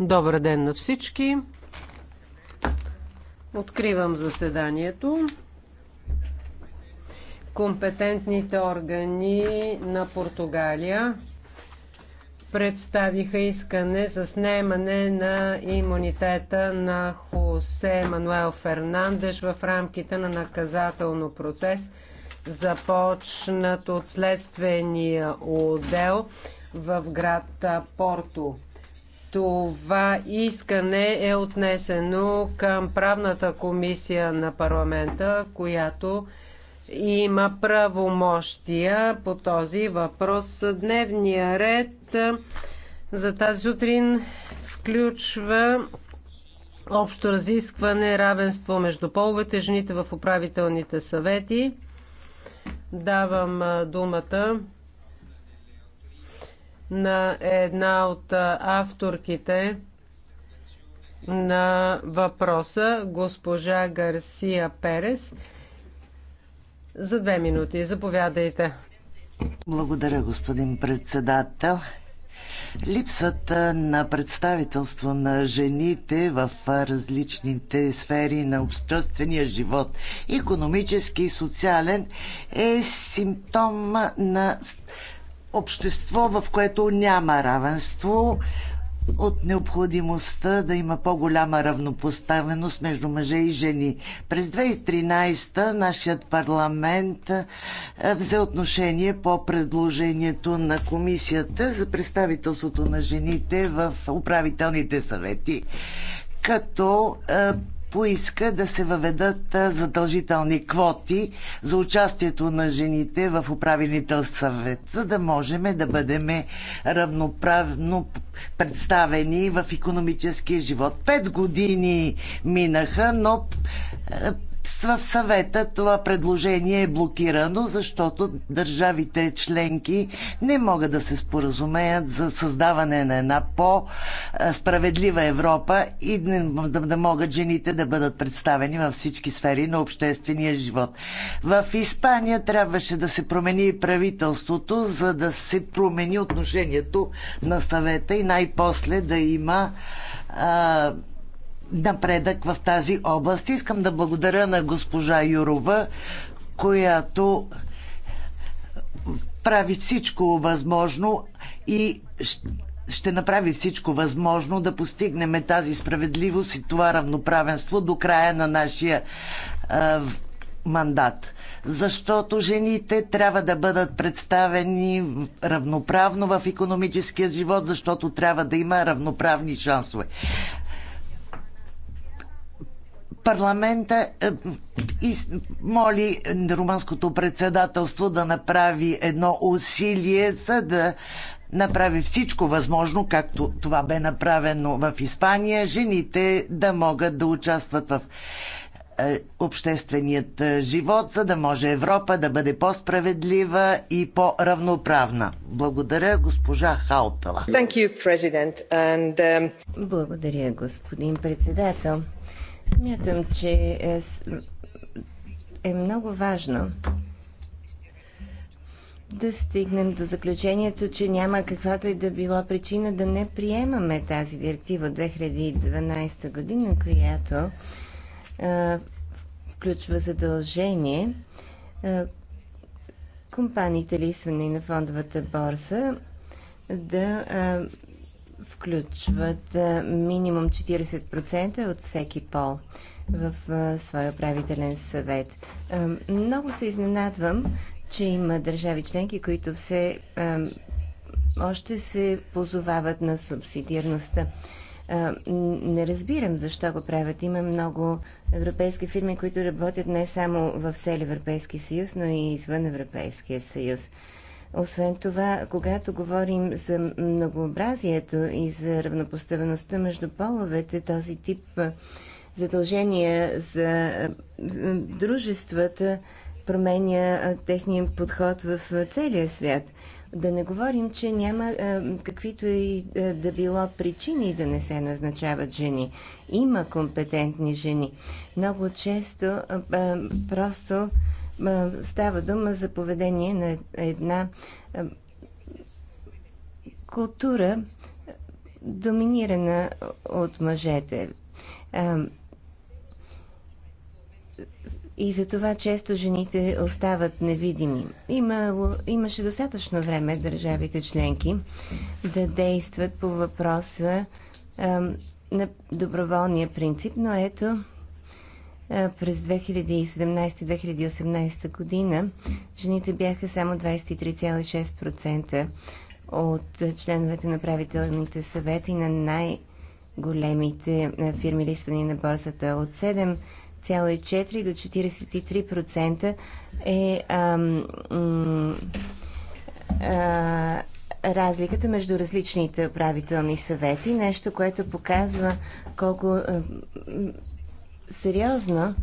Добър ден на всички. Откривам заседанието. Компетентните органи на Португалия представиха искане за снемане на имунитета на Хосе Мануел Фернандеш в рамките на наказателно процес, започнат от следствения отдел в град Порто. Това искане е отнесено към правната комисия на парламента, която има правомощия по този въпрос. Дневния ред за тази сутрин включва общо разискване, равенство между половете, жените в управителните съвети. Давам думата на една от авторките на въпроса, госпожа Гарсия Перес. За две минути. Заповядайте. Благодаря, господин председател. Липсата на представителство на жените в различните сфери на обществения живот, економически и социален, е симптом на общество, в което няма равенство, от необходимостта да има по-голяма равнопоставеност между мъже и жени. През 2013 нашият парламент е, взе отношение по предложението на комисията за представителството на жените в управителните съвети, като е, поиска да се въведат задължителни квоти за участието на жените в управител съвет, за да можем да бъдем равноправно представени в економическия живот. Пет години минаха, но в съвета това предложение е блокирано, защото държавите членки не могат да се споразумеят за създаване на една по-справедлива Европа и да могат жените да бъдат представени във всички сфери на обществения живот. В Испания трябваше да се промени правителството, за да се промени отношението на съвета и най-после да има а, напредък в тази област. Искам да благодаря на госпожа Юрова, която прави всичко възможно и ще направи всичко възможно да постигнем тази справедливост и това равноправенство до края на нашия а, мандат. Защото жените трябва да бъдат представени равноправно в економическия живот, защото трябва да има равноправни шансове парламента е, и моли румънското председателство да направи едно усилие, за да направи всичко възможно, както това бе направено в Испания, жените да могат да участват в е, общественият е, живот, за да може Европа да бъде по-справедлива и по-равноправна. Благодаря, госпожа Хаутала. Благодаря, господин председател. Смятам, че е, е много важно да стигнем до заключението, че няма каквато и да била причина да не приемаме тази директива от 2012 година, която а, включва задължение а, компаниите, лисвани на фондовата борса, да а, включват минимум 40% от всеки пол в своя управителен съвет. Много се изненадвам, че има държави членки, които все още се позовават на субсидиарността. Не разбирам защо го правят. Има много европейски фирми, които работят не само в цели Европейски съюз, но и извън Европейския съюз. Освен това, когато говорим за многообразието и за равнопоставеността между половете, този тип задължения за дружествата променя техния подход в целия свят. Да не говорим, че няма каквито и да било причини да не се назначават жени. Има компетентни жени. Много често просто Става дума за поведение на една култура, доминирана от мъжете. И за това често жените остават невидими. Имало, имаше достатъчно време държавите членки да действат по въпроса а, на доброволния принцип, но ето е, през 2017-2018 година жените бяха само 23,6% от членовете на правителните съвети на най-големите е, фирми листвани на борсата. От 7,4% до 43% е а, а, разликата между различните правителни съвети, нещо, което показва колко а, е, сериозна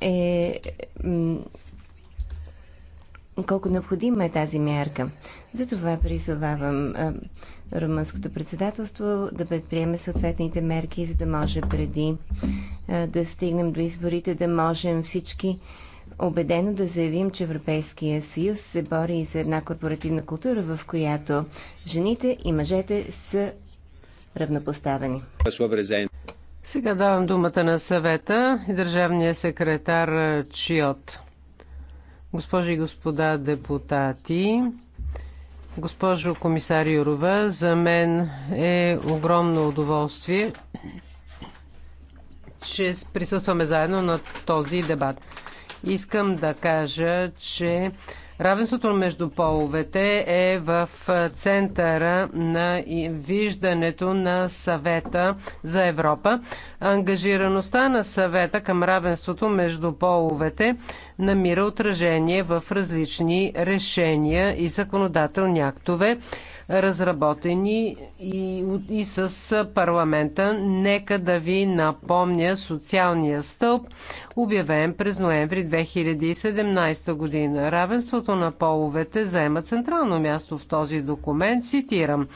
е колко необходима е тази мярка. Затова призовавам румънското председателство да предприеме съответните мерки, за да може преди да стигнем до изборите, да можем всички убедено да заявим, че Европейския съюз се бори и за една корпоративна култура, в която жените и мъжете са равнопоставени. Сега давам думата на съвета и държавния секретар е, Чиот. Госпожи и господа депутати, госпожо комисар Юрова, за мен е огромно удоволствие, че присъстваме заедно на този дебат. Искам да кажа, че Равенството между половете е в центъра на виждането на съвета за Европа. Ангажираността на съвета към равенството между половете намира отражение в различни решения и законодателни актове разработени и, и с парламента. Нека да ви напомня социалния стълб, обявен през ноември 2017 година. Равенството на половете заема централно място в този документ. Цитирам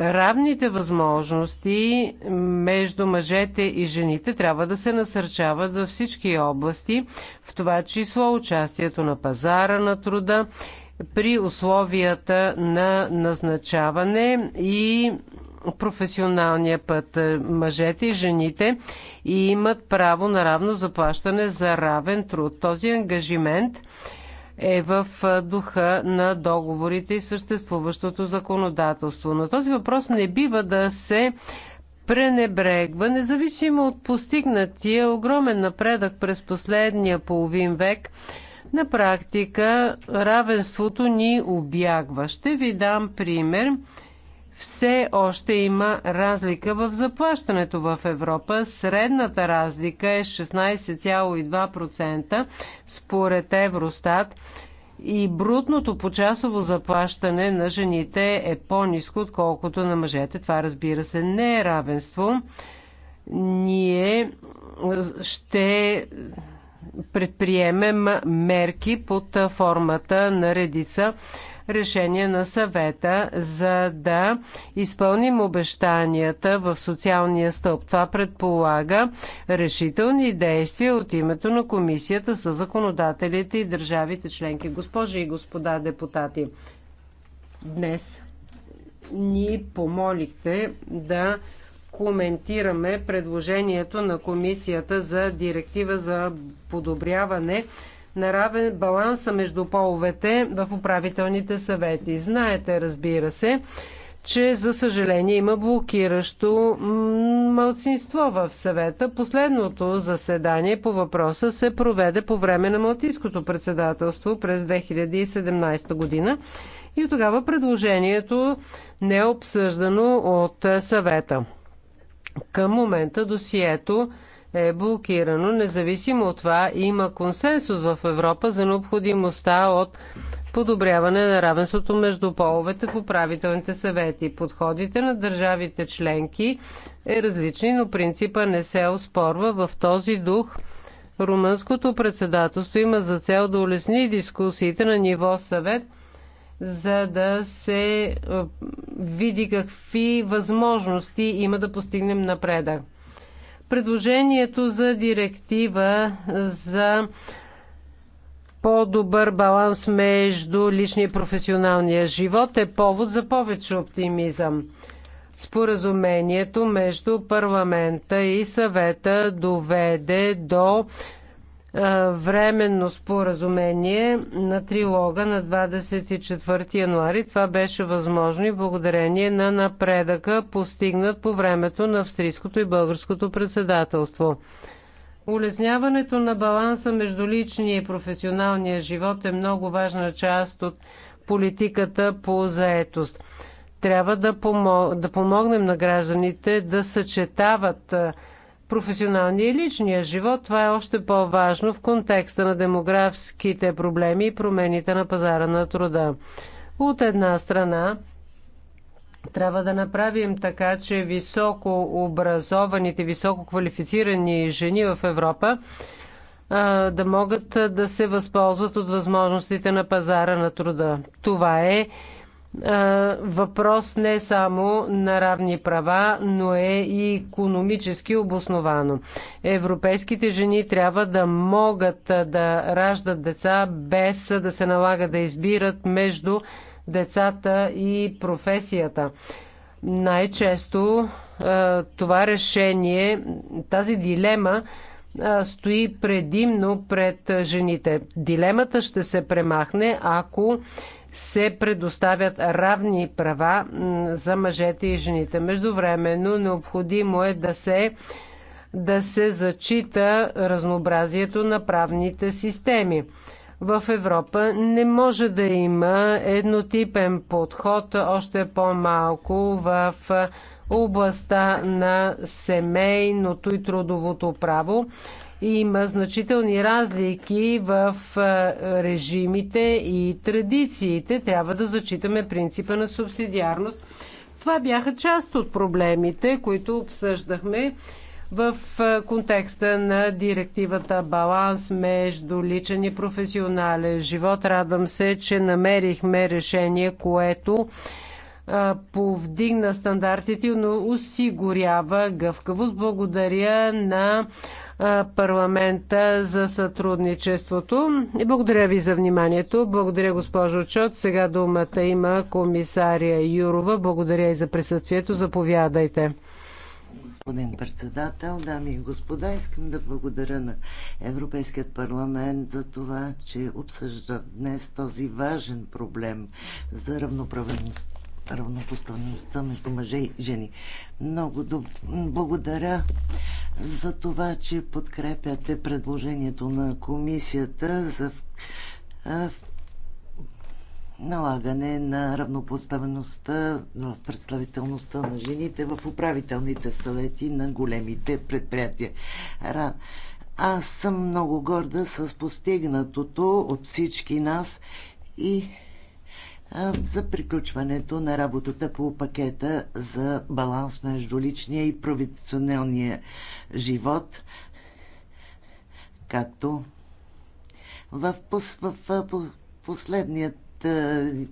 равните възможности между мъжете и жените трябва да се насърчават във всички области, в това число участието на пазара на труда при условията на назначаване и професионалния път. Мъжете и жените имат право на равно заплащане за равен труд. Този ангажимент е в духа на договорите и съществуващото законодателство. На този въпрос не бива да се пренебрегва, независимо от постигнатия огромен напредък през последния половин век – на практика равенството ни обягва. Ще ви дам пример. Все още има разлика в заплащането в Европа. Средната разлика е 16,2% според Евростат и брутното почасово заплащане на жените е по-низко, отколкото на мъжете. Това, разбира се, не е равенство. Ние ще предприемем мерки под формата на редица решение на съвета, за да изпълним обещанията в социалния стълб. Това предполага решителни действия от името на комисията с законодателите и държавите членки. Госпожи и господа депутати, днес ни помолихте да коментираме предложението на комисията за директива за подобряване на равен баланса между половете в управителните съвети. Знаете, разбира се, че за съжаление има блокиращо мълцинство в съвета. Последното заседание по въпроса се проведе по време на Малтийското председателство през 2017 година и от тогава предложението не е обсъждано от съвета. Към момента досието е блокирано. Независимо от това, има консенсус в Европа за необходимостта от подобряване на равенството между половете в управителните съвети. Подходите на държавите членки е различни, но принципа не се оспорва. В този дух румънското председателство има за цел да улесни дискусиите на ниво съвет – за да се е, види какви възможности има да постигнем напредък. Предложението за директива за по-добър баланс между личния и професионалния живот е повод за повече оптимизъм. Споразумението между парламента и съвета доведе до временно споразумение на трилога на 24 януари. Това беше възможно и благодарение на напредъка, постигнат по времето на австрийското и българското председателство. Улесняването на баланса между личния и професионалния живот е много важна част от политиката по заетост. Трябва да, да помогнем на гражданите да съчетават професионалния и личния живот. Това е още по-важно в контекста на демографските проблеми и промените на пазара на труда. От една страна, трябва да направим така, че високо образованите, високо квалифицирани жени в Европа да могат да се възползват от възможностите на пазара на труда. Това е въпрос не само на равни права, но е и економически обосновано. Европейските жени трябва да могат да раждат деца без да се налага да избират между децата и професията. Най-често това решение, тази дилема стои предимно пред жените. Дилемата ще се премахне, ако се предоставят равни права за мъжете и жените. Междувременно необходимо е да се да се зачита разнообразието на правните системи. В Европа не може да има еднотипен подход, още по-малко в областта на семейното и трудовото право. Има значителни разлики в режимите и традициите. Трябва да зачитаме принципа на субсидиарност. Това бяха част от проблемите, които обсъждахме в контекста на директивата Баланс между личен и професионален живот. Радвам се, че намерихме решение, което повдигна стандартите, но осигурява гъвкавост. Благодаря на парламента за сътрудничеството. И благодаря ви за вниманието. Благодаря, госпожо Чот. Сега думата има комисария Юрова. Благодаря и за присъствието. Заповядайте. Господин председател, дами и господа, искам да благодаря на Европейският парламент за това, че обсъжда днес този важен проблем за равноправеността равнопоставеността между мъже и жени. Много доб... благодаря за това, че подкрепяте предложението на комисията за налагане на равнопоставеността в представителността на жените в управителните съвети на големите предприятия. Аз съм много горда с постигнатото от всички нас и за приключването на работата по пакета за баланс между личния и професионалния живот, както в, в, в последният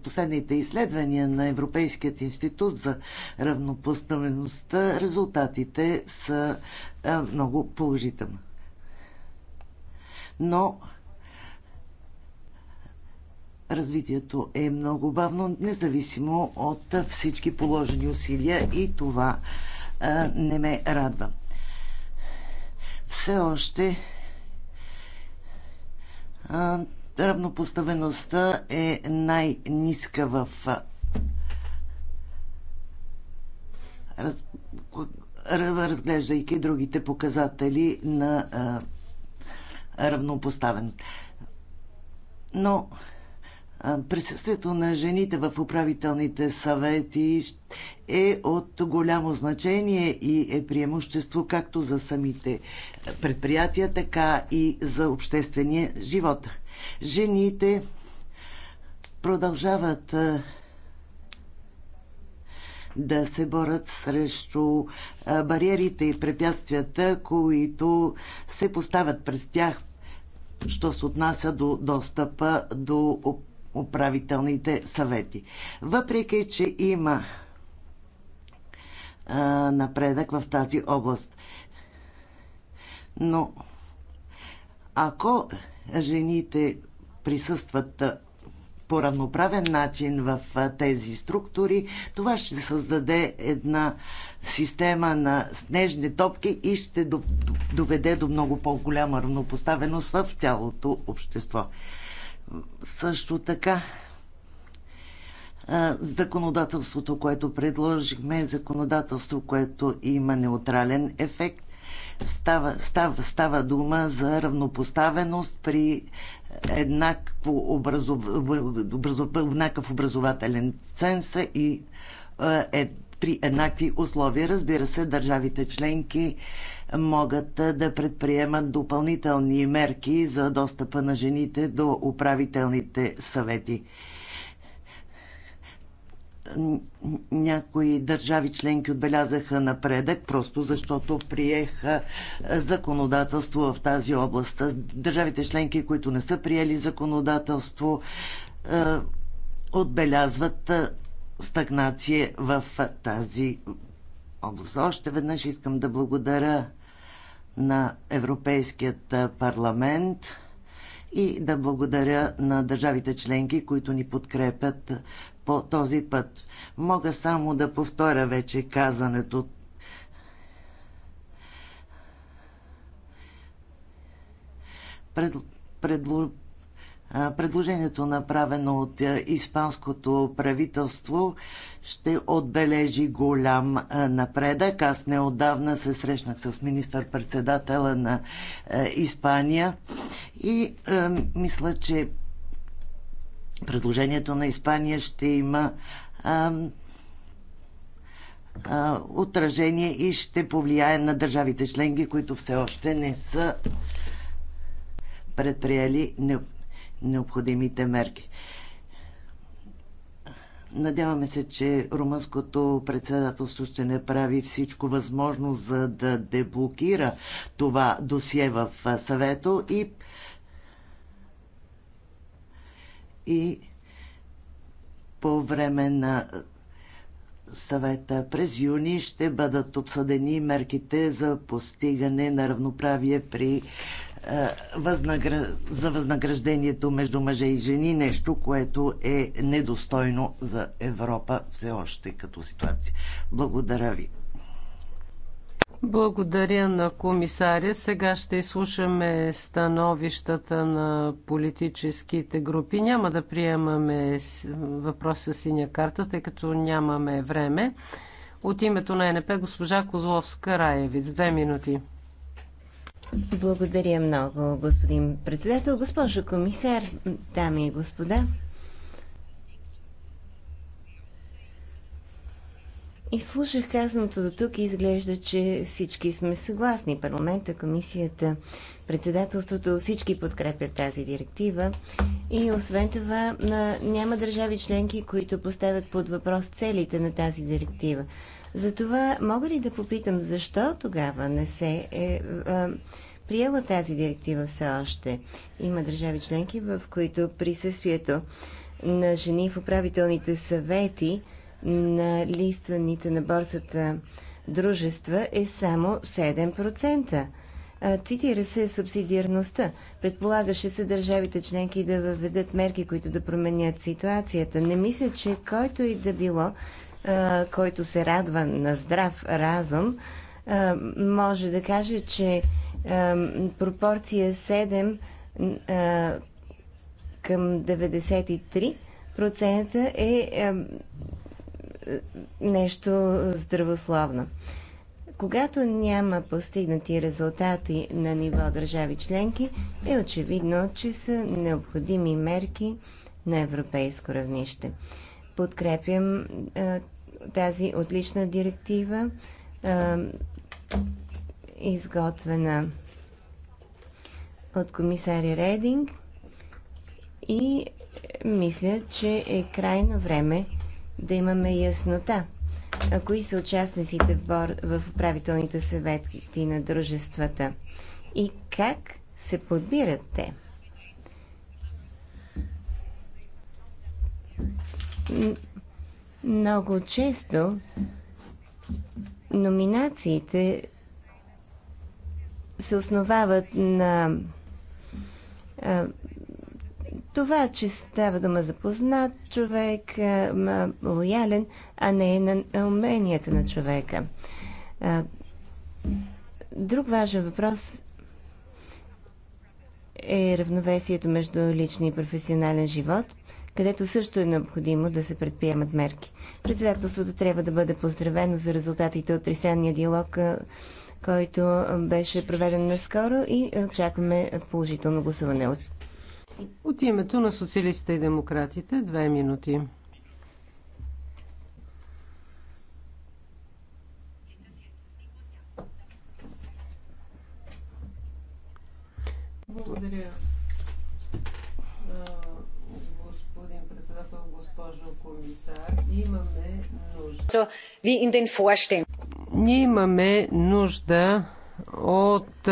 последните изследвания на Европейският институт за равнопоставеността, резултатите са много положителни. Но развитието е много бавно, независимо от всички положени усилия и това а, не ме радва. Все още а, равнопоставеността е най-ниска в раз, разглеждайки другите показатели на а, равнопоставеност. Но присъствието на жените в управителните съвети е от голямо значение и е преимущество както за самите предприятия, така и за обществения живот. Жените продължават да се борят срещу бариерите и препятствията, които се поставят през тях, що се отнася до достъпа до управителните съвети. Въпреки, че има а, напредък в тази област. Но ако жените присъстват по равноправен начин в тези структури, това ще създаде една система на снежни топки и ще доведе до много по-голяма равнопоставеност в цялото общество. Също така законодателството, което предложихме, е законодателство, което има неутрален ефект. Става, става, става дума за равнопоставеност при еднакво образов, образов, еднакъв образователен ценз и е, при еднакви условия. Разбира се, държавите членки могат да предприемат допълнителни мерки за достъпа на жените до управителните съвети. Някои държави членки отбелязаха напредък, просто защото приеха законодателство в тази област. Държавите членки, които не са приели законодателство, е, отбелязват е, стагнация в тази област. Още веднъж искам да благодаря на Европейският парламент и да благодаря на държавите членки, които ни подкрепят по този път. Мога само да повторя вече казането. Пред, Предложението, направено от испанското правителство, ще отбележи голям напредък. Аз неодавна се срещнах с министър-председателя на Испания и мисля, че предложението на Испания ще има отражение и ще повлияе на държавите членки, които все още не са предприели необходимите мерки. Надяваме се, че румънското председателство ще не прави всичко възможно, за да деблокира това досие в съвето и и по време на съвета през юни ще бъдат обсъдени мерките за постигане на равноправие при е, за възнаграждението между мъже и жени, нещо, което е недостойно за Европа все още като ситуация. Благодаря ви. Благодаря на комисаря. Сега ще изслушаме становищата на политическите групи. Няма да приемаме въпроса с синя карта, тъй като нямаме време. От името на НП госпожа Козловска Раевиц. Две минути. Благодаря много, господин председател. Госпожо комисар, дами и господа. И слушах казаното до тук и изглежда, че всички сме съгласни. Парламента, комисията, председателството, всички подкрепят тази директива. И освен това, няма държави членки, които поставят под въпрос целите на тази директива. Затова мога ли да попитам защо тогава не се е, е приела тази директива все още? Има държави членки, в които присъствието на жени в управителните съвети на листваните на борсата дружества е само 7%. Цитира се субсидиарността. Предполагаше се държавите членки да въведат мерки, които да променят ситуацията. Не мисля, че който и да било, който се радва на здрав разум, може да каже, че пропорция 7 към 93% е нещо здравословно. Когато няма постигнати резултати на ниво държави членки, е очевидно, че са необходими мерки на европейско равнище. Подкрепям тази отлична директива, изготвена от комисаря Рединг и мисля, че е крайно време да имаме яснота. А кои са участниците в, бор... в управителните съвети на дружествата и как се подбират те? Много често номинациите се основават на това, че става дума за познат човек, е, лоялен, а не е на уменията на човека. Друг важен въпрос е равновесието между личния и професионален живот, където също е необходимо да се предприемат мерки. Председателството трябва да бъде поздравено за резултатите от тристранния диалог, е, който беше проведен наскоро и очакваме положително гласуване от от името на социалистите и демократите, две минути. Благодаря. Господин председател, госпожо комисар, имаме нужда. Ние имаме нужда от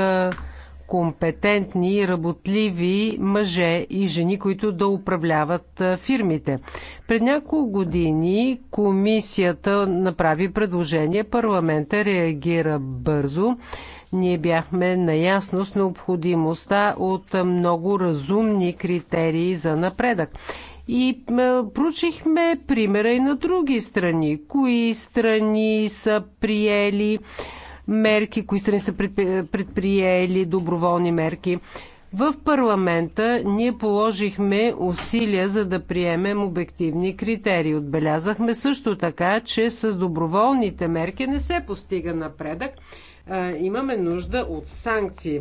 компетентни, работливи мъже и жени, които да управляват фирмите. Пред няколко години комисията направи предложение, парламента реагира бързо. Ние бяхме наясно с необходимостта от много разумни критерии за напредък. И проучихме примера и на други страни. Кои страни са приели мерки, кои страни са предприели доброволни мерки. В парламента ние положихме усилия за да приемем обективни критерии. Отбелязахме също така, че с доброволните мерки не се постига напредък. Имаме нужда от санкции.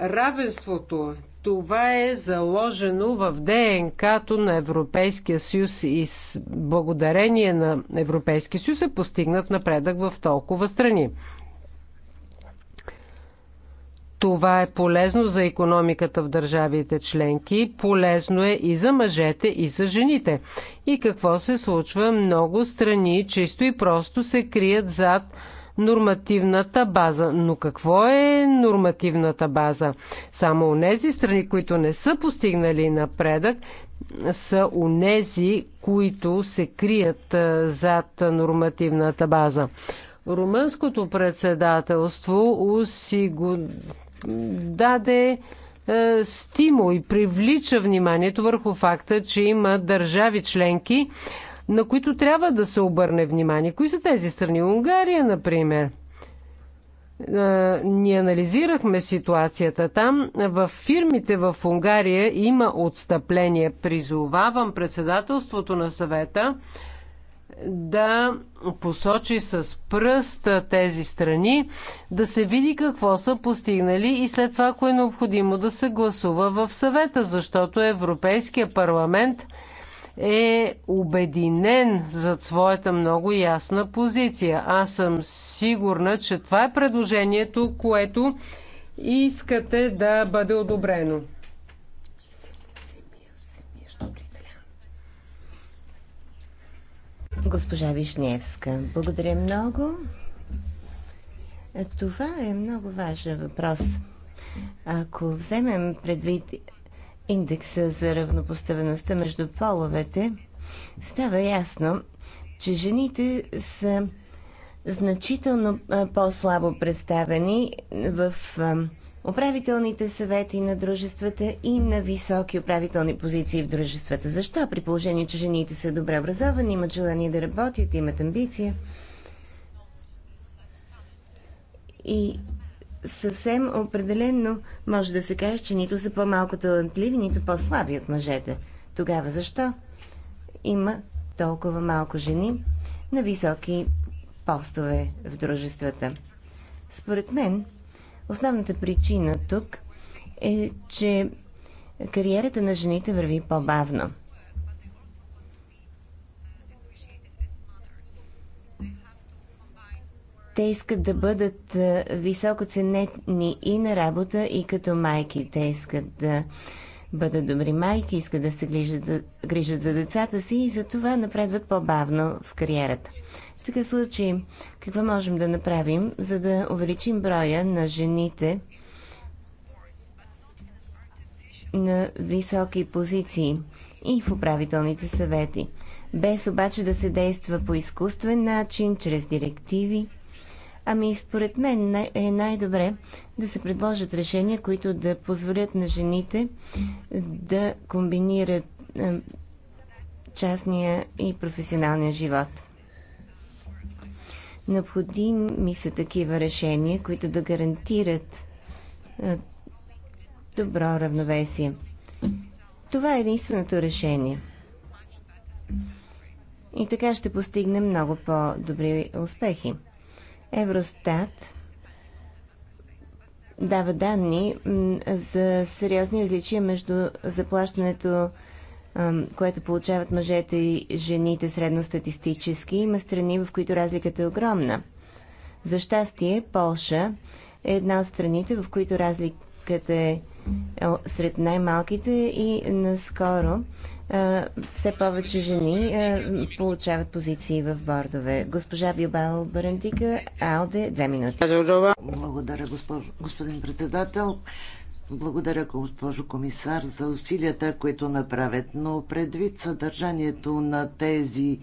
Равенството, това е заложено в ДНК-то на Европейския съюз и с благодарение на Европейския съюз е постигнат напредък в толкова страни. Това е полезно за економиката в държавите членки, полезно е и за мъжете, и за жените. И какво се случва? Много страни чисто и просто се крият зад нормативната база. Но какво е нормативната база? Само нези страни, които не са постигнали напредък, са унези, които се крият зад нормативната база. Румънското председателство осигу даде е, стимул и привлича вниманието върху факта, че има държави членки, на които трябва да се обърне внимание. Кои са тези страни? Унгария, например. Е, ние анализирахме ситуацията там. В фирмите в Унгария има отстъпление. Призовавам председателството на съвета да посочи с пръст тези страни, да се види какво са постигнали и след това, ако е необходимо, да се гласува в съвета, защото Европейския парламент е обединен зад своята много ясна позиция. Аз съм сигурна, че това е предложението, което искате да бъде одобрено. Госпожа Вишневска, благодаря много. Това е много важен въпрос. Ако вземем предвид индекса за равнопоставеността между половете, става ясно, че жените са значително по-слабо представени в управителните съвети на дружествата и на високи управителни позиции в дружествата. Защо? При положение, че жените са добре образовани, имат желание да работят, имат амбиция. И съвсем определенно може да се каже, че нито са по-малко талантливи, нито по-слаби от мъжете. Тогава защо има толкова малко жени на високи постове в дружествата? Според мен, Основната причина тук е, че кариерата на жените върви по-бавно. Те искат да бъдат високо ценетни и на работа, и като майки. Те искат да бъдат добри майки, искат да се грижат за, грижат за децата си и за това напредват по-бавно в кариерата. Така случай, какво можем да направим, за да увеличим броя на жените на високи позиции и в управителните съвети, без обаче да се действа по изкуствен начин, чрез директиви? Ами, според мен е най-добре да се предложат решения, които да позволят на жените да комбинират частния и професионалния живот. Необходими са такива решения, които да гарантират добро равновесие. Това е единственото решение. И така ще постигнем много по-добри успехи. Евростат дава данни за сериозни различия между заплащането което получават мъжете и жените средностатистически. Има страни, в които разликата е огромна. За щастие, Полша е една от страните, в които разликата е, е сред най-малките и наскоро все повече жени получават позиции в бордове. Госпожа Билбао Барантика, Алде, две минути. Благодаря, госпожо, господин председател. Благодаря, госпожо комисар, за усилията, които направят, но предвид съдържанието на тези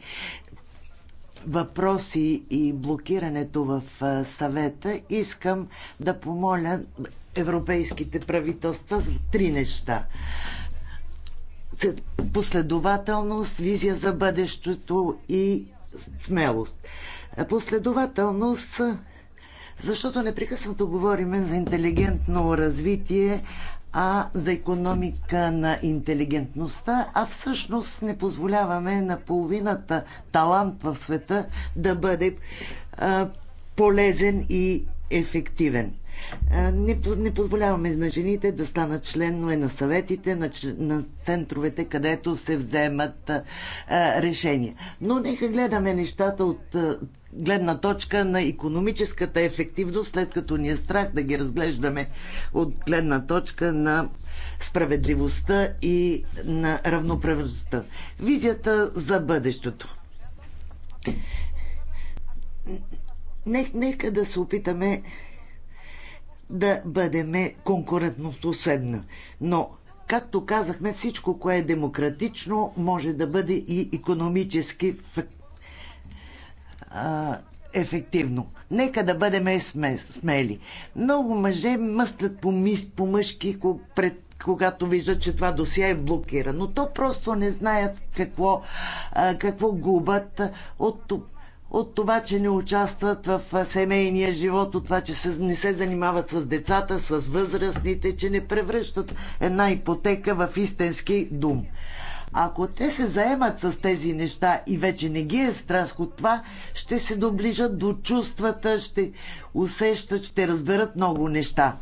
въпроси и блокирането в съвета, искам да помоля европейските правителства за три неща. Последователност, визия за бъдещето и смелост. Последователност защото непрекъснато говориме за интелигентно развитие, а за економика на интелигентността, а всъщност не позволяваме на половината талант в света да бъде а, полезен и ефективен не, не позволяваме на жените да станат членове на съветите, на, на центровете, където се вземат а, решения. Но нека гледаме нещата от а, гледна точка на економическата ефективност, след като ни е страх да ги разглеждаме от гледна точка на справедливостта и на равноправедността. Визията за бъдещето. Нека да се опитаме да бъдем конкурентоспособни. Но, както казахме, всичко, кое е демократично, може да бъде и економически ефективно. Нека да бъдем смели. Много мъже мъстят по, мис, по мъжки пред когато виждат, че това досия е блокирано. То просто не знаят какво, какво губят от от това, че не участват в семейния живот, от това, че се, не се занимават с децата, с възрастните, че не превръщат една ипотека в истински дум. Ако те се заемат с тези неща и вече не ги е страх от това, ще се доближат до чувствата, ще усещат, ще разберат много неща.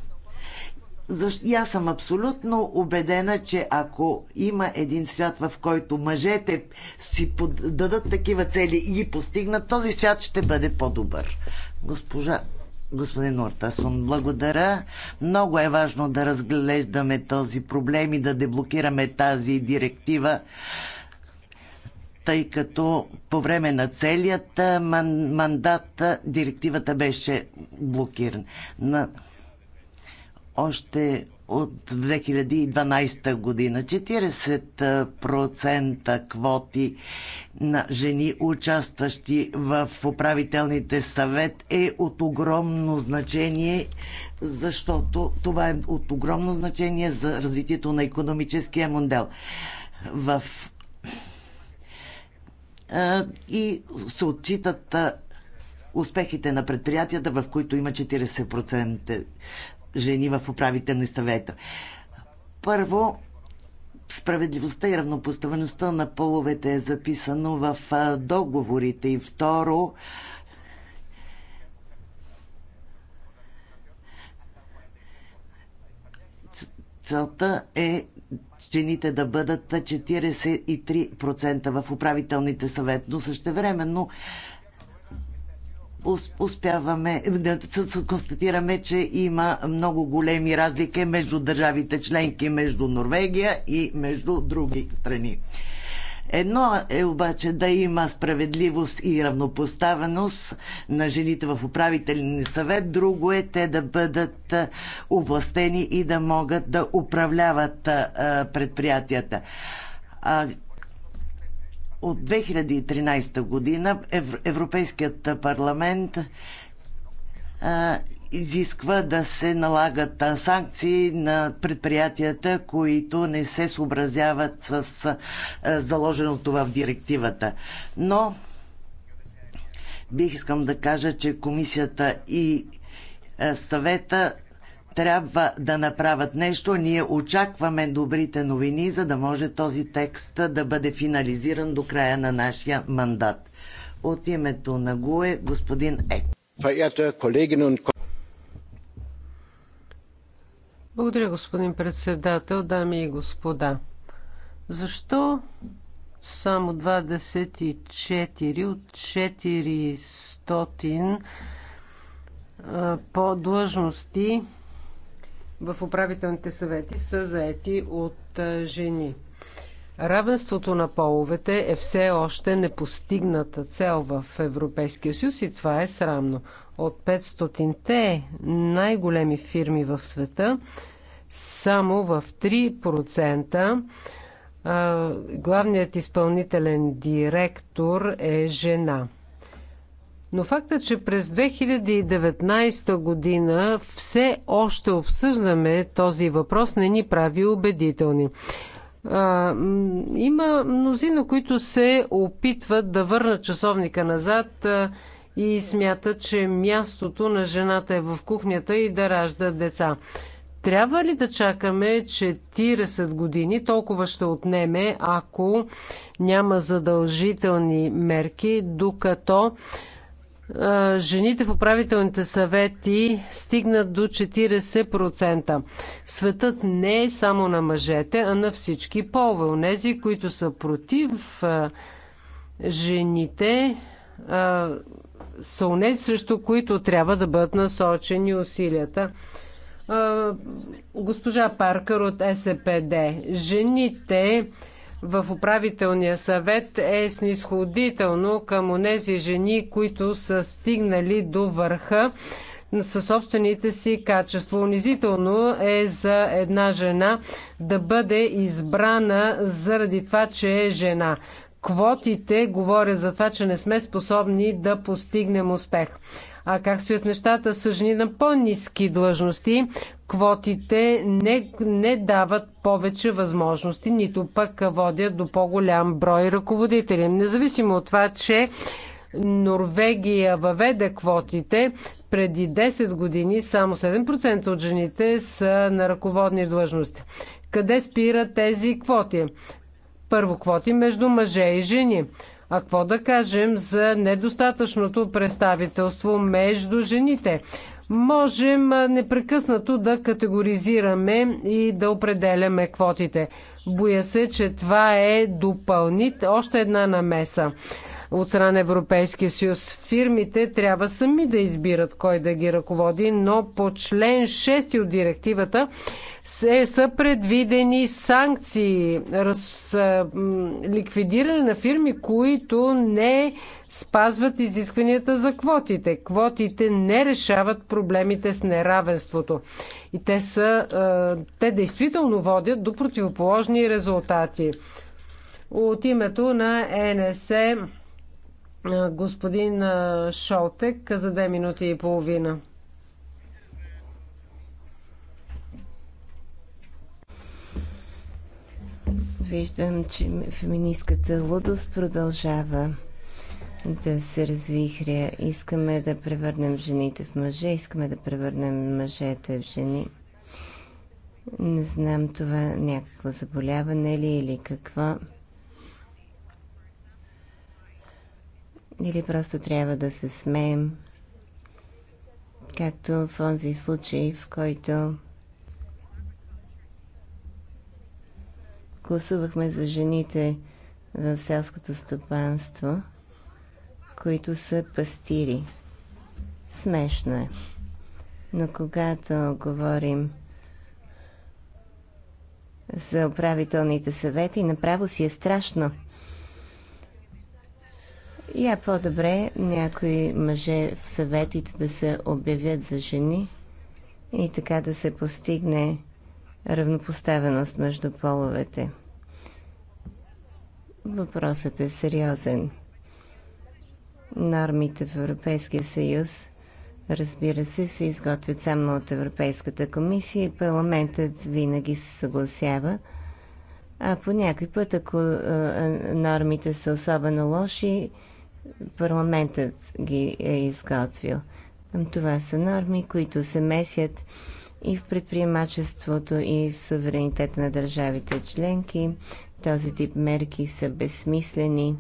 Защо? аз съм абсолютно убедена, че ако има един свят, в който мъжете си дадат такива цели и ги постигнат, този свят ще бъде по-добър. Госпожа Господин Ортасон, благодаря. Много е важно да разглеждаме този проблем и да деблокираме тази директива, тъй като по време на целият мандат директивата беше блокирана още от 2012 година. 40% квоти на жени, участващи в управителните съвет, е от огромно значение, защото това е от огромно значение за развитието на економическия модел. В и се отчитат успехите на предприятията, в които има 40% жени в управителни съвета. Първо, справедливостта и равнопоставеността на половете е записано в договорите. И второ, целта е жените да бъдат 43% в управителните съвет, но същевременно успяваме да констатираме, че има много големи разлики между държавите членки, между Норвегия и между други страни. Едно е обаче да има справедливост и равнопоставеност на жените в управителни съвет, друго е те да бъдат овластени и да могат да управляват предприятията. От 2013 година Европейският парламент а, изисква да се налагат санкции на предприятията, които не се съобразяват с заложеното в директивата. Но бих искам да кажа, че комисията и съвета трябва да направят нещо. Ние очакваме добрите новини, за да може този текст да бъде финализиран до края на нашия мандат. От името на ГУЕ, господин Ек. Благодаря, господин председател, дами и господа. Защо само 24 от 400 по длъжности в управителните съвети са заети от жени. Равенството на половете е все още непостигната цел в Европейския съюз и това е срамно. От 500-те най-големи фирми в света, само в 3% главният изпълнителен директор е жена. Но фактът, че през 2019 година все още обсъждаме този въпрос, не ни прави убедителни. А, има мнозина, които се опитват да върнат часовника назад а, и смятат, че мястото на жената е в кухнята и да ражда деца. Трябва ли да чакаме 40 години? Толкова ще отнеме, ако няма задължителни мерки, докато е, жените в управителните съвети стигнат до 40%. Светът не е само на мъжете, а на всички полове. Онези, които са против е, жените, е, са онези, срещу които трябва да бъдат насочени усилията. Госпожа Паркър от СПД. Жените в управителния съвет е снисходително към онези жени, които са стигнали до върха със собствените си качества. Унизително е за една жена да бъде избрана заради това, че е жена. Квотите говорят за това, че не сме способни да постигнем успех. А как стоят нещата с жени на по-низки длъжности? квотите не, не дават повече възможности, нито пък водят до по-голям брой ръководители. Независимо от това, че Норвегия въведе квотите, преди 10 години само 7% от жените са на ръководни длъжности. Къде спират тези квоти? Първо квоти между мъже и жени. А какво да кажем за недостатъчното представителство между жените? Можем непрекъснато да категоризираме и да определяме квотите. Боя се, че това е допълнит още една намеса от страна на Европейския съюз. Фирмите трябва сами да избират кой да ги ръководи, но по член 6 от директивата се, са предвидени санкции, раз, ликвидиране на фирми, които не спазват изискванията за квотите. Квотите не решават проблемите с неравенството. И те, са, те действително водят до противоположни резултати. От името на НСЕ Господин Шолтек за 2 минути и половина. Виждам, че феминистката лудост продължава да се развихря. Искаме да превърнем жените в мъже, искаме да превърнем мъжете в жени. Не знам това някакво заболяване ли или какво. или просто трябва да се смеем, както в този случай, в който гласувахме за жените в селското стопанство, които са пастири. Смешно е. Но когато говорим за управителните съвети, направо си е страшно – я е по-добре някои мъже в съветите да се обявят за жени и така да се постигне равнопоставеност между половете. Въпросът е сериозен. Нормите в Европейския съюз, разбира се, се изготвят само от Европейската комисия и парламентът винаги се съгласява. А по някой път, ако нормите са особено лоши, парламентът ги е изготвил. Това са норми, които се месят и в предприемачеството, и в суверенитета на държавите членки. Този тип мерки са безсмислени,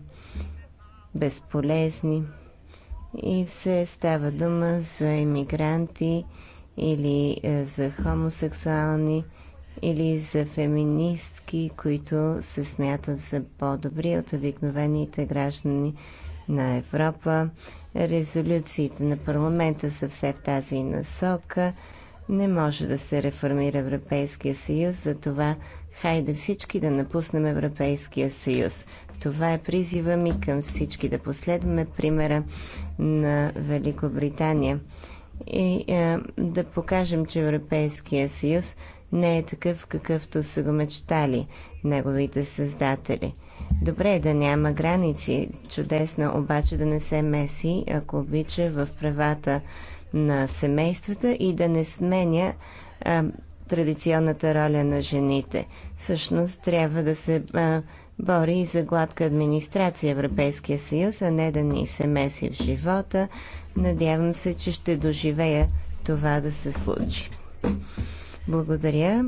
безполезни и все става дума за иммигранти или е, за хомосексуални или за феминистки, които се смятат за по-добри от обикновените граждани на Европа. Резолюциите на парламента са все в тази насока. Не може да се реформира Европейския съюз, затова хайде всички да напуснем Европейския съюз. Това е призива ми към всички да последваме примера на Великобритания и е, да покажем, че Европейския съюз не е такъв, какъвто са го мечтали неговите създатели – Добре е да няма граници. Чудесно обаче да не се меси, ако обича, в правата на семействата и да не сменя а, традиционната роля на жените. Всъщност трябва да се а, бори и за гладка администрация Европейския съюз, а не да ни се меси в живота. Надявам се, че ще доживея това да се случи. Благодаря.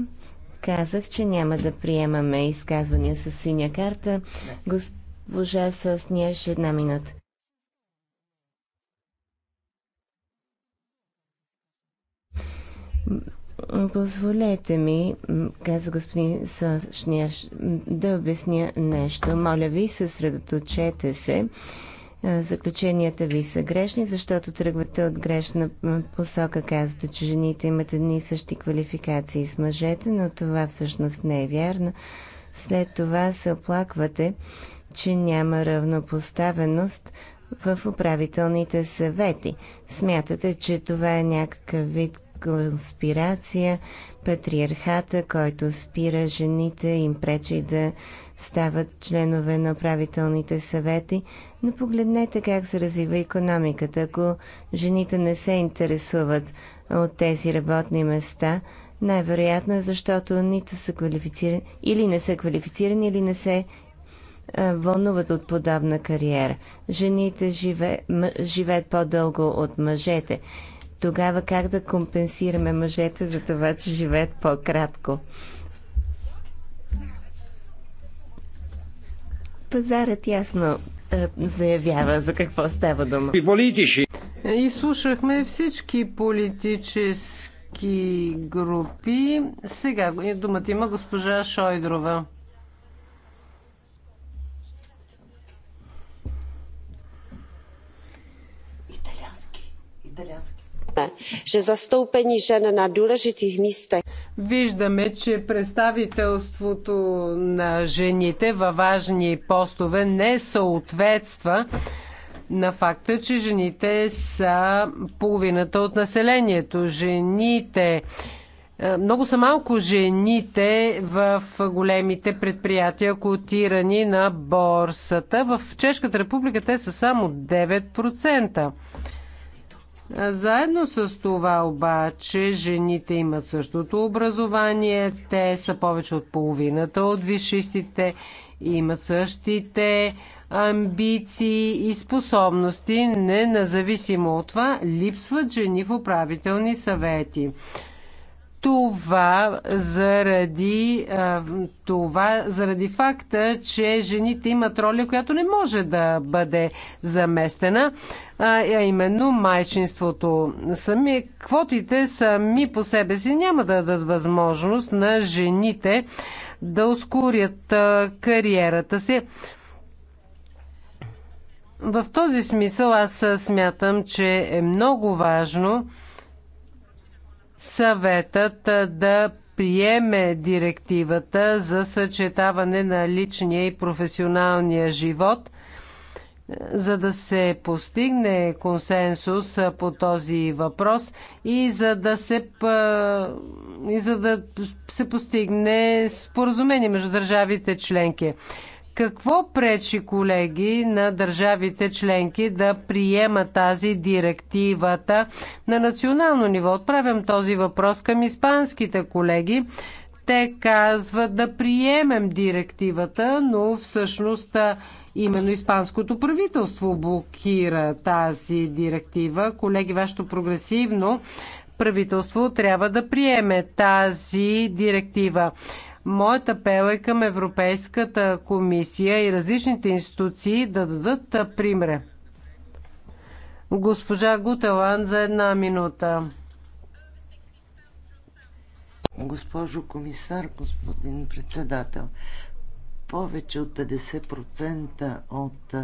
Казах, че няма да приемаме изказвания с синя карта. Госпожа ще една минута. Позволете ми, каза господин Сошняш, да обясня нещо. Моля ви, съсредоточете се е, заключенията ви са грешни, защото тръгвате от грешна посока. Казвате, че жените имат едни и същи квалификации с мъжете, но това всъщност не е вярно. След това се оплаквате, че няма равнопоставеност в управителните съвети. Смятате, че това е някакъв вид конспирация, патриархата, който спира жените, им пречи да стават членове на правителните съвети, но погледнете как се развива економиката. Ако жените не се интересуват от тези работни места, най-вероятно е защото нито са квалифицирани, или не са квалифицирани, или не се вълнуват от подобна кариера. Жените живе, живеят по-дълго от мъжете. Тогава как да компенсираме мъжете за това, че живеят по-кратко? пазарът ясно е, заявява за какво става дума. И слушахме всички политически групи. Сега думата има госпожа Шойдрова. Италиански. Италиански že zastoupení žen na důležitých místech. Виждаме, че представителството на жените във важни постове не съответства на факта, че жените са половината от населението. Жените е, много са малко жените в големите предприятия, котирани на борсата. В Чешката република те са само 9%. Заедно с това обаче жените имат същото образование, те са повече от половината от висшистите, имат същите амбиции и способности, независимо от това липсват жени в управителни съвети. Това заради, това заради факта, че жените имат роля, която не може да бъде заместена, а именно майчинството. Сами, квотите сами по себе си няма да дадат възможност на жените да ускорят кариерата си. В този смисъл аз смятам, че е много важно съветът да приеме директивата за съчетаване на личния и професионалния живот, за да се постигне консенсус по този въпрос и за да се, и за да се постигне споразумение между държавите членки. Какво пречи, колеги, на държавите членки да приема тази директивата на национално ниво? Отправям този въпрос към испанските колеги. Те казват да приемем директивата, но всъщност именно испанското правителство блокира тази директива. Колеги, вашето прогресивно правителство трябва да приеме тази директива. Моят апел е към Европейската комисия и различните институции да дадат примере. Госпожа Гутелан за една минута. Госпожо комисар, господин председател, повече от 50% от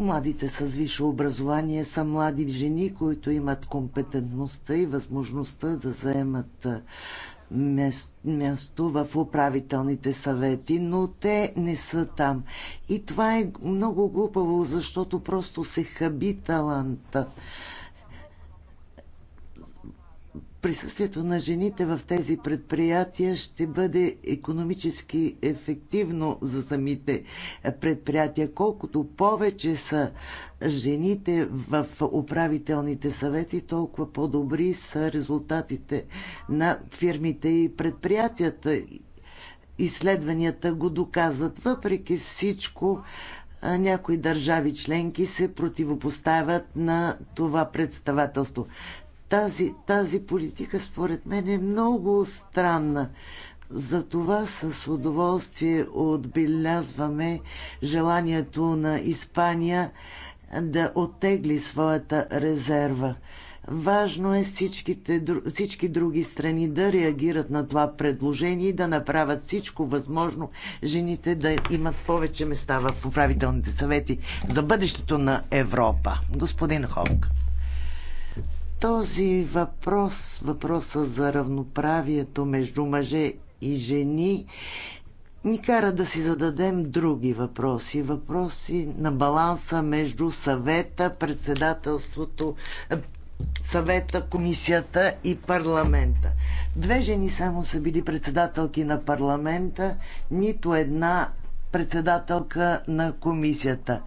Младите с висше образование са млади жени, които имат компетентността и възможността да заемат място в управителните съвети, но те не са там. И това е много глупаво, защото просто се хаби таланта присъствието на жените в тези предприятия ще бъде економически ефективно за самите предприятия. Колкото повече са жените в управителните съвети, толкова по-добри са резултатите на фирмите и предприятията. Изследванията го доказват. Въпреки всичко, някои държави членки се противопоставят на това представателство. Тази, тази политика според мен е много странна. Затова с удоволствие отбелязваме желанието на Испания да оттегли своята резерва. Важно е всичките, всички други страни да реагират на това предложение и да направят всичко възможно жените да имат повече места в управителните съвети за бъдещето на Европа. Господин Ховк този въпрос, въпроса за равноправието между мъже и жени, ни кара да си зададем други въпроси. Въпроси на баланса между съвета, председателството, е, съвета, комисията и парламента. Две жени само са били председателки на парламента, нито една председателка на комисията.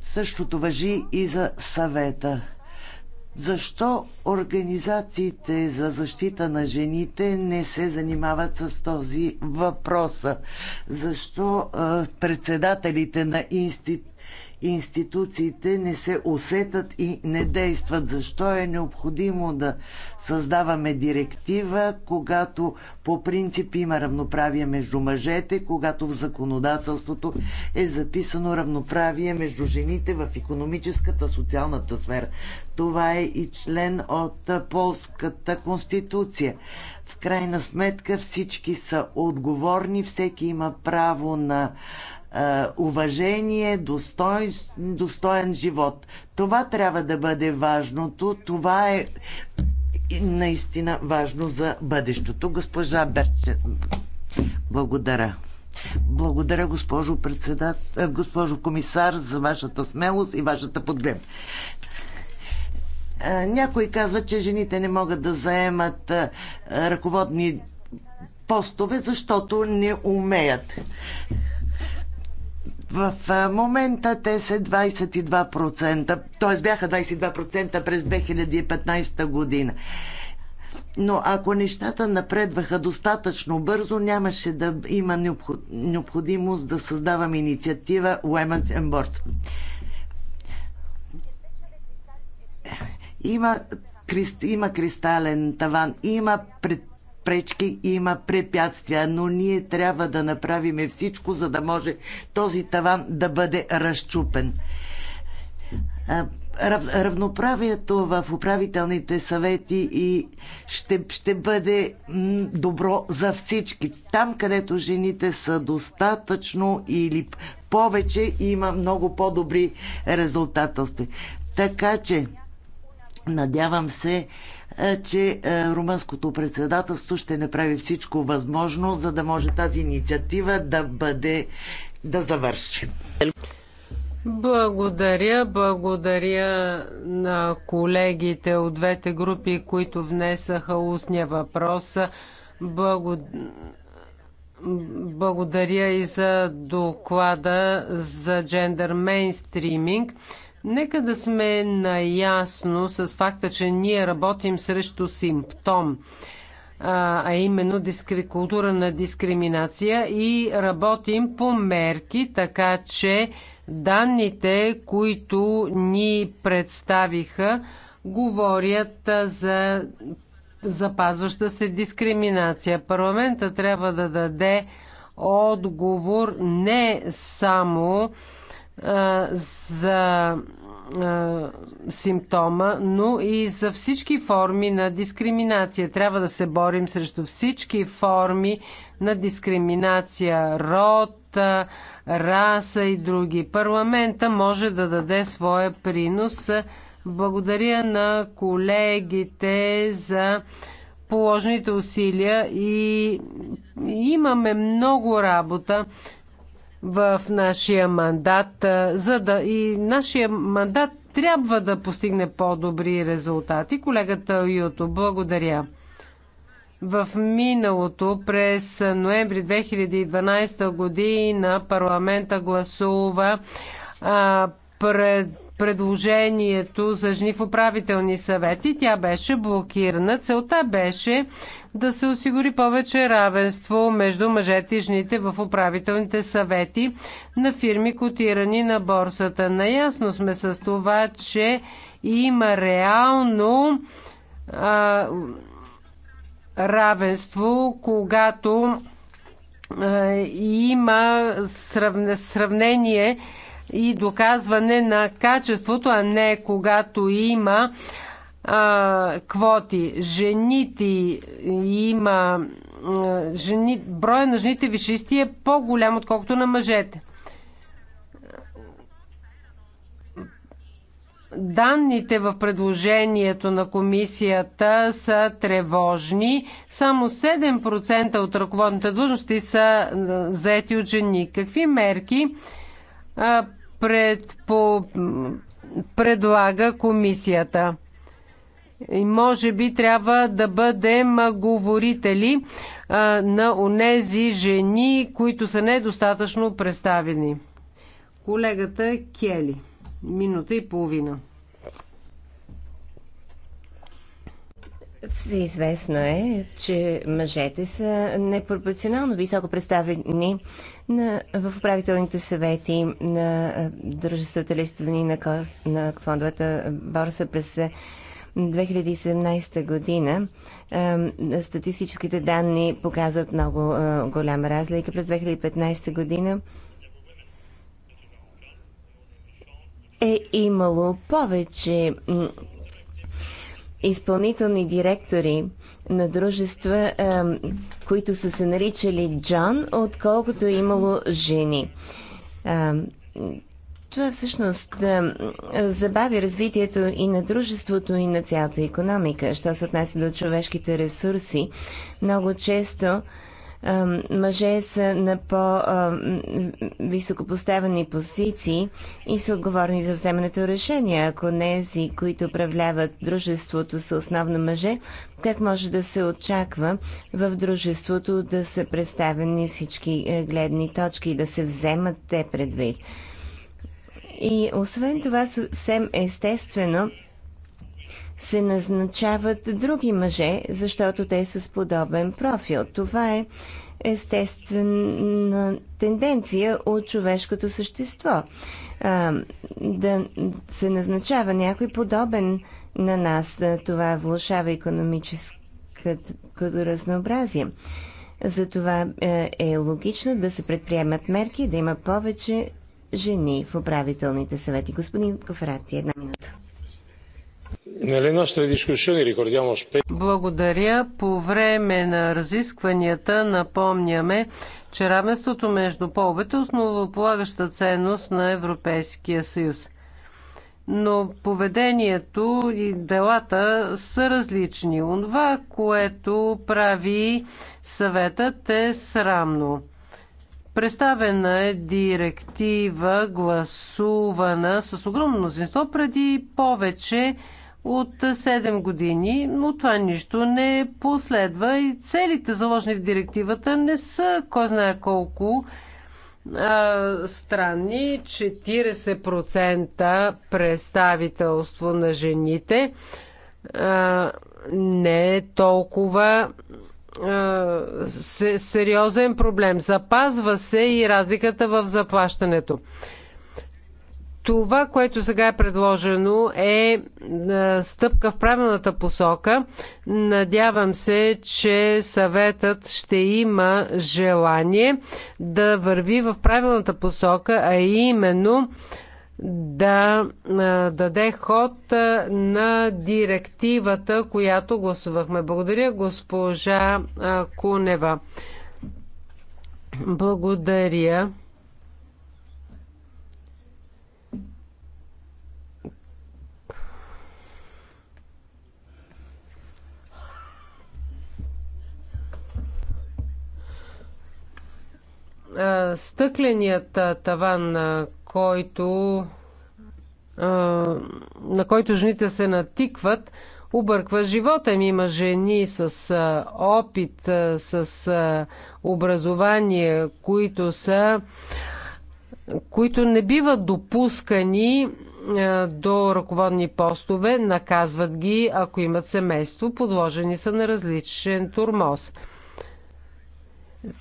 Същото въжи и за съвета защо организациите за защита на жените не се занимават с този въпрос? Защо председателите на институт институциите не се усетат и не действат. Защо е необходимо да създаваме директива, когато по принцип има равноправие между мъжете, когато в законодателството е записано равноправие между жените в економическата, социалната сфера. Това е и член от Полската конституция. В крайна сметка всички са отговорни, всеки има право на е, уважение, достой, достоен живот. Това трябва да бъде важното. Това е наистина важно за бъдещето. Госпожа Берче, благодаря. Благодаря, госпожо председател, госпожо комисар, за вашата смелост и вашата подгреб. Е, Някой казва, че жените не могат да заемат е, ръководни постове, защото не умеят. В момента те са 22%, т.е. бяха 22% през 2015 година. Но ако нещата напредваха достатъчно бързо, нямаше да има необходимост да създавам инициатива Women's Emborsement. Има, крист... има кристален таван, има пред пречки, има препятствия, но ние трябва да направим всичко, за да може този таван да бъде разчупен. Равноправието в управителните съвети и ще, ще бъде добро за всички. Там, където жените са достатъчно или повече, има много по-добри резултатности. Така че, надявам се, е, че е, румънското председателство ще направи всичко възможно, за да може тази инициатива да бъде да завърши. Благодаря, благодаря на колегите от двете групи, които внесаха устния въпрос. Благодаря и за доклада за джендър мейнстриминг. Нека да сме наясно с факта, че ние работим срещу симптом, а именно култура на дискриминация и работим по мерки, така че данните, които ни представиха, говорят за запазваща се дискриминация. Парламента трябва да даде отговор не само за симптома, но и за всички форми на дискриминация. Трябва да се борим срещу всички форми на дискриминация, род, раса и други. Парламента може да даде своя принос. Благодаря на колегите за положените усилия и имаме много работа в нашия мандат, за да и нашия мандат трябва да постигне по-добри резултати. Колегата Юто, благодаря. В миналото, през ноември 2012 година, парламента гласува а, пред предложението за жени в управителни съвети. Тя беше блокирана. Целта беше да се осигури повече равенство между мъжете и жените в управителните съвети на фирми, котирани на борсата. Наясно сме с това, че има реално а, равенство, когато а, има сравнение и доказване на качеството, а не когато има а, квоти. Жените има. жени, броя на жените вишисти е по-голям, отколкото на мъжете. Данните в предложението на комисията са тревожни. Само 7% от ръководните длъжности са заети от жени. Какви мерки по, предлага комисията. И може би трябва да бъдем говорители а, на онези жени, които са недостатъчно представени. Колегата Кели. Минута и половина. Известно е, че мъжете са непропорционално високо представени на, в управителните съвети на дружествата листани на, на фондовата борса през 2017 година. Статистическите данни показват много голяма разлика. През 2015 година е имало повече изпълнителни директори на дружества, които са се наричали Джон, отколкото е имало жени. Това всъщност забави развитието и на дружеството, и на цялата економика. Що се отнася до човешките ресурси, много често мъже са на по-високопоставени позиции и са отговорни за вземането решения. Ако нези, които управляват дружеството, са основно мъже, как може да се очаква в дружеството да са представени всички е, гледни точки и да се вземат те предвид? И освен това, съвсем естествено, се назначават други мъже, защото те са с подобен профил. Това е естествена тенденция от човешкото същество. А, да се назначава някой подобен на нас, това влушава економическото разнообразие. Затова е, е логично да се предприемат мерки, да има повече жени в управителните съвети. Господин Кафарати, една минута. Нали, Благодаря. По време на разискванията напомняме, че равенството между половете е основополагаща ценност на Европейския съюз. Но поведението и делата са различни. Онова, което прави съветът е срамно. Представена е директива, гласувана с огромно мнозинство преди повече от 7 години, но това нищо не последва и целите заложени в директивата не са кой знае колко а, странни. 40% представителство на жените а, не е толкова а, сериозен проблем. Запазва се и разликата в заплащането. Това, което сега е предложено, е, е стъпка в правилната посока. Надявам се, че съветът ще има желание да върви в правилната посока, а именно да е, даде ход е, на директивата, която гласувахме. Благодаря, госпожа Кунева. Благодаря. стъкленият таван, на който, на който жените се натикват, обърква живота ми. Има жени с опит, с образование, които са които не биват допускани до ръководни постове, наказват ги, ако имат семейство, подложени са на различен турмоз.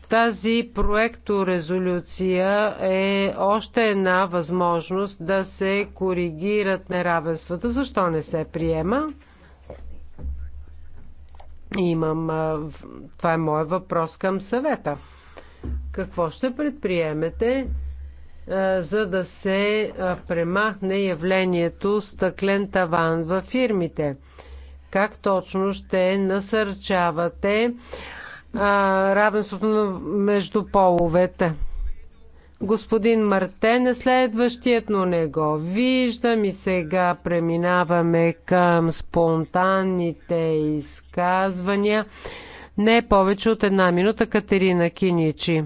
Тази проекторезолюция е още една възможност да се коригират неравенствата. Защо не се приема? Имам. Това е моят въпрос към съвета. Какво ще предприемете, за да се премахне явлението стъклен таван във фирмите? Как точно ще насърчавате? равенството между половете. Господин Мартен е следващият, но не го виждам и сега преминаваме към спонтанните изказвания. Не повече от една минута Катерина Киничи.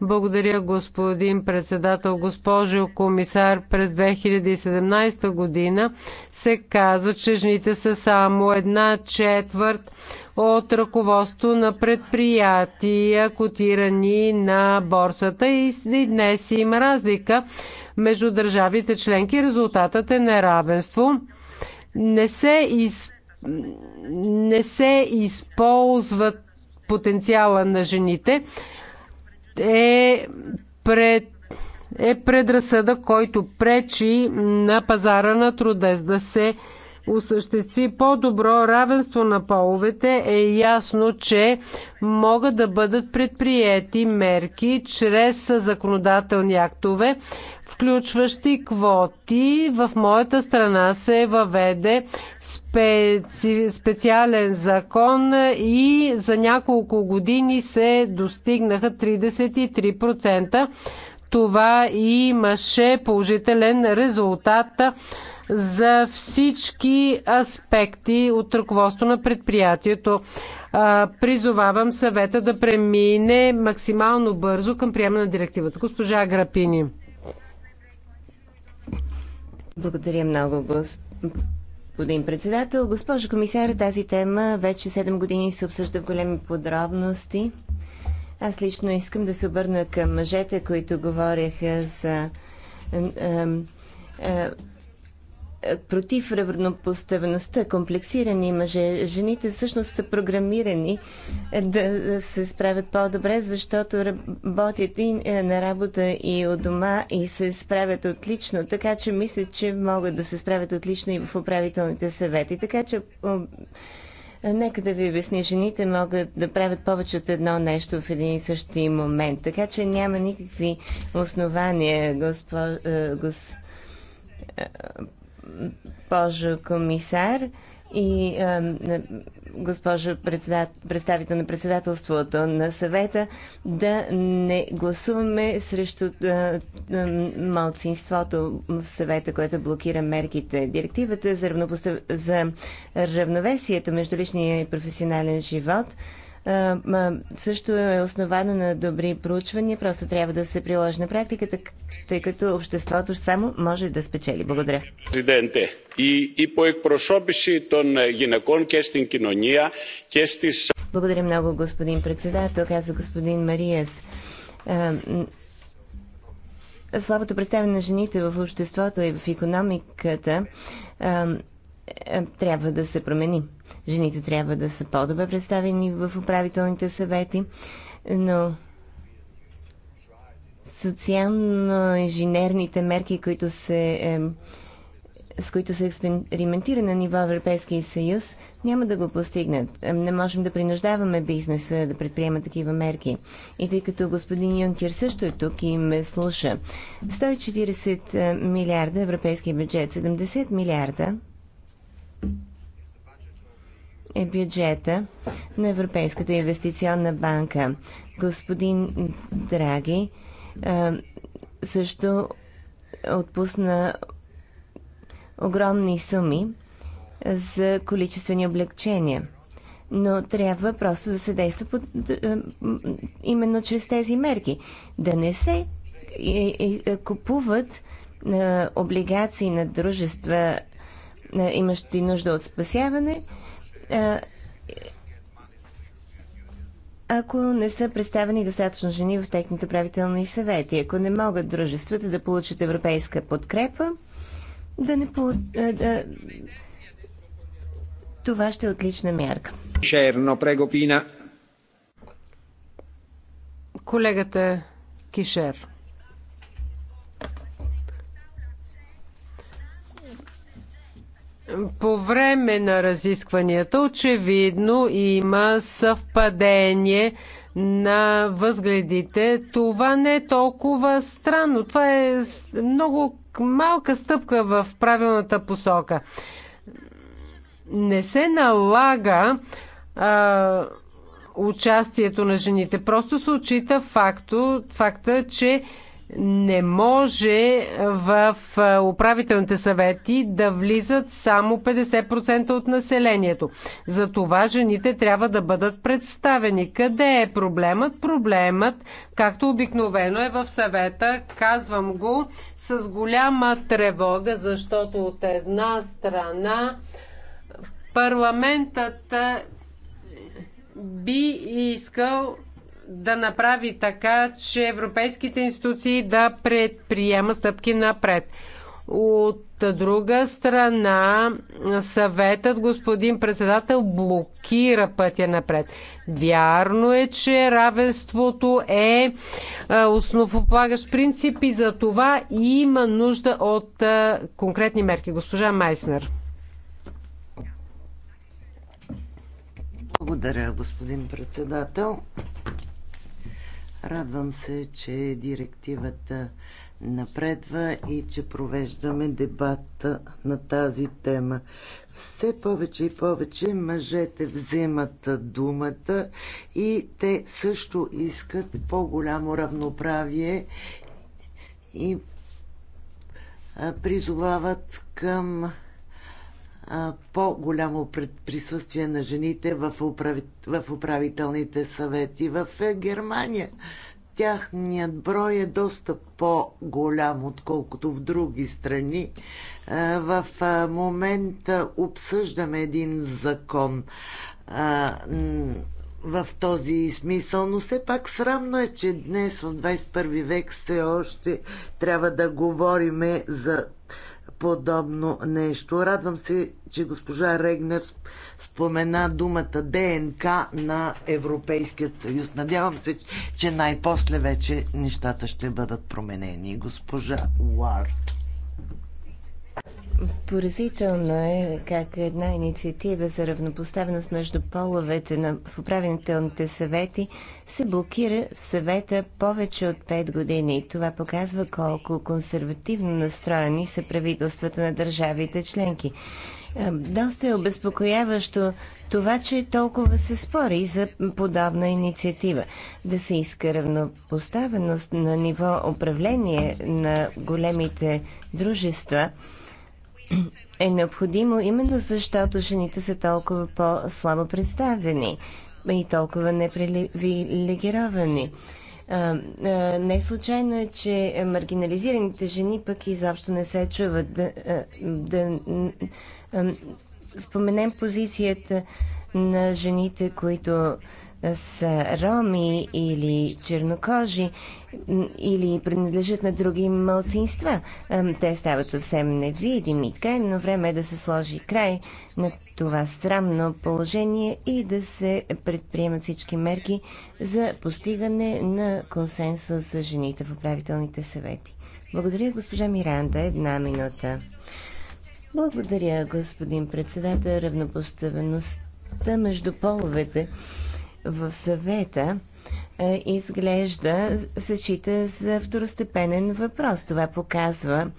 Благодаря, господин председател, госпожо комисар. През 2017 година се казва, че жените са само една четвърт от ръководство на предприятия, котирани на борсата и днес има разлика между държавите членки. Резултатът е неравенство. Не се, из... не се използват потенциала на жените. Е пред е предразсъдък, който пречи на пазара на труда, за да се осъществи по-добро равенство на половете, е ясно, че могат да бъдат предприяти мерки чрез законодателни актове, включващи квоти. В моята страна се въведе специ... специален закон и за няколко години се достигнаха 33%. Това имаше положителен резултат за всички аспекти от ръководство на предприятието. Призовавам съвета да премине максимално бързо към приема на директивата. Госпожа Грапини. Благодаря много, господин председател. Госпожо комисар, тази тема вече 7 години се обсъжда в големи подробности. Аз лично искам да се обърна към мъжете, които говореха за е, против равнопоставеността, комплексирани мъже, жените всъщност са програмирани е, да се справят по-добре, защото работят и е, на работа и от дома и се справят отлично, така че мисля, че могат да се справят отлично и в управителните съвети. Така че Нека да ви обясня, жените могат да правят повече от едно нещо в един и същи момент, така че няма никакви основания, госпо... гос госпожо комисар и госпожо представител на председателството на съвета, да не гласуваме срещу малцинството в съвета, което блокира мерките. Директивата за, равнопостав... за равновесието между личния и професионален живот – също е основана на добри проучвания, просто трябва да се приложи на практиката, тъй като обществото само може да спечели. Благодаря. Президенте, η υποεκπροσώπηση των γυναικών και στην κοινωνία και στις... Благодаря много, господин председател, казва господин Мариес. Слабото представяне на жените в обществото и в економиката е, трябва да се промени. Жените трябва да са по-добре представени в управителните съвети, но социално-инженерните мерки, които се, е, с които се експериментира на ниво Европейския съюз, няма да го постигнат. Не можем да принуждаваме бизнеса да предприема такива мерки. И тъй като господин Юнкер също е тук и ме слуша, 140 е, милиарда европейски бюджет, 70 милиарда е бюджета на Европейската инвестиционна банка. Господин Драги също отпусна огромни суми за количествени облегчения. Но трябва просто да се действа под, именно чрез тези мерки. Да не се купуват облигации на дружества, имащи нужда от спасяване, е, ако не са представени достатъчно жени в техните правителни съвети, ако не могат дружествата да получат европейска подкрепа, да не по... Е, да... Това ще е отлична мярка. Черно, прего, Пина. Колегата Кишер. По време на разискванията очевидно има съвпадение на възгледите. Това не е толкова странно. Това е много малка стъпка в правилната посока. Не се налага а, участието на жените. Просто се отчита факто, факта, че не може в управителните съвети да влизат само 50% от населението. Затова жените трябва да бъдат представени. Къде е проблемът? Проблемът, както обикновено е в съвета, казвам го с голяма тревога, защото от една страна парламентът би искал да направи така, че европейските институции да предприемат стъпки напред. От друга страна, съветът, господин председател, блокира пътя напред. Вярно е, че равенството е, е основополагащ принцип и за това има нужда от е, конкретни мерки. Госпожа Майснер. Благодаря, господин председател. Радвам се, че директивата напредва и че провеждаме дебата на тази тема. Все повече и повече мъжете вземат думата и те също искат по-голямо равноправие и призовават към по-голямо присъствие на жените в, управи, в управителните съвети. В е, Германия тяхният брой е доста по-голям, отколкото в други страни. В момента обсъждаме един закон в този смисъл, но все пак срамно е, че днес в 21 век все още трябва да говориме за подобно нещо. Радвам се, че госпожа Регнер спомена думата ДНК на Европейският съюз. Надявам се, че най-после вече нещата ще бъдат променени. Госпожа Уарт. Поразително е как една инициатива за равнопоставеност между половете на, в управителните съвети се блокира в съвета повече от 5 години. Това показва колко консервативно настроени са правителствата на държавите членки. Доста е обезпокояващо това, че толкова се спори за подобна инициатива. Да се иска равнопоставеност на ниво управление на големите дружества – е необходимо именно защото жените са толкова по-слабо представени и толкова непривилегировани. Не случайно е, че маргинализираните жени пък изобщо не се чуват. Да, да споменем позицията на жените, които са роми или чернокожи или принадлежат на други малцинства. Те стават съвсем невидими. Крайно време е да се сложи край на това срамно положение и да се предприемат всички мерки за постигане на консенсус с жените в управителните съвети. Благодаря, госпожа Миранда. Една минута. Благодаря, господин председател. Равнопоставеността между половете в съвета е, изглежда се счита за второстепенен въпрос. Това показва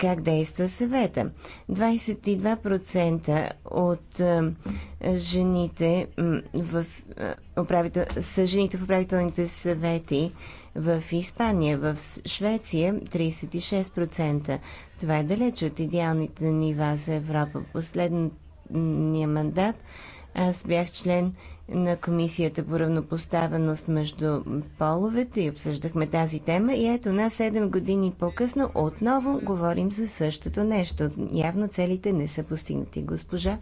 как действа съвета. 22% от е, жените в е, управител... са жените в управителните съвети в Испания, в Швеция 36%. Това е далеч от идеалните нива за Европа. Последния мандат аз бях член на Комисията по равнопоставеност между половете и обсъждахме тази тема и ето на 7 години по-късно отново говорим за същото нещо. Явно целите не са постигнати. Госпожа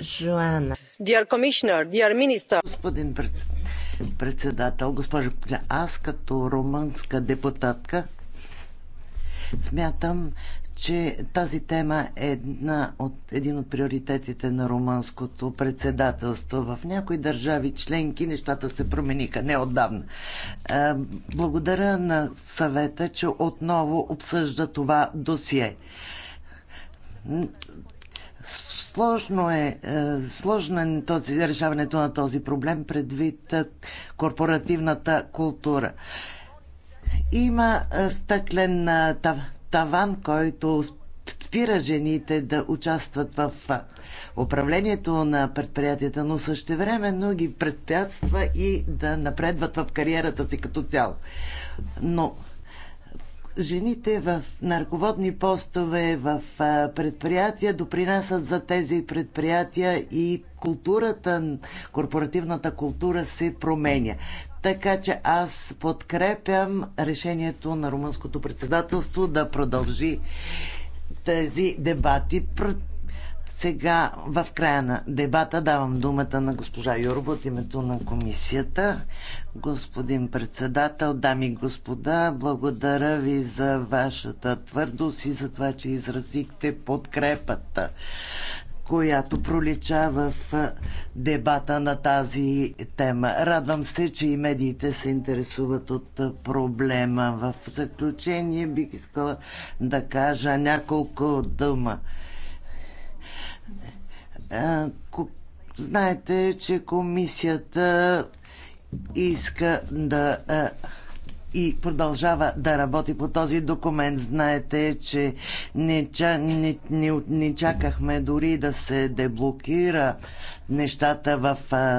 Жоана. Dear Commissioner, dear Minister. Господин председател, госпожо, аз като румънска депутатка смятам, че тази тема е една от, един от приоритетите на румънското председателство. В някои държави членки нещата се промениха не отдавна. Е, благодаря на съвета, че отново обсъжда това досие. Сложно е, е сложно е този, решаването на този проблем предвид е, корпоративната култура. Има стъклен тава таван, който спира жените да участват в управлението на предприятията, но същевременно ги предпятства и да напредват в кариерата си като цяло. Но жените в, нарководни постове в предприятия допринасят за тези предприятия и културата, корпоративната култура се променя. Така че аз подкрепям решението на румънското председателство да продължи тези дебати. Сега, в края на дебата, давам думата на госпожа Юрба от името на комисията. Господин председател, дами и господа, благодаря ви за вашата твърдост и за това, че изразихте подкрепата, която пролича в дебата на тази тема. Радвам се, че и медиите се интересуват от проблема. В заключение бих искала да кажа няколко дума Знаете, че комисията иска да и продължава да работи по този документ. Знаете, че не, ча, не, не, не чакахме дори да се деблокира нещата в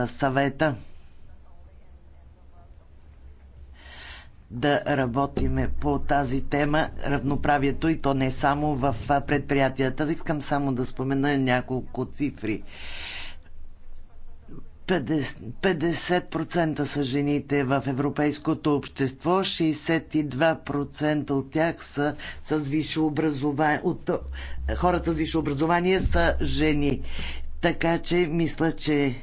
съвета. да работиме по тази тема, равноправието и то не само в предприятията. Аз искам само да спомена няколко цифри. 50% са жените в европейското общество, 62% от тях са с висше образование, от хората с висше образование са жени. Така че мисля, че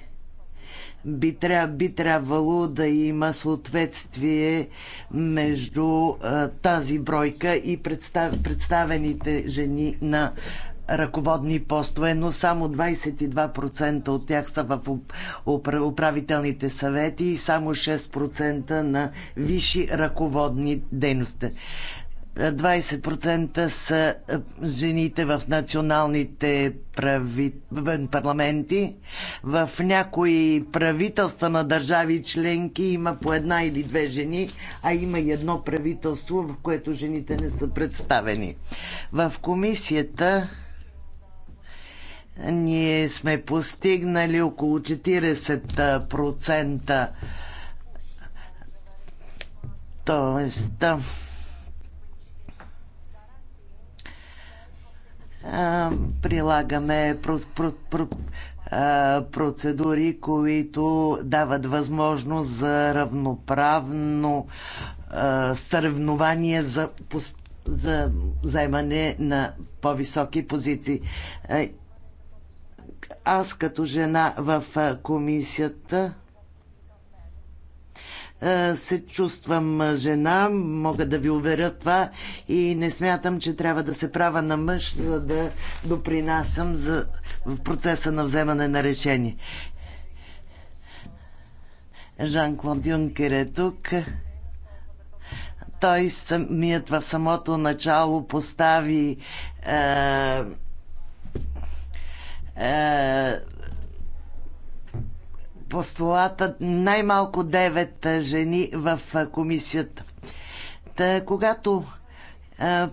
би, тря, би трябвало да има съответствие между а, тази бройка и представ, представените жени на ръководни постове, но само 22% от тях са в управителните съвети и само 6% на висши ръководни дейности. 20% са е, жените в националните прави... парламенти. В някои правителства на държави членки има по една или две жени, а има и едно правителство, в което жените не са представени. В комисията ние сме постигнали около 40%. Тоест, прилагаме про, про, про, процедури, които дават възможност за равноправно съревнование за, за заемане на по-високи позиции. Аз като жена в комисията е, се чувствам е, жена, мога да ви уверя това и не смятам, че трябва да се права на мъж, за да допринасям за, в процеса на вземане на решение. Жан-Клод Юнкер е тук. Той самият в самото начало постави е, е, постулата най-малко 9 жени в комисията. Та, когато а,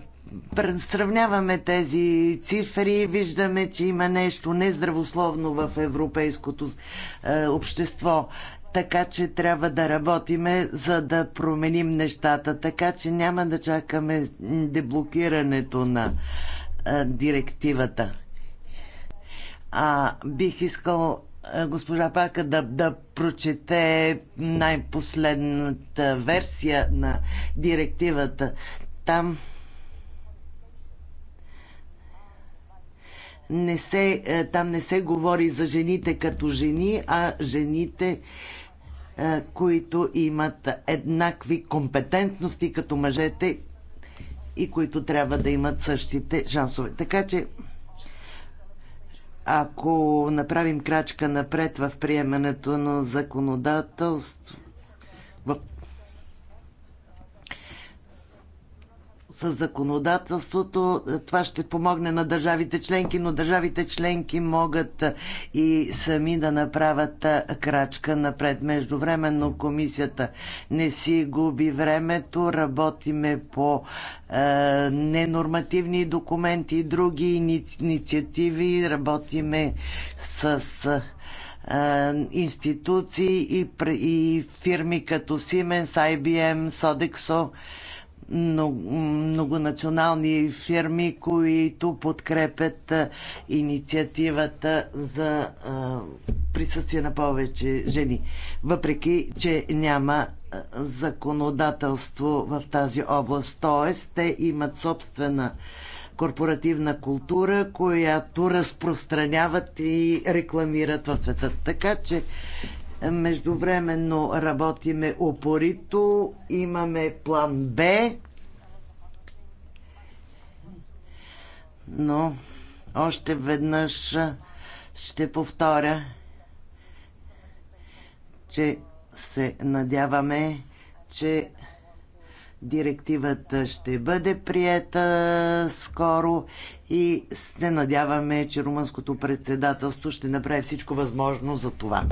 сравняваме тези цифри, виждаме, че има нещо нездравословно в европейското а, общество така че трябва да работиме, за да променим нещата. Така че няма да чакаме деблокирането на а, директивата. А бих искал е, госпожа Пака да, да прочете най-последната версия на директивата. Там не се, е, там не се говори за жените като жени, а жените, е, които имат еднакви компетентности като мъжете и които трябва да имат същите шансове. Така че ако направим крачка напред в приемането на законодателство, в с законодателството. Това ще помогне на държавите членки, но държавите членки могат и сами да направят крачка напред. Междувременно комисията не си губи времето, работиме по е, ненормативни документи и други инициативи, работиме с институции и, и фирми като Siemens, IBM, Sodexo многонационални фирми, които подкрепят инициативата за присъствие на повече жени, въпреки че няма законодателство в тази област. Т.е. те имат собствена корпоративна култура, която разпространяват и рекламират в света. Така че Междувременно работиме упорито, имаме план Б, но още веднъж ще повторя, че се надяваме, че Директивата ще бъде приета скоро и се надяваме, че румънското председателство ще направи всичко възможно за това.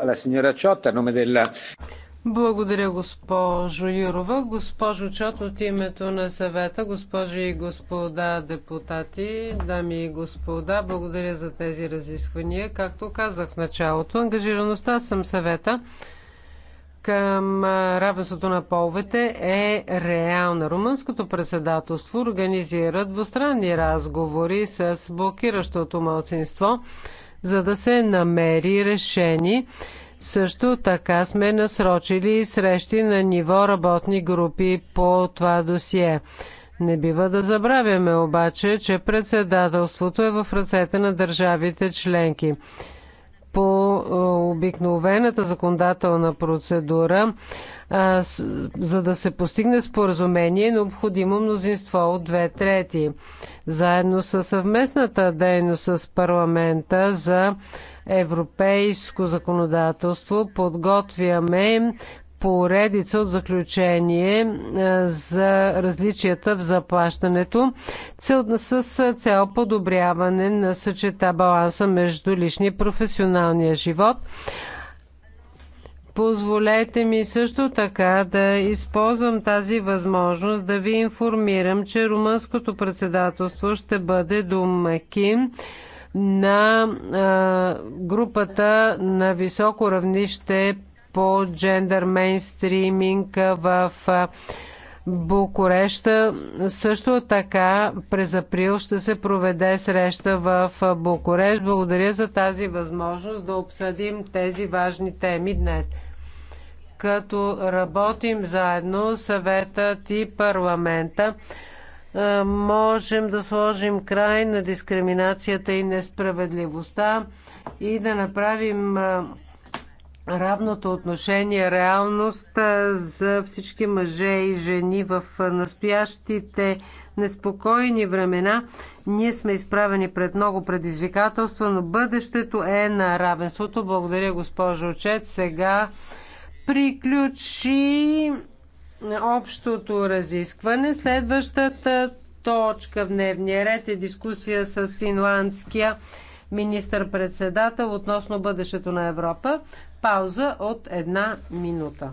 Благодаря, госпожо Юрова. Госпожо Чот, от името на съвета, госпожи и господа депутати, дами и господа, благодаря за тези разисквания. Както казах в началото, ангажираността съм съвета към равенството на половете е реална. Румънското председателство организира двустранни разговори с блокиращото малцинство, за да се намери решение. Също така сме насрочили срещи на ниво работни групи по това досие. Не бива да забравяме обаче, че председателството е в ръцете на държавите членки по е, обикновената законодателна процедура, за да се постигне споразумение, е необходимо мнозинство от две трети. Заедно с съвместната дейност с парламента за европейско законодателство подготвяме поредица от заключение е, за различията в заплащането цел, с е, цел подобряване на съчета баланса между личния и професионалния живот. Позволете ми също така да използвам тази възможност да ви информирам, че румънското председателство ще бъде домакин на е, групата на високо равнище по джендър мейнстриминг в Букуреща. Също така през април ще се проведе среща в Букурещ. Благодаря за тази възможност да обсъдим тези важни теми днес. Като работим заедно, съветът и парламента, можем да сложим край на дискриминацията и несправедливостта и да направим равното отношение реалност за всички мъже и жени в настоящите неспокойни времена. Ние сме изправени пред много предизвикателства, но бъдещето е на равенството. Благодаря, госпожо Очет. Сега приключи общото разискване. Следващата точка в дневния ред е дискусия с финландския министър-председател относно бъдещето на Европа. Пауза от една минута.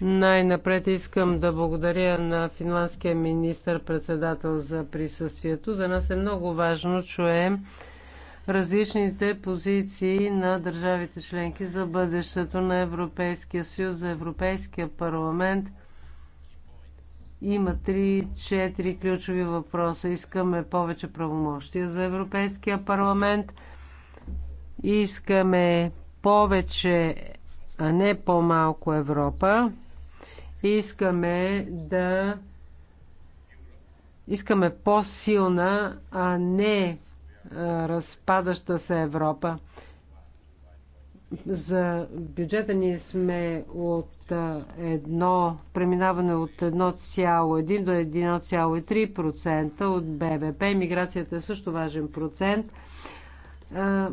Най-напред искам да благодаря на финландския министър председател за присъствието. За нас е много важно чуем различните позиции на държавите членки за бъдещето на Европейския съюз, за Европейския парламент. Има 3-4 ключови въпроса. Искаме повече правомощия за Европейския парламент. Искаме повече, а не по-малко Европа. Искаме да искаме по-силна, а не разпадаща се Европа. За бюджета ние сме от едно, преминаване от 1,1 до 1,3% от БВП. Миграцията е също важен процент.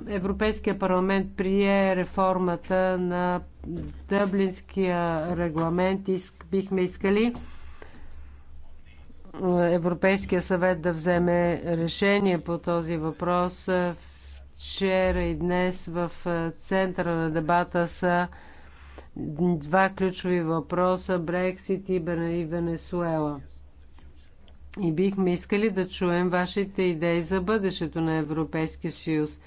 Европейския парламент прие реформата на Дъблинския регламент бихме искали Европейския съвет да вземе решение по този въпрос. Вчера и днес в центъра на дебата са два ключови въпроса Брексит и Венесуела и бихме искали да чуем вашите идеи за бъдещето на Европейския съюз.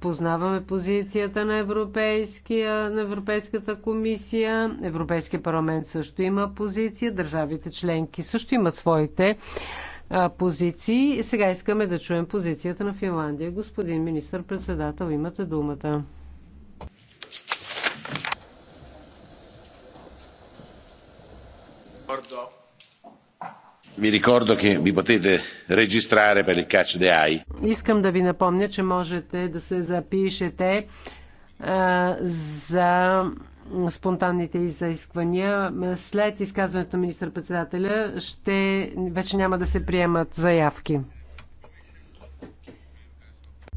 Познаваме позицията на, Европейския, на Европейската комисия. Европейския парламент също има позиция. Държавите членки също имат своите а, позиции. Сега искаме да чуем позицията на Финландия. Господин министр-председател, имате думата. Пардон. Ви рекордо, че ви потете регистрара per il catch the eye. Искам да ви напомня, че можете да се запишете а, за спонтанните изисквания. След изказването на министър-председателя ще вече няма да се приемат заявки.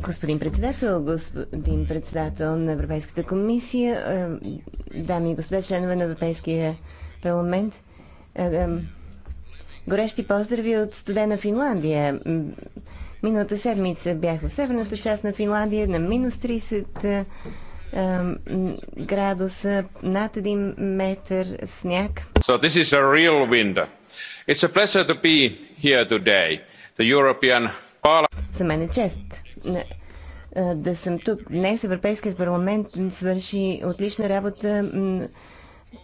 Господин председател, господин председател на Европейската комисия, дами и господа членове на Европейския парламент, Горещи поздрави от студена Финландия. Миналата седмица бях в северната част на Финландия на минус 30 градуса, над 1 метър сняг. So this is a real wind. It's a pleasure to be here today. The European За мен е чест да съм тук. Днес Европейският парламент свърши отлична работа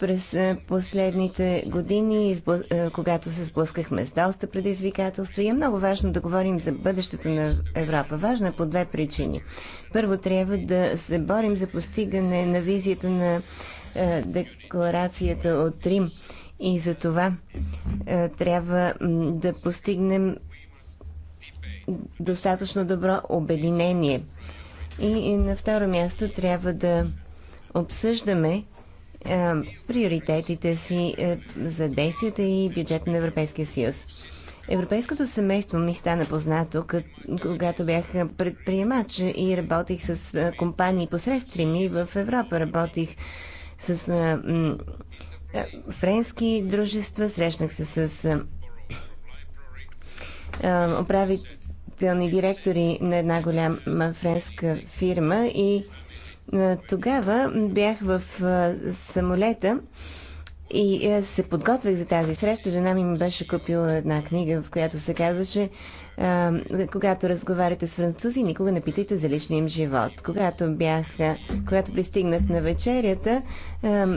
през е, последните години, е, когато се сблъскахме с доста предизвикателства, и е много важно да говорим за бъдещето на Европа. Важно е по две причини. Първо, трябва да се борим за постигане на визията на е, декларацията от Рим. И за това трябва да постигнем достатъчно добро обединение. И на второ място трябва да обсъждаме е, приоритетите си е, за действията и бюджет на Европейския съюз. Европейското семейство ми стана познато, когато бях предприемач и работих с е, компании посредствени ми в Европа. Работих с френски дружества, срещнах се с управителни директори на една голяма френска фирма и е, тогава бях в е, самолета и се подготвих за тази среща. Жена ми ми беше купила една книга, в която се казваше когато разговаряте с французи, никога не питайте за личния им живот. Когато, бях, когато пристигнах на вечерята,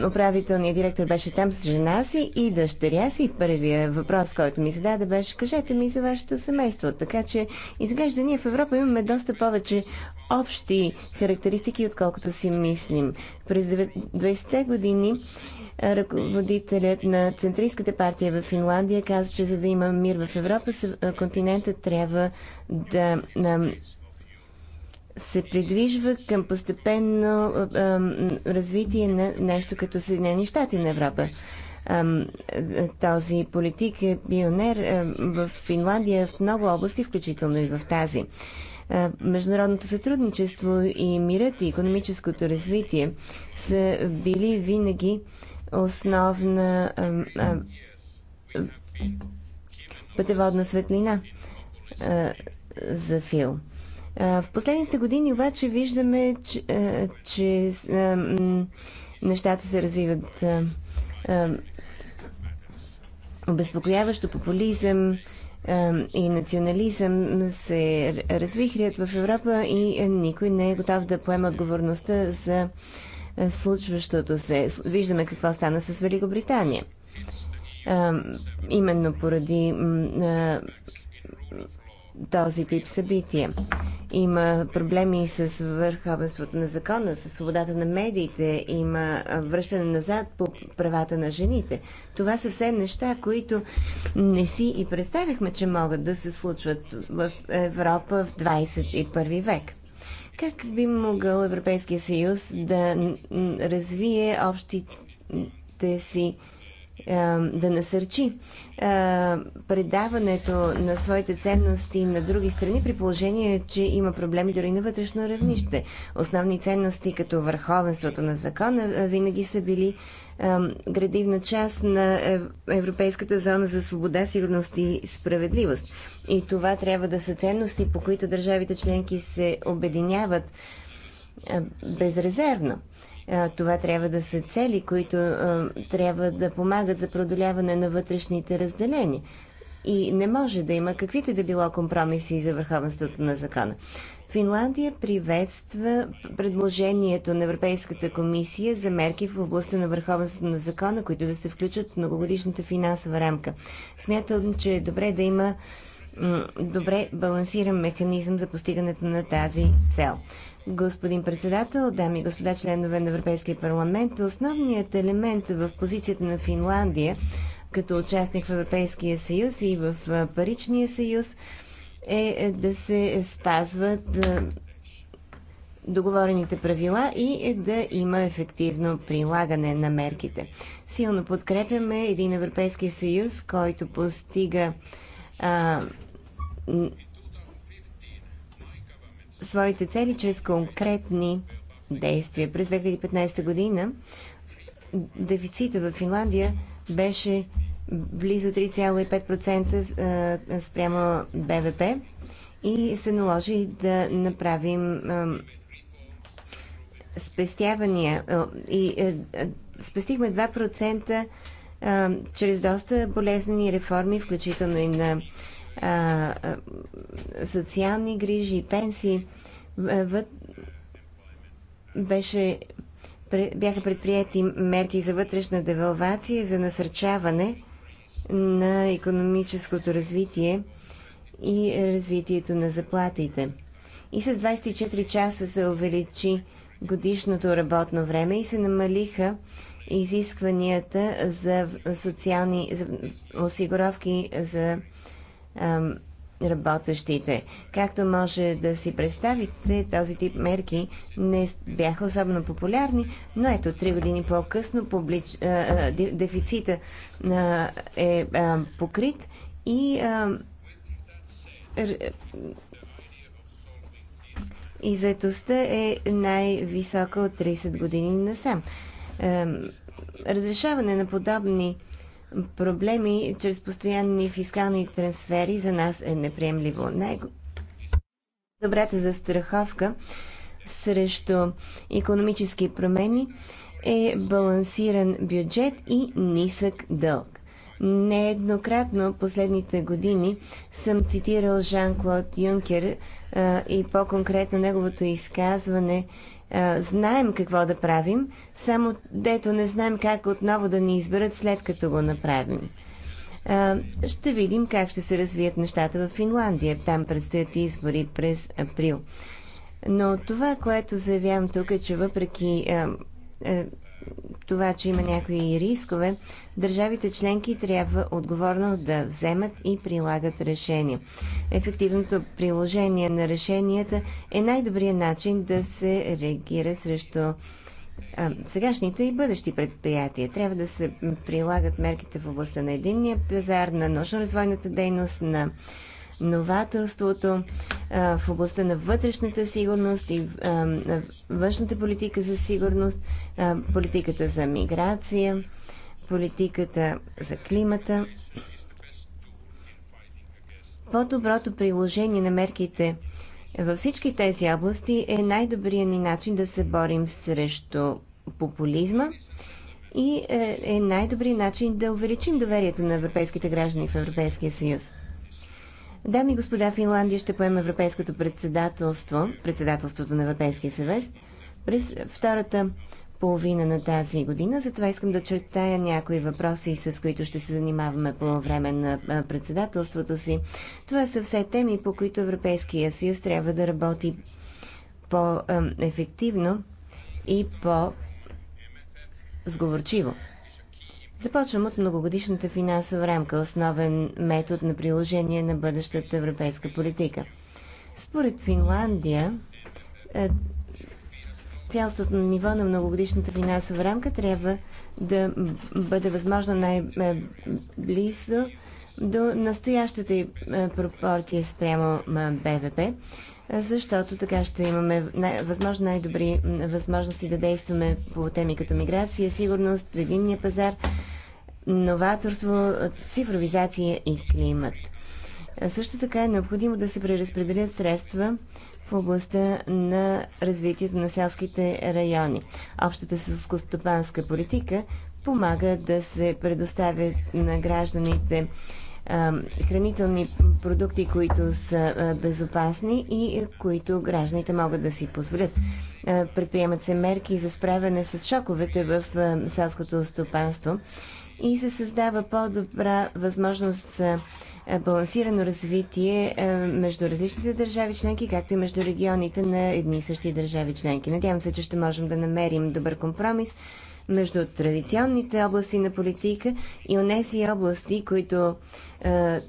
управителният директор беше там с жена си и дъщеря си. Първия въпрос, който ми зададе, беше кажете ми за вашето семейство. Така че, изглежда, ние в Европа имаме доста повече общи характеристики, отколкото си мислим. През 20-те години Ръководителят на Центристската партия в Финландия каза, че за да има мир в Европа, континентът трябва да се придвижва към постепенно развитие на нещо като Съединени щати на Европа този политик е пионер в Финландия в много области, включително и в тази. Международното сътрудничество и мирът и економическото развитие са били винаги основна пътеводна светлина за фил. В последните години обаче виждаме, че, че нещата се развиват обезпокояващо популизъм и национализъм се развихрят в Европа и никой не е готов да поема отговорността за случващото се. Виждаме какво стана с Великобритания. Именно поради този тип събития. Има проблеми с върховенството на закона, с свободата на медиите, има връщане назад по правата на жените. Това са все неща, които не си и представихме, че могат да се случват в Европа в 21 век. Как би могъл Европейския съюз да развие общите си да насърчи предаването на своите ценности на други страни, при положение, че има проблеми дори на вътрешно равнище. Основни ценности, като върховенството на закона, винаги са били градивна част на е, Европейската зона за свобода, сигурност и справедливост. И това трябва да са ценности, по които държавите членки се обединяват безрезервно. Е, това трябва да са цели, които е, трябва да помагат за продоляване на вътрешните разделения. И не може да има каквито да било компромиси за върховенството на закона. Финландия приветства предложението на Европейската комисия за мерки в областта на върховенството на закона, които да се включат в многогодишната финансова рамка. Смятам, че е добре да има добре балансиран механизъм за постигането на тази цел. Господин председател, дами и господа членове на Европейския парламент, основният елемент в позицията на Финландия като участник в Европейския съюз и в Паричния съюз е, е да се спазват договорените правила и е да има ефективно прилагане на мерките. Силно подкрепяме един Европейски съюз, който постига а, своите цели чрез конкретни действия. През 2015 година дефицита в Финландия беше близо 3,5% спрямо БВП и се наложи да направим спестявания и спестихме 2% чрез доста болезнени реформи, включително и на социални грижи, пенсии. Беше, бяха предприяти мерки за вътрешна девалвация, за насърчаване на економическото развитие и развитието на заплатите. И с 24 часа се увеличи годишното работно време и се намалиха изискванията за социални за осигуровки за работещите. Както може да си представите, този тип мерки не бяха особено популярни, но ето, три години по-късно публич... дефицита е покрит и и заетостта е най-висока от 30 години насам. Разрешаване на подобни проблеми чрез постоянни фискални трансфери за нас е неприемливо. Най-добрата застраховка срещу економически промени е балансиран бюджет и нисък дълг. Нееднократно последните години съм цитирал Жан-Клод Юнкер а, и по-конкретно неговото изказване а, е, знаем какво да правим, само дето не знаем как отново да ни изберат след като го направим. А, е, ще видим как ще се развият нещата в Финландия. Там предстоят избори през април. Но това, което заявявам тук е, че въпреки а, е, това, че има някои рискове, държавите членки трябва отговорно да вземат и прилагат решения. Ефективното приложение на решенията е най-добрият начин да се реагира срещу а, сегашните и бъдещи предприятия. Трябва да се прилагат мерките в областта на единния пазар, на научно-развойната дейност, на новаторството, в областта на вътрешната сигурност и външната политика за сигурност, политиката за миграция, политиката за климата. По-доброто приложение на мерките във всички тези области е най-добрият ни начин да се борим срещу популизма и е, е най-добрият начин да увеличим доверието на европейските граждани в Европейския съюз. Дами и господа, Финландия ще поеме Европейското председателство, председателството на Европейския съвет през втората половина на тази година. Затова искам да чертая някои въпроси, с които ще се занимаваме по време на председателството си. Това са все теми, по които Европейския съюз трябва да работи по-ефективно и по-сговорчиво. Започвам от многогодишната финансова рамка, основен метод на приложение на бъдещата европейска политика. Според Финландия, е, цялостното ниво на многогодишната финансова рамка трябва да бъде възможно най-близо до настоящата е, пропорция спрямо е, БВП, защото така ще имаме най- възможно най-добри възможности да действаме по теми като миграция, сигурност, единния пазар, новаторство, цифровизация и климат. Също така е необходимо да се преразпределят средства в областта на развитието на селските райони. Общата селскостопанска политика помага да се предоставят на гражданите хранителни продукти, които са безопасни и които гражданите могат да си позволят. Предприемат се мерки за справяне с шоковете в селското стопанство и се създава по-добра възможност за балансирано развитие между различните държави членки, както и между регионите на едни и същи държави членки. Надявам се, че ще можем да намерим добър компромис между традиционните области на политика и онези области, които е,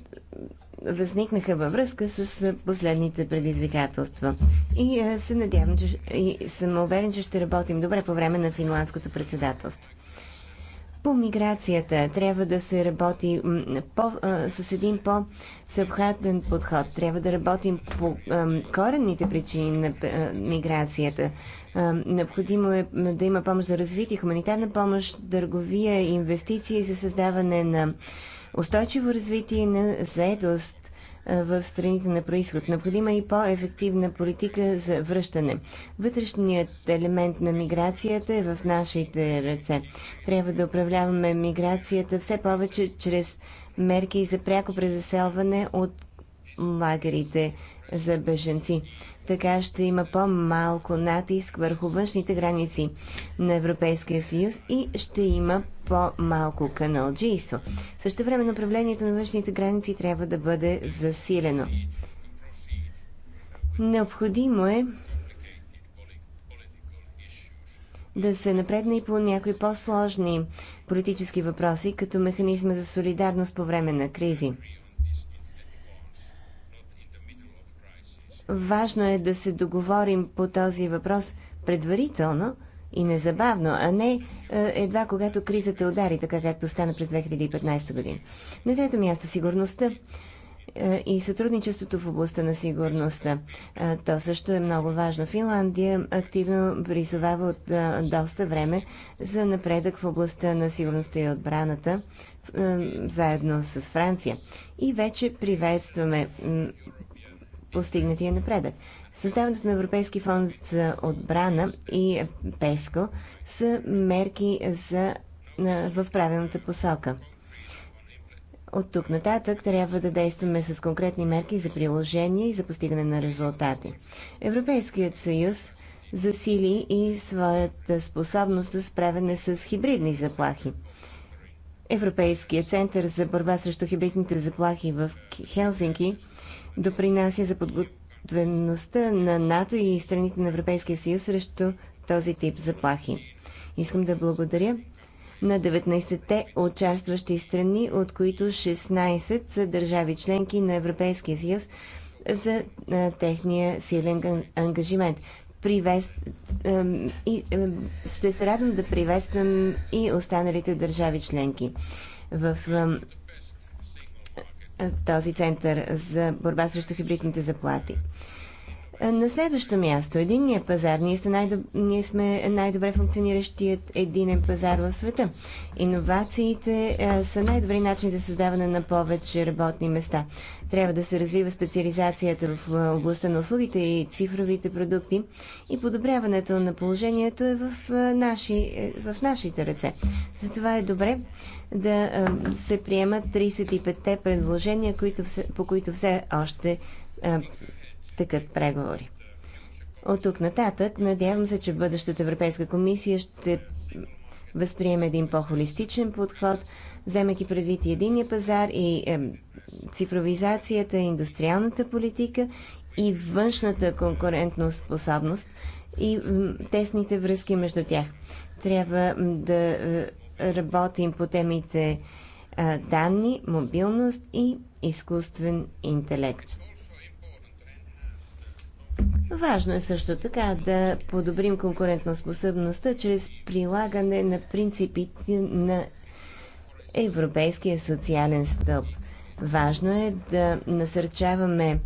възникнаха във връзка с е, последните предизвикателства. И е, се надявам, че и съм уверен, че ще работим добре по време на финландското председателство. По миграцията трябва да се работи по, а, с един по всеобхатен подход. Трябва да работим по а, коренните причини на а, миграцията. А, необходимо е да има помощ за развитие, хуманитарна помощ, търговия, инвестиции за създаване на устойчиво развитие на заедост в страните на происход. Необходима е и по-ефективна политика за връщане. Вътрешният елемент на миграцията е в нашите ръце. Трябва да управляваме миграцията все повече чрез мерки за пряко презаселване от лагерите за беженци. Така ще има по-малко натиск върху външните граници на Европейския съюз и ще има по-малко каналджийство. Също време направлението на външните граници трябва да бъде засилено. Необходимо е да се напредне и по някои по-сложни политически въпроси, като механизма за солидарност по време на кризи. Важно е да се договорим по този въпрос предварително и незабавно, а не е, едва когато кризата удари, така както стана през 2015 година. На трето място сигурността е, и сътрудничеството в областта на сигурността. Е, то също е много важно. Финландия активно призовава от доста време за напредък в областта на сигурността и отбраната, заедно с Франция. И вече приветстваме постигнатия напредък. Създаването на Европейски фонд за отбрана и ПЕСКО са мерки за, на, в правилната посока. От тук нататък трябва да действаме с конкретни мерки за приложение и за постигане на резултати. Европейският съюз засили и своята способност за справяне с хибридни заплахи. Европейският център за борба срещу хибридните заплахи в Хелзинки допринася за подготвеността на НАТО и страните на Европейския съюз срещу този тип заплахи. Искам да благодаря на 19-те участващи страни, от които 16 са държави членки на Европейския съюз за а, техния силен ангажимент. Привест, а, и, а, ще се радвам да приветствам и останалите държави членки. В а, този център за борба срещу хибридните заплати. Е, на следващо място, единния пазар. Ние, са най-доб... Ние сме най-добре функциониращият единен пазар в света. Иновациите а, е, са най-добри начин за създаване на повече работни места. Трябва да се развива специализацията в е, областта на услугите и цифровите продукти и подобряването на положението е в, наши, в нашите ръце. Затова е добре да се приемат 35-те предложения, по които все още тъкат преговори. От тук нататък надявам се, че бъдещата Европейска комисия ще възприеме един по-холистичен подход, вземайки предвид и единия пазар, и е, цифровизацията, индустриалната политика, и външната конкурентна способност, и е, тесните връзки между тях. Трябва да е, работим по темите данни, мобилност и изкуствен интелект. Важно е също така да подобрим конкурентоспособността чрез прилагане на принципите на Европейския социален стълб. Важно е да насърчаваме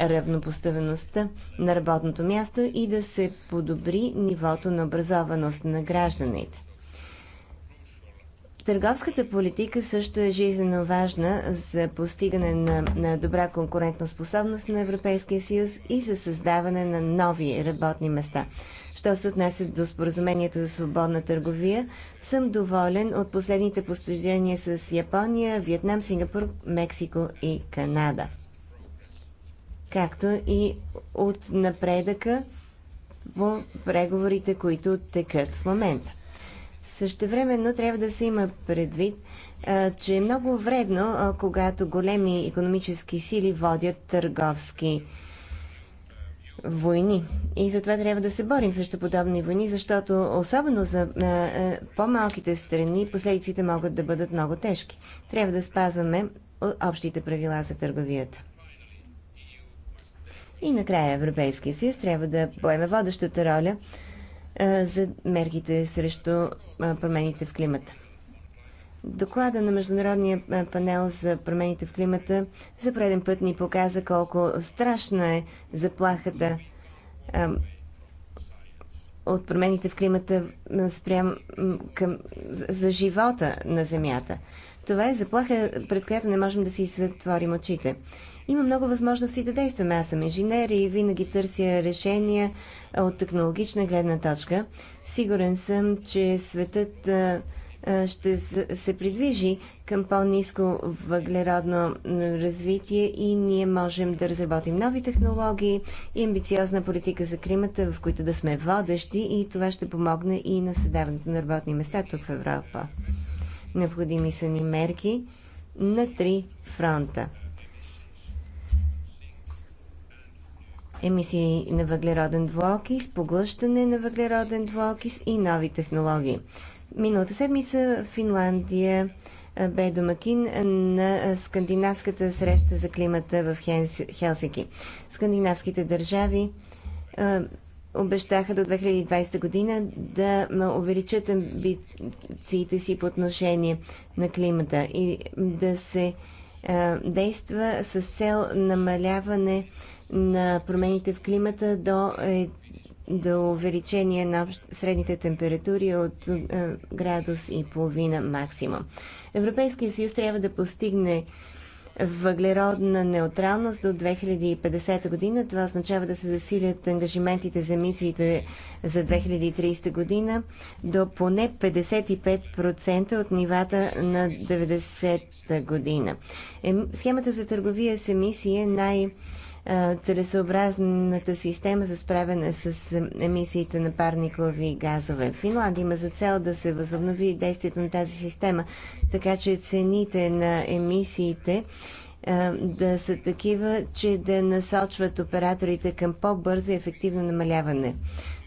равнопоставеността на работното място и да се подобри нивото на образованост на гражданите. Търговската политика също е жизненно важна за постигане на, на добра конкурентоспособност на Европейския съюз и за създаване на нови работни места. Що се отнася до споразуменията за свободна търговия, съм доволен от последните постижения с Япония, Виетнам, Сингапур, Мексико и Канада. Както и от напредъка по преговорите, които текат в момента. Същевременно трябва да се има предвид, че е много вредно, когато големи економически сили водят търговски войни. И затова трябва да се борим срещу подобни войни, защото особено за по-малките страни последиците могат да бъдат много тежки. Трябва да спазваме общите правила за търговията. И накрая Европейския съюз трябва да поеме водещата роля за мерките срещу промените в климата. Доклада на Международния панел за промените в климата за преден път ни показа колко страшна е заплахата от промените в климата спрям към, за живота на Земята. Това е заплаха, пред която не можем да си затворим очите. Има много възможности да действаме. Аз съм инженер и винаги търся решения от технологична гледна точка. Сигурен съм, че светът ще се придвижи към по-низко въглеродно развитие и ние можем да разработим нови технологии и амбициозна политика за климата, в които да сме водещи и това ще помогне и на създаването на работни места тук в Европа. Необходими са ни мерки на три фронта. емисии на въглероден двуокис, поглъщане на въглероден двуокис и нови технологии. Миналата седмица Финландия бе домакин на скандинавската среща за климата в Хелсики. Скандинавските държави обещаха до 2020 година да увеличат амбициите си по отношение на климата и да се действа с цел намаляване на промените в климата до, е, до увеличение на средните температури от е, градус и половина максимум. Европейския съюз трябва да постигне въглеродна неутралност до 2050 година. Това означава да се засилят ангажиментите за емисиите за 2030 година до поне 55% от нивата на 90-та година. Е, схемата за търговия с емисии е най- целесообразната система за справяне с емисиите на парникови газове. Финландия има за цел да се възобнови действието на тази система, така че цените на емисиите да са такива, че да насочват операторите към по-бързо и ефективно намаляване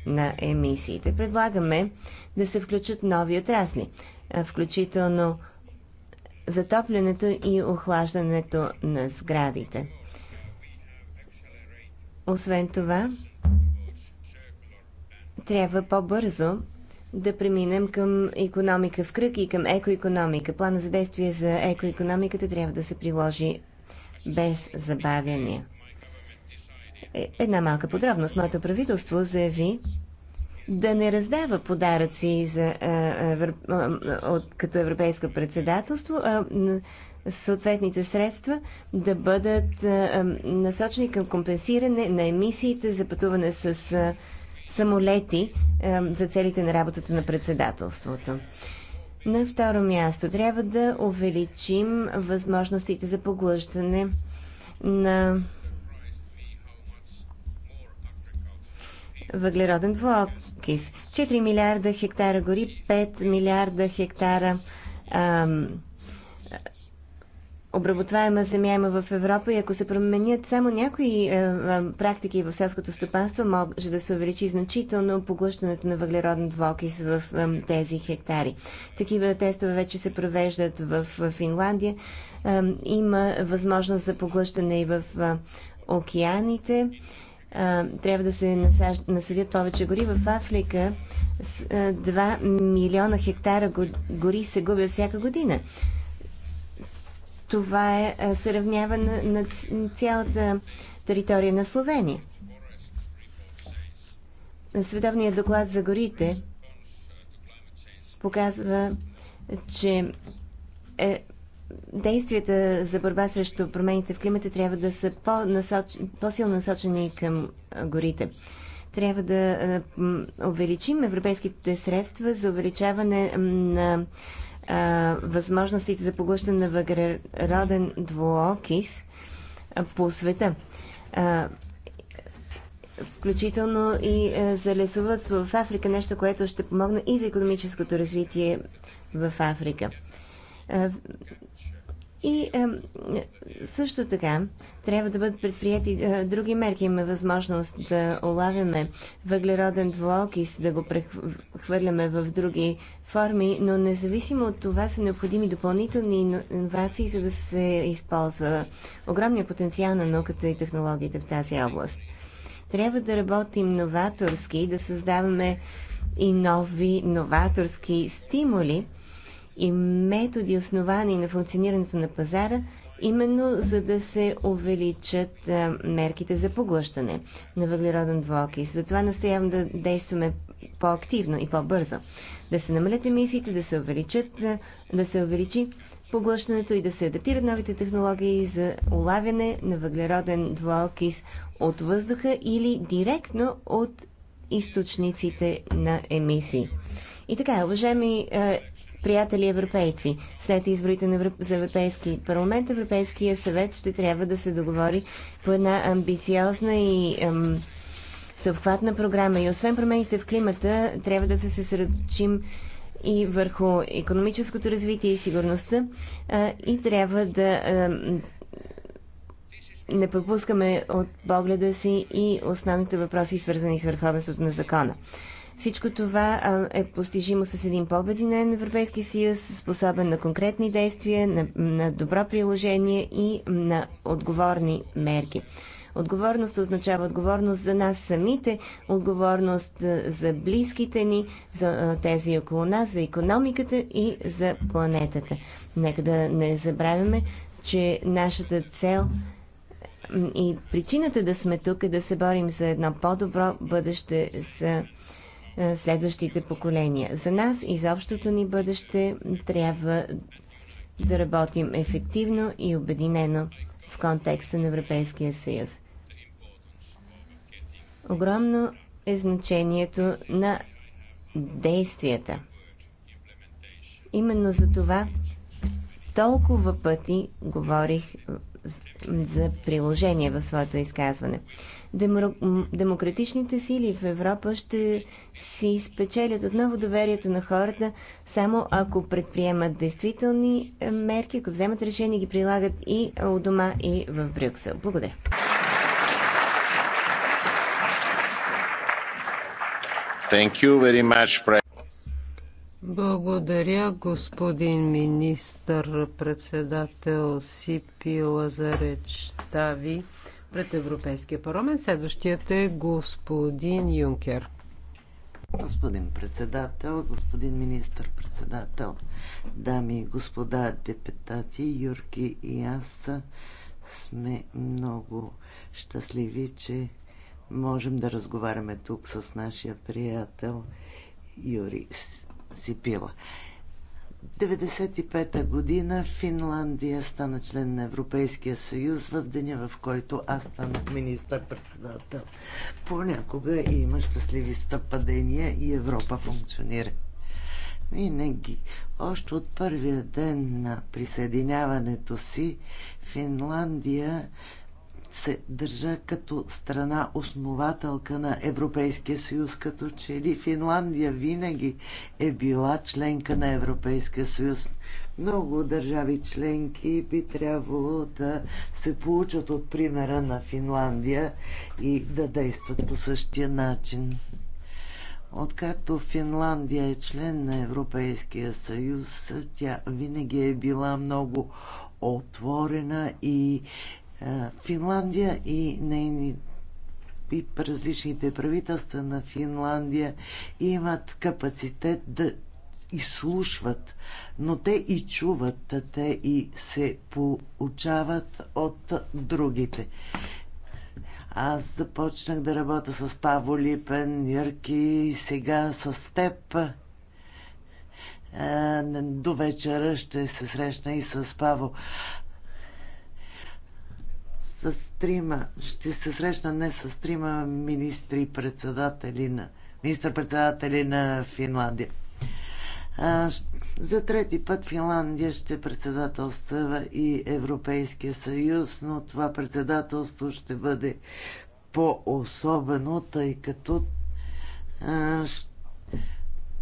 на емисиите. Предлагаме да се включат нови отрасли, включително затоплянето и охлаждането на сградите. Освен това, трябва по-бързо да преминем към економика в кръг и към екоекономика. Плана за действие за екоекономиката трябва да се приложи без забавяния. Е, една малка подробност. Моето правителство заяви да не раздава подаръци за, а, а, от, като европейско председателство, а съответните средства да бъдат насочени към компенсиране на емисиите за пътуване с самолети за целите на работата на председателството. На второ място трябва да увеличим възможностите за поглъщане на въглероден двуокис. 4 милиарда хектара гори, 5 милиарда хектара ам, обработваема земя има в Европа и ако се променят само някои е, е практики в селското стопанство, може да се увеличи значително поглъщането на въглероден двокис в е, тези хектари. Такива тестове вече се провеждат в, в Финландия. Е, има възможност за поглъщане и в е, океаните. Е, трябва да се насадят насъдят повече гори. В Африка 2 е, милиона хектара гори се губят всяка година това е, е, се равнява на, на, цялата територия на Словения. Световният доклад за горите показва, че е, действията за борба срещу промените в климата трябва да са по по-силно насочени към е, горите. Трябва да е, увеличим европейските средства за увеличаване на възможностите за поглъщане на въглероден двуокис по света. включително и за лесовътство в Африка, нещо, което ще помогне и за економическото развитие в Африка. И е, също така трябва да бъдат предприяти е, други мерки. Има възможност да олавяме въглероден двуокис, да го прехвърляме в други форми, но независимо от това са необходими допълнителни иновации, за да се използва огромния потенциал на науката и технологиите в тази област. Трябва да работим новаторски, да създаваме и нови новаторски стимули, и методи, основани на функционирането на пазара, именно за да се увеличат мерките за поглъщане на въглероден двуокис. Затова настоявам да действаме по-активно и по-бързо. Да се намалят емисиите, да се увеличат, да, се увеличи поглъщането и да се адаптират новите технологии за улавяне на въглероден двуокис от въздуха или директно от източниците на емисии. И така, уважаеми приятели европейци. След изборите на Европ... за Европейски парламент, Европейския съвет ще трябва да се договори по една амбициозна и ам, съвхватна програма. И освен промените в климата, трябва да се съсредоточим и върху економическото развитие и сигурността. А, и трябва да А... не пропускаме от погледа си и основните въпроси, свързани с върховенството на закона. Всичко това е постижимо с един по-обединен Европейски съюз, способен на конкретни действия, на, на добро приложение и на отговорни мерки. Отговорност означава отговорност за нас самите, отговорност за близките ни, за тези около нас, за економиката и за планетата. Нека да не забравяме, че нашата цел и причината да сме тук е да се борим за едно по-добро бъдеще за е, следващите поколения. За нас и за общото ни бъдеще трябва да работим ефективно и обединено в контекста на Европейския съюз. Огромно е значението на действията. Именно за това толкова пъти говорих за приложение в своето изказване демократичните сили в Европа ще си спечелят отново доверието на хората, само ако предприемат действителни е, мерки, ако вземат решение, ги прилагат и е, у дома, и в Брюксел. Благодаря. Thank you very much, благодаря, господин министър-председател Сипи за ви пред Европейския парламент. Следващият е господин Юнкер. Господин председател, господин министър-председател, дами и господа депутати, Юрки и аз сме много щастливи, че можем да разговаряме тук с нашия приятел Юри Сипила. 1995 година Финландия стана член на Европейския съюз в деня, в който аз станах министър-председател. Понякога има щастливи стъпадения и Европа функционира. Винаги, още от първия ден на присъединяването си, Финландия се държа като страна основателка на Европейския съюз, като че ли Финландия винаги е била членка на Европейския съюз. Много държави членки би трябвало да се получат от примера на Финландия и да действат по същия начин. Откакто Финландия е член на Европейския съюз, тя винаги е била много отворена и е, Финландия и нейни и различните правителства на Финландия имат капацитет да изслушват, но те и чуват, те и се получават от другите. Аз започнах да работя с Паво Липен, Ярки и сега с теб. Е, до вечера ще се срещна и с Паво с трима, ще се срещна днес с трима министри председатели на министър-председатели на Финландия. За трети път Финландия ще председателства и Европейския съюз, но това председателство ще бъде по-особено, тъй като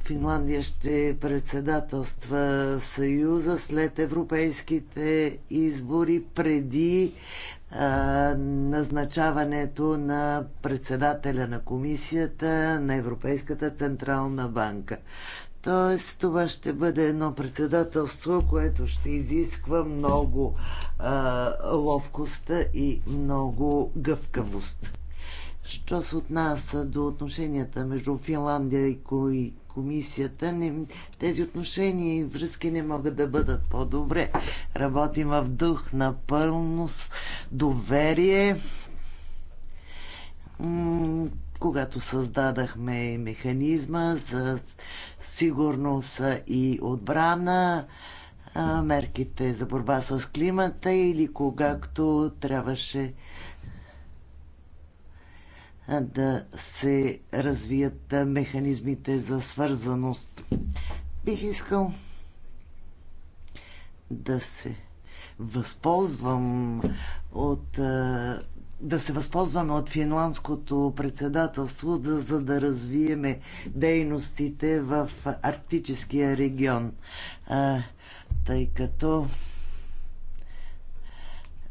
Финландия ще председателства Съюза след европейските избори, преди назначаването на председателя на комисията на Европейската централна банка. Тоест, това ще бъде едно председателство, което ще изисква много а, ловкост и много гъвкавост. Що се отнася до отношенията между Финландия и, и комисията, не, тези отношения и връзки не могат да бъдат по-добре. Работим в дух на пълност, доверие. Когато създадахме механизма за сигурност и отбрана, мерките за борба с климата или когато трябваше да се развият механизмите за свързаност. Бих искал да се възползвам от да се възползваме от финландското председателство, да, за да развиеме дейностите в арктическия регион. А, тъй като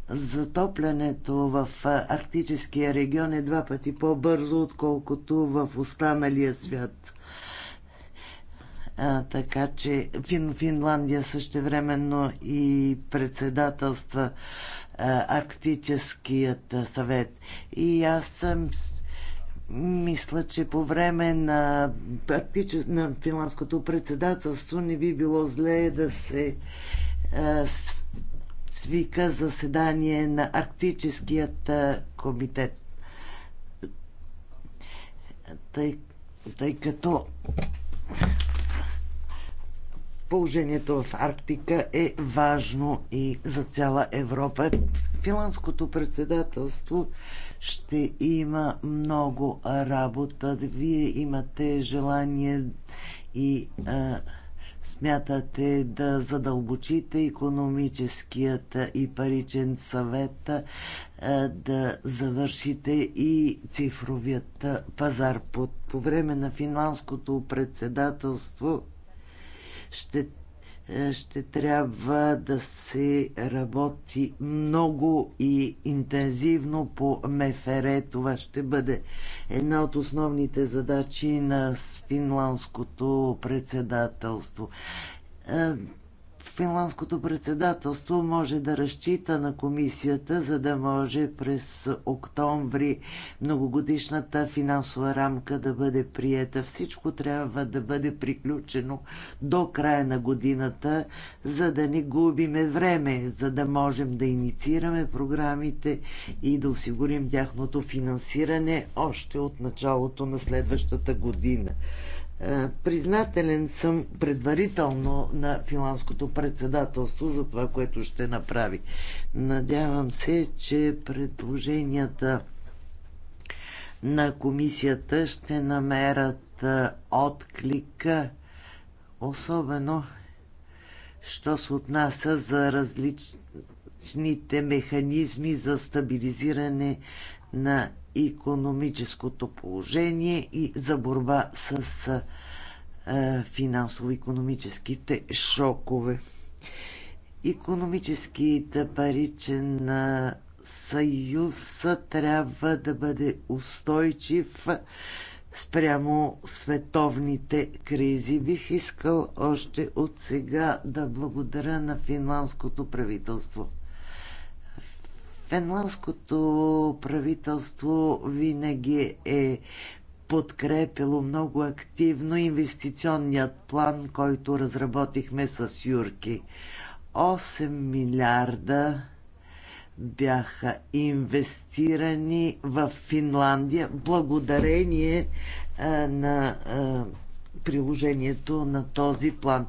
затоплянето в арктическия регион е два пъти по-бързо, отколкото в останалия свят. А, така че Фин, Финландия същевременно и председателства а, Арктическият съвет. И аз съм мисля, че по време на, на финландското председателство не би било зле да се а, свика заседание на Арктическият комитет. Тъй, тъй като положението в Арктика е важно и за цяла Европа. Финландското председателство ще има много работа. Вие имате желание и а, смятате да задълбочите економическият и паричен съвет, е, да завършите и цифровият пазар. По, време на финландското председателство ще е, ще трябва да се работи много и интензивно по МФР. Това ще бъде една от основните задачи на финландското председателство. Е, финландското председателство може да разчита на комисията, за да може през октомври многогодишната финансова рамка да бъде приета. Всичко трябва да бъде приключено до края на годината, за да не губиме време, за да можем да инициираме програмите и да осигурим тяхното финансиране още от началото на следващата година. Е, признателен съм предварително на финландското председателство за това, което ще направи. Надявам се, че предложенията на комисията ще намерят е, отклика, особено що се отнася за различните механизми за стабилизиране на економическото положение и за борба с финансово-економическите шокове. Економическият паричен съюз трябва да бъде устойчив спрямо световните кризи. Бих искал още от сега да благодаря на финландското правителство. Фенландското правителство винаги е подкрепило много активно инвестиционният план, който разработихме с Юрки. 8 милиарда бяха инвестирани в Финландия благодарение а, на а, приложението на този план.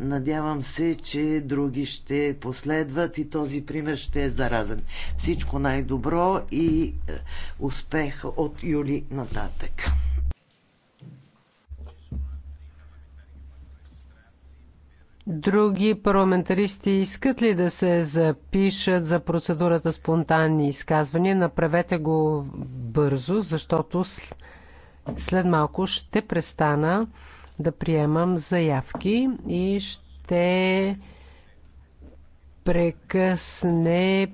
Надявам се, че други ще последват и този пример ще е заразен. Всичко най-добро и е, успех от юли нататък. Други парламентаристи искат ли да се запишат за процедурата спонтанни изказвания? Направете го бързо, защото след малко ще престана да приемам заявки и ще прекъсне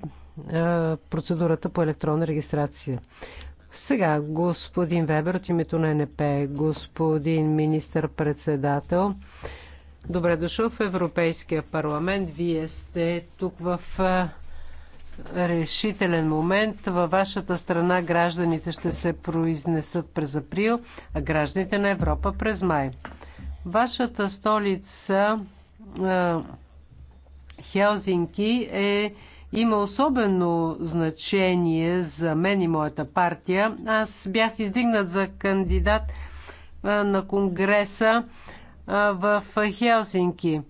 процедурата по електронна регистрация. Сега, господин Вебер от името на НП, господин министър-председател, добре дошъл в Европейския парламент. Вие сте тук в решителен момент. Във вашата страна гражданите ще се произнесат през април, а гражданите на Европа през май. Вашата столица Хелзинки е, има особено значение за мен и моята партия. Аз бях издигнат за кандидат на Конгреса в Хелсинки.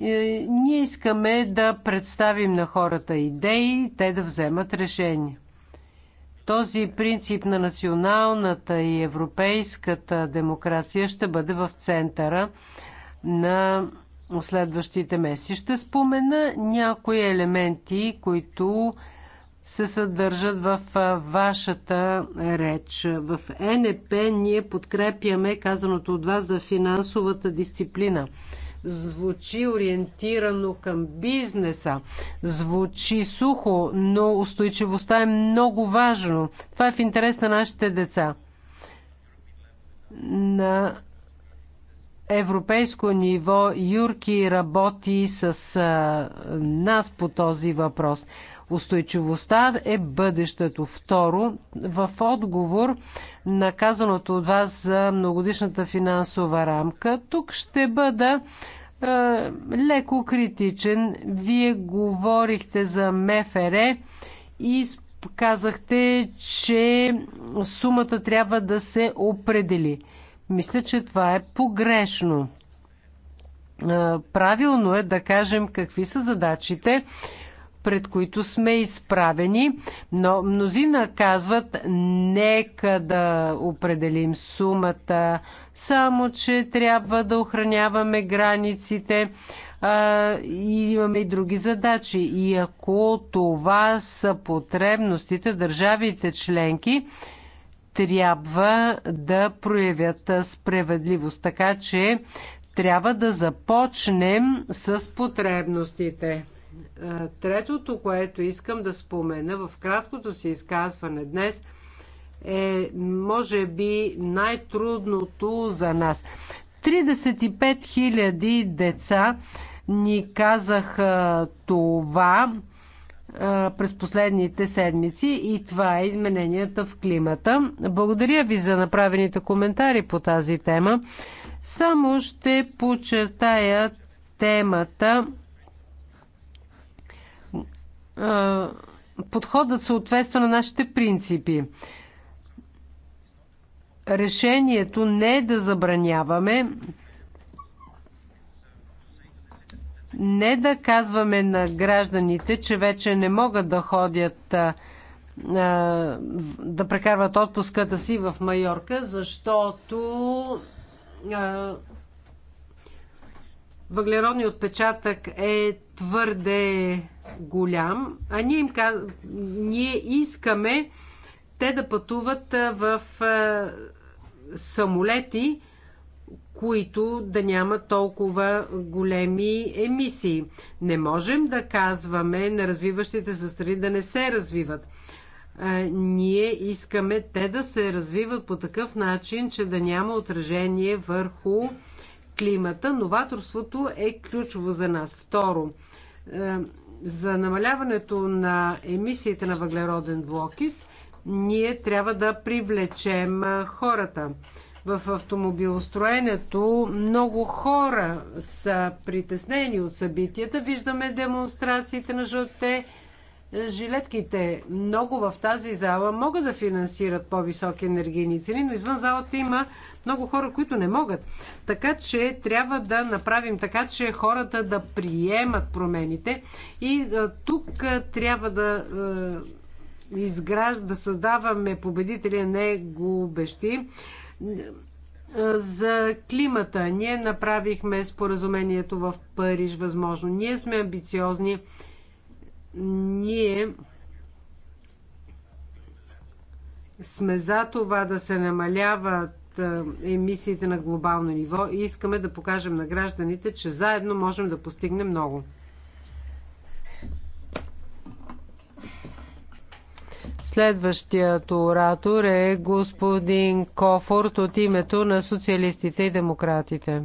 Е, ние искаме да представим на хората идеи, те да вземат решения. Този принцип на националната и европейската демокрация ще бъде в центъра на следващите месеци. Ще спомена някои елементи, които се съдържат в вашата реч. В НП ние подкрепяме казаното от вас за финансовата дисциплина звучи ориентирано към бизнеса, звучи сухо, но устойчивостта е много важно. Това е в интерес на нашите деца. На европейско ниво Юрки работи с нас по този въпрос. Устойчивостта е бъдещето. Второ, в отговор наказаното от вас за многодишната финансова рамка. Тук ще бъда е, леко критичен. Вие говорихте за МФР и казахте, че сумата трябва да се определи. Мисля, че това е погрешно. Е, правилно е да кажем какви са задачите пред които сме изправени. Но мнозина казват, нека да определим сумата, само че трябва да охраняваме границите. А, и имаме и други задачи. И ако това са потребностите, държавите членки трябва да проявят справедливост. Така че трябва да започнем с потребностите. Е, третото, което искам да спомена в краткото си изказване днес, е може би най-трудното за нас. 35 000 деца ни казаха това е, през последните седмици и това е измененията в климата. Благодаря ви за направените коментари по тази тема. Само ще почертая темата подходът съответства на нашите принципи. Решението не е да забраняваме, не да казваме на гражданите, че вече не могат да ходят да прекарват отпуската си в Майорка, защото въглеродният отпечатък е твърде голям, а ние, им, каз... ние искаме те да пътуват в самолети, които да нямат толкова големи емисии. Не можем да казваме на развиващите се страни да не се развиват. ние искаме те да се развиват по такъв начин, че да няма отражение върху климата. Новаторството е ключово за нас. Второ, е, за намаляването на емисиите на въглероден двуокис, ние трябва да привлечем е, хората. В автомобилостроенето много хора са притеснени от събитията. Виждаме демонстрациите на жълтите е, жилетките. Много в тази зала могат да финансират по-високи енергийни цени, но извън залата има много хора, които не могат. Така че трябва да направим така, че хората да приемат промените и е, тук е, трябва да е, изгражда, да създаваме победители, не губещи. За климата ние направихме споразумението в Париж възможно. Ние сме амбициозни. Ние сме за това да се намаляват емисиите на глобално ниво и искаме да покажем на гражданите, че заедно можем да постигнем много. Следващият оратор е господин Кофорт от името на социалистите и демократите.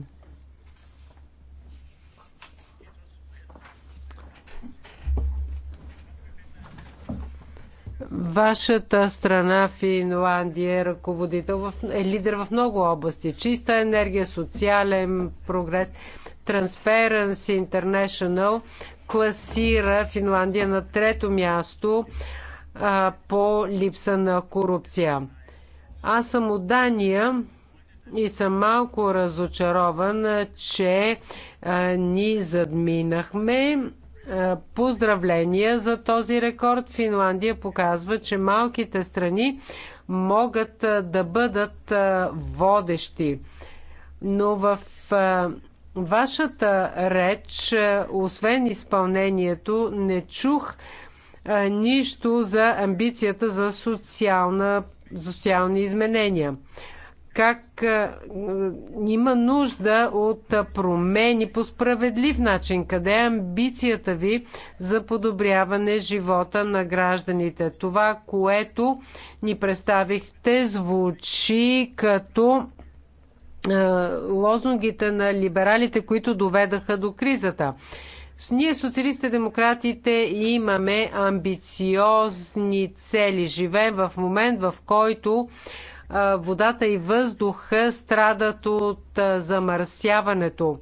Вашата страна, Финландия, е ръководител, е лидер в много области. Чиста енергия, социален прогрес. Transparency International класира Финландия на трето място а, по липса на корупция. Аз съм от Дания и съм малко разочарован, че а, ни задминахме е, поздравления за този рекорд. Финландия показва, че малките страни могат е, да бъдат е, водещи. Но в вашата реч, освен изпълнението, не чух нищо за амбицията за, социална, социални изменения как има нужда от промени по справедлив начин. Къде е амбицията ви за подобряване живота на гражданите? Това, което ни представихте, звучи като лозунгите на либералите, които доведаха до кризата. Ние, социалистите демократите, имаме амбициозни цели. Живеем в момент, в който водата и въздуха страдат от замърсяването.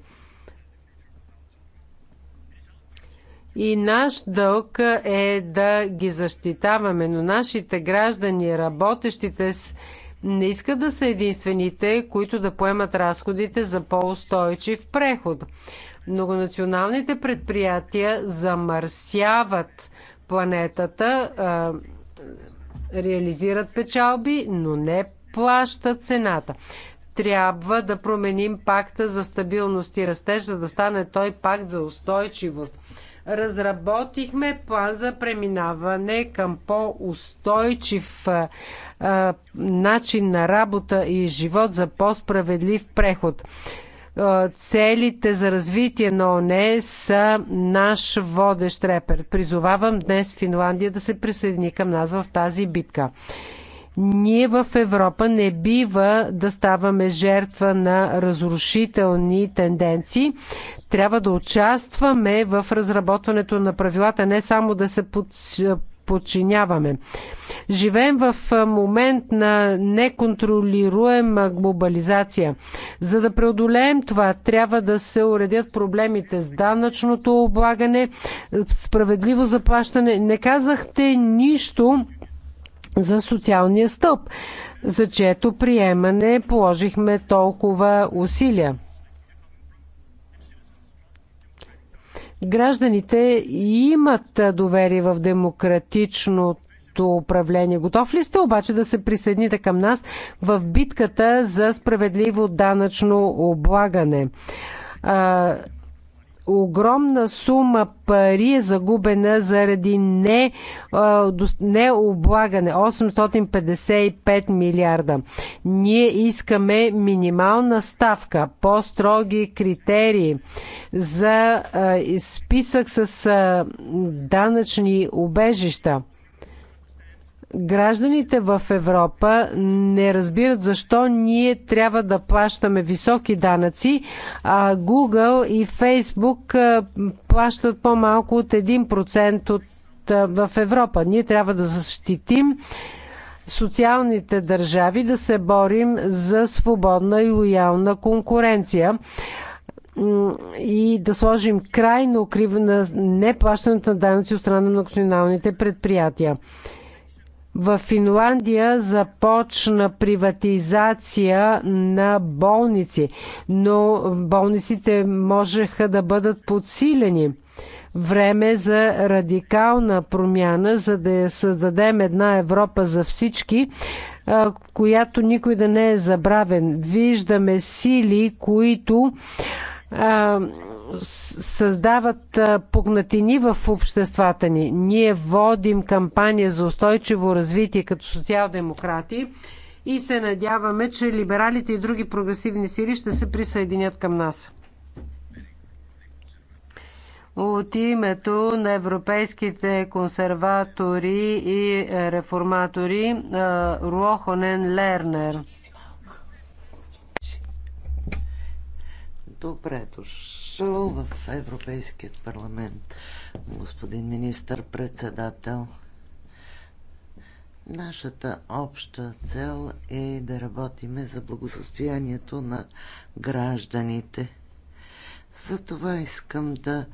И наш дълг е да ги защитаваме, но нашите граждани, работещите с не искат да са единствените, които да поемат разходите за по-устойчив преход. Многонационалните предприятия замърсяват планетата, реализират печалби, но не плаща цената. Трябва да променим пакта за стабилност и растеж, за да стане той пакт за устойчивост. Разработихме план за преминаване към по-устойчив начин на работа и живот за по-справедлив преход целите за развитие на ОНЕ са наш водещ репер. Призовавам днес Финландия да се присъедини към нас в тази битка. Ние в Европа не бива да ставаме жертва на разрушителни тенденции. Трябва да участваме в разработването на правилата, не само да се подчиняваме. Живеем в момент на неконтролируема глобализация. За да преодолеем това, трябва да се уредят проблемите с данъчното облагане, справедливо заплащане. Не казахте нищо за социалния стълб, за чието приемане положихме толкова усилия. Гражданите имат доверие в демократичното управление. Готов ли сте обаче да се присъедините към нас в битката за справедливо данъчно облагане? огромна сума пари е загубена заради не, не облагане 855 милиарда. Ние искаме минимална ставка, по-строги критерии за списък с данъчни убежища. Гражданите в Европа не разбират защо ние трябва да плащаме високи данъци, а Google и Facebook плащат по-малко от 1% от, в Европа. Ние трябва да защитим социалните държави, да се борим за свободна и лоялна конкуренция и да сложим край на укриване на неплащането на данъци от страна на националните предприятия. В Финландия започна приватизация на болници, но болниците можеха да бъдат подсилени. Време за радикална промяна, за да я създадем една Европа за всички, която никой да не е забравен. Виждаме сили, които създават погнатини в обществата ни. Ние водим кампания за устойчиво развитие като социал-демократи и се надяваме, че либералите и други прогресивни сили ще се присъединят към нас. От името на европейските консерватори и реформатори Руохонен Лернер. Добре дошли дошъл в Европейският парламент, господин министър-председател. Нашата обща цел е да работиме за благосъстоянието на гражданите. Затова искам да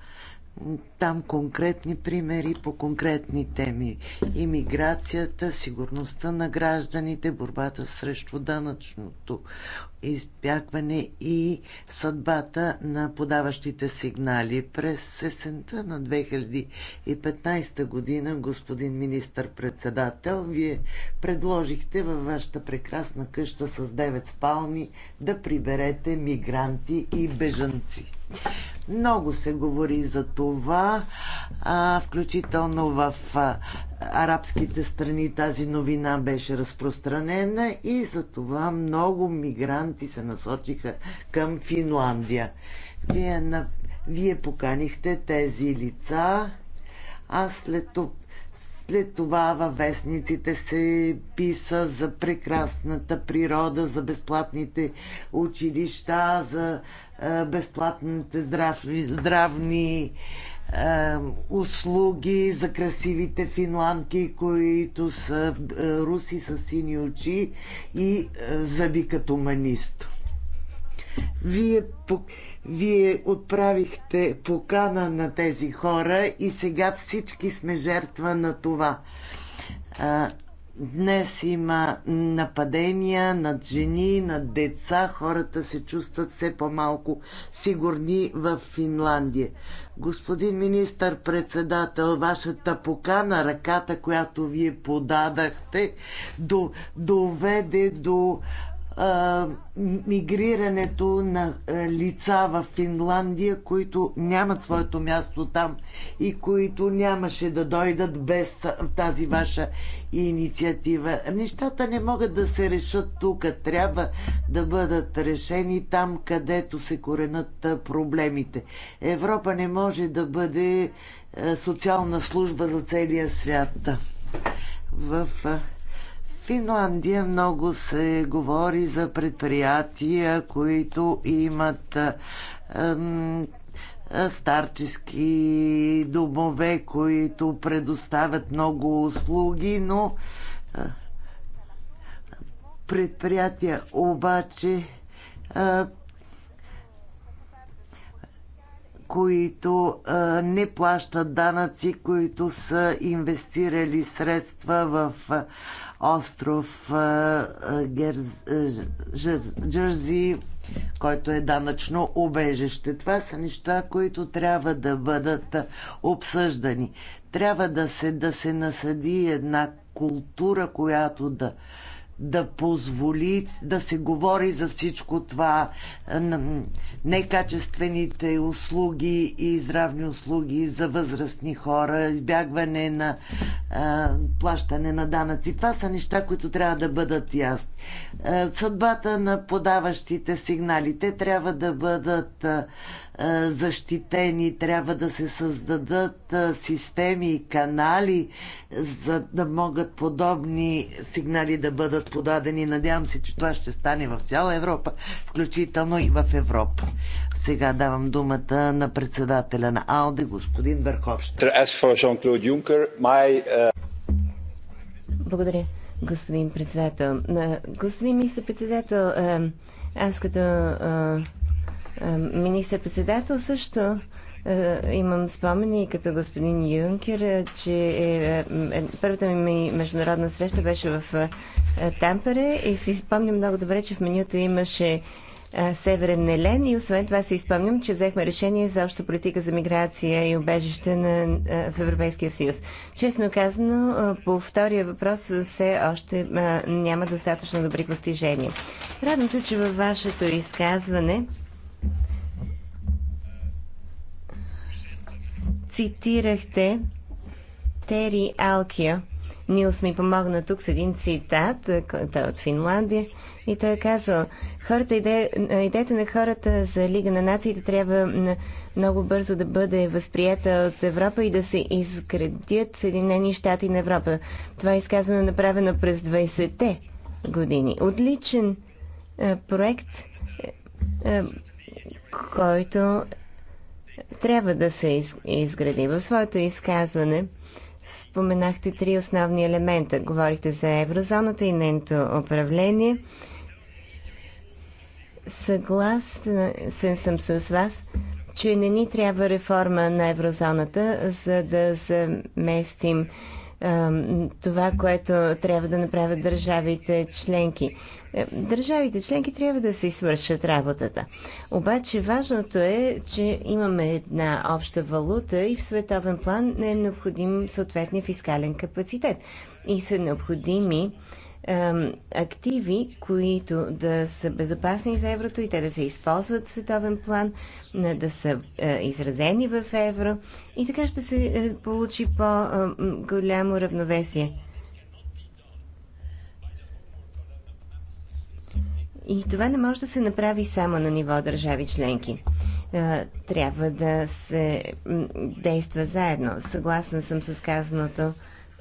там конкретни примери по конкретни теми. Имиграцията, сигурността на гражданите, борбата срещу данъчното избягване и съдбата на подаващите сигнали. През сесента на 2015 година, господин министър-председател, вие предложихте във вашата прекрасна къща с 9 спални да приберете мигранти и бежанци. Много се говори за това, а, включително в а, арабските страни тази новина беше разпространена и за това много мигранти се насочиха към Финландия. Вие, на, вие поканихте тези лица, а след това след това във вестниците се писа за прекрасната природа, за безплатните училища, за е, безплатните здравни, здравни е, услуги за красивите финландки, които са е, руси с сини очи и зъби като манист. Вие вие отправихте покана на тези хора и сега всички сме жертва на това. Днес има нападения над жени, над деца. Хората се чувстват все по-малко сигурни в Финландия. Господин министър-председател, вашата покана, ръката, която вие подадахте, до, доведе до мигрирането на лица в Финландия, които нямат своето място там и които нямаше да дойдат без тази ваша инициатива. Нещата не могат да се решат тук. Трябва да бъдат решени там, където се коренат проблемите. Европа не може да бъде социална служба за целия свят. В Финландия много се говори за предприятия, които имат старчески домове, които предоставят много услуги, но предприятия обаче които не плащат данъци, които са инвестирали средства в остров Герз, Жерз, Джерзи, който е данъчно убежище. Това са неща, които трябва да бъдат обсъждани. Трябва да се, да се насъди една култура, която да да позволи да се говори за всичко това, е, некачествените услуги и здравни услуги за възрастни хора, избягване на а, е, плащане на данъци. Това са неща, които трябва да бъдат ясни. Е, съдбата на подаващите сигналите трябва да бъдат а, защитени, трябва да се създадат системи и канали, за да могат подобни сигнали да бъдат подадени. Надявам се, че това ще стане в цяла Европа, включително и в Европа. Сега давам думата на председателя на АЛДЕ, господин Върховщ. Uh, Благодаря, господин председател. Господин министр председател аз като е, министър-председател също е, имам спомени като господин Юнкер, е, че първата ми международна среща беше в Тампере и си спомням много добре, че в менюто имаше Северен Елен и освен това си спомням, че взехме решение за обща политика за миграция и обежище на, в Европейския съюз. Честно казано, по втория въпрос все още няма достатъчно добри постижения. Радвам се, че във вашето изказване цитирахте Тери Алкио. Нилс ми помогна тук с един цитат, който е от Финландия, и той е казал, хората, иде, идеята на хората за Лига на нациите трябва много бързо да бъде възприята от Европа и да се изградят Съединени щати на Европа. Това е изказване направено през 20-те години. Отличен а, проект, е, е който трябва да се изгради. В своето изказване споменахте три основни елемента. Говорихте за еврозоната и нейното управление. Съгласен съм с вас, че не ни трябва реформа на еврозоната, за да заместим това, което трябва да направят държавите членки. Е, държавите членки трябва да се свършат работата. Обаче важното е, че имаме една обща валута и в световен план не е необходим съответния фискален капацитет. И са необходими активи, които да са безопасни за еврото и те да се използват в световен план, да са е, изразени в евро и така ще се е, получи по-голямо равновесие. И това не може да се направи само на ниво държави членки. Е, трябва да се действа заедно. Съгласна съм с казаното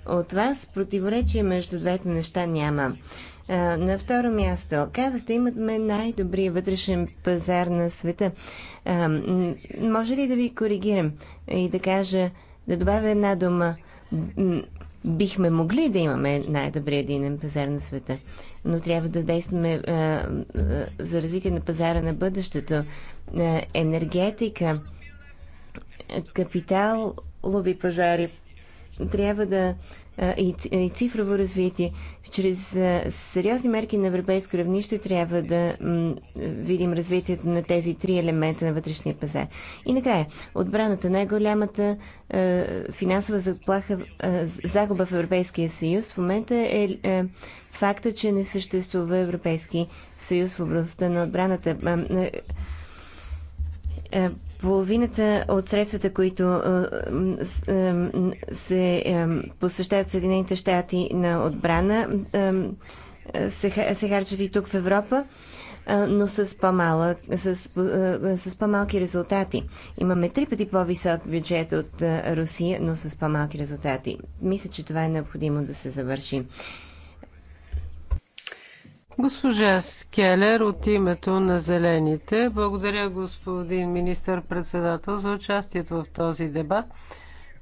от вас. Противоречие между двете неща няма. На второ място, казахте, имаме най-добрия вътрешен пазар на света. Може ли да ви коригирам и да кажа, да добавя една дума? Бихме могли да имаме най-добрия единен пазар на света, но трябва да действаме за развитие на пазара на бъдещето, енергетика, капиталови пазари, трябва да и, и цифрово развитие, чрез сериозни мерки на европейско равнище трябва да видим развитието на тези три елемента на вътрешния пазар. И накрая, отбраната най-голямата финансова заплаха, загуба в Европейския съюз в момента е факта, че не съществува Европейски съюз в областта на отбраната половината от средствата, които се посвещават в Съединените щати на отбрана, се харчат и тук в Европа, но с, по с, по-малки резултати. Имаме три пъти по-висок бюджет от Русия, но с по-малки резултати. Мисля, че това е необходимо да се завърши. Госпожа Скелер от името на Зелените. Благодаря господин министър-председател за участието в този дебат.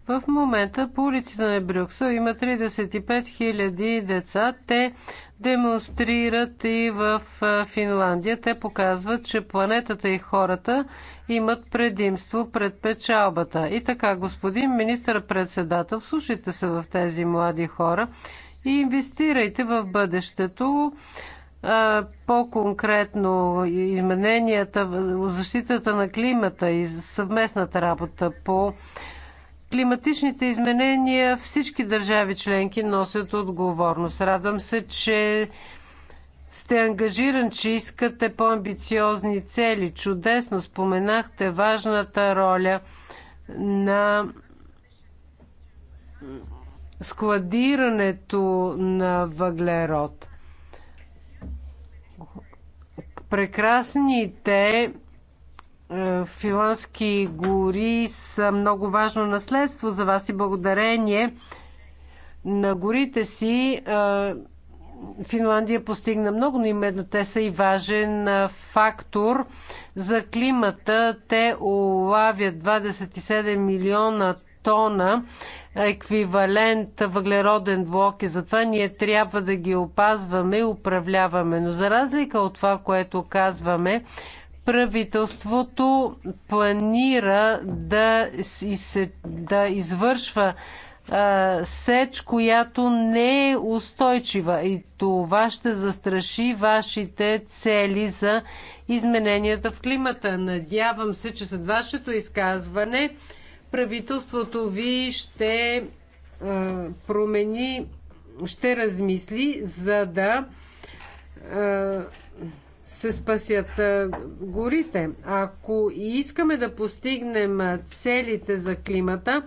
В момента по улиците на Брюксел има 35 000 деца. Те демонстрират и в Финландия. Те показват, че планетата и хората имат предимство пред печалбата. И така, господин министър-председател, слушайте се в тези млади хора и инвестирайте в бъдещето по-конкретно измененията, защитата на климата и съвместната работа по климатичните изменения, всички държави членки носят отговорност. Радвам се, че сте ангажиран, че искате по-амбициозни цели. Чудесно споменахте важната роля на складирането на въглерод. Прекрасните е, филански гори са много важно наследство за вас и благодарение на горите си е, Финландия постигна много, но именно те са и важен е, фактор за климата. Те улавят 27 милиона тона еквивалент въглероден блок и затова ние трябва да ги опазваме и управляваме. Но за разлика от това, което казваме, правителството планира да, да извършва сеч, която не е устойчива и това ще застраши вашите цели за измененията в климата. Надявам се, че след вашето изказване правителството ви ще промени, ще размисли, за да се спасят горите. Ако искаме да постигнем целите за климата,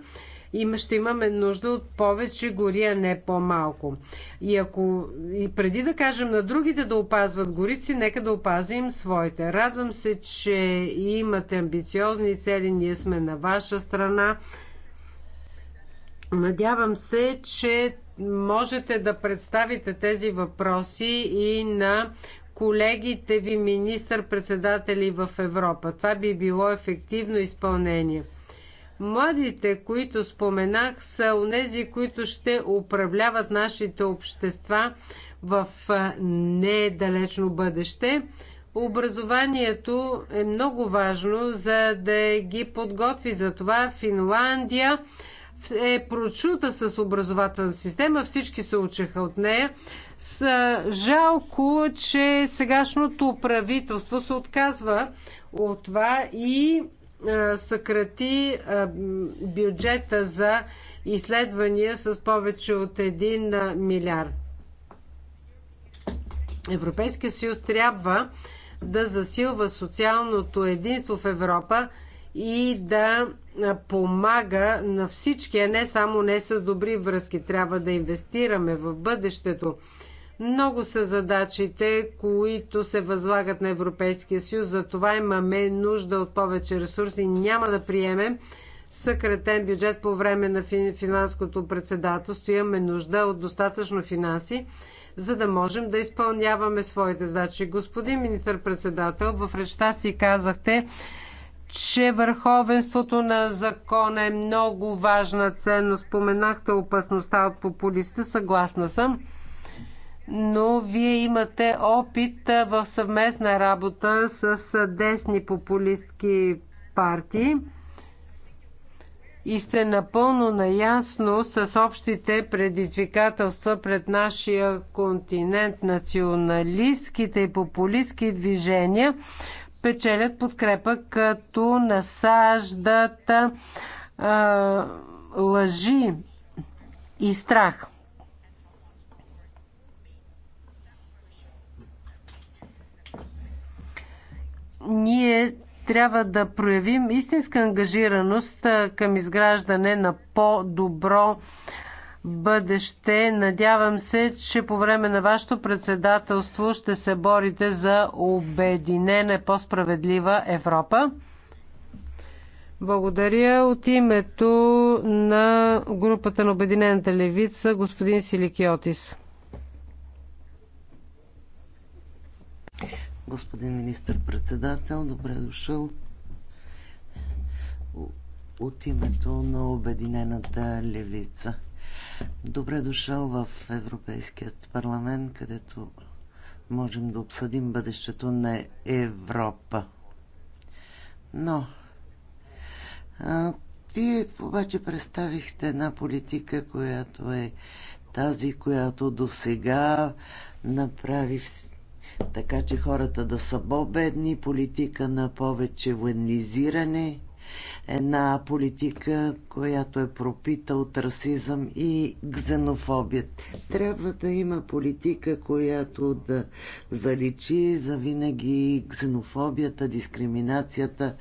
има, ще имаме нужда от повече гори, а не по-малко. И, ако, и преди да кажем на другите да опазват горици, нека да опазим своите. Радвам се, че имате амбициозни цели, ние сме на ваша страна. Надявам се, че можете да представите тези въпроси и на колегите ви министър-председатели в Европа. Това би било ефективно изпълнение. Младите, които споменах, са онези, които ще управляват нашите общества в недалечно бъдеще. Образованието е много важно, за да ги подготви. Затова Финландия е прочута с образователна система, всички се учеха от нея. С, жалко, че сегашното правителство се отказва от това и съкрати бюджета за изследвания с повече от 1 милиард. Европейския съюз трябва да засилва социалното единство в Европа и да помага на всички, а не само не с добри връзки. Трябва да инвестираме в бъдещето много са задачите, които се възлагат на Европейския съюз. За това имаме нужда от повече ресурси. Няма да приемем съкретен бюджет по време на финанското председателство. Имаме нужда от достатъчно финанси, за да можем да изпълняваме своите задачи. Господин министър-председател, в речта си казахте, че върховенството на закона е много важна ценност. Споменахте опасността от популиста. Съгласна съм но вие имате опит в съвместна работа с десни популистки партии и сте напълно наясно с общите предизвикателства пред нашия континент. Националистските и популистски движения печелят подкрепа, като насаждат а, лъжи и страх. ние трябва да проявим истинска ангажираност към изграждане на по-добро бъдеще. Надявам се, че по време на вашето председателство ще се борите за обединена, по-справедлива Европа. Благодаря от името на групата на Обединената левица господин Силикиотис. господин министър-председател. Добре дошъл от името на Обединената левица. Добре дошъл в Европейският парламент, където можем да обсъдим бъдещето на Европа. Но, а, вие обаче представихте една политика, която е тази, която до сега направи така че хората да са по-бедни, политика на повече военизиране една политика, която е пропита от расизъм и ксенофобия. Трябва да има политика, която да заличи завинаги ксенофобията, дискриминацията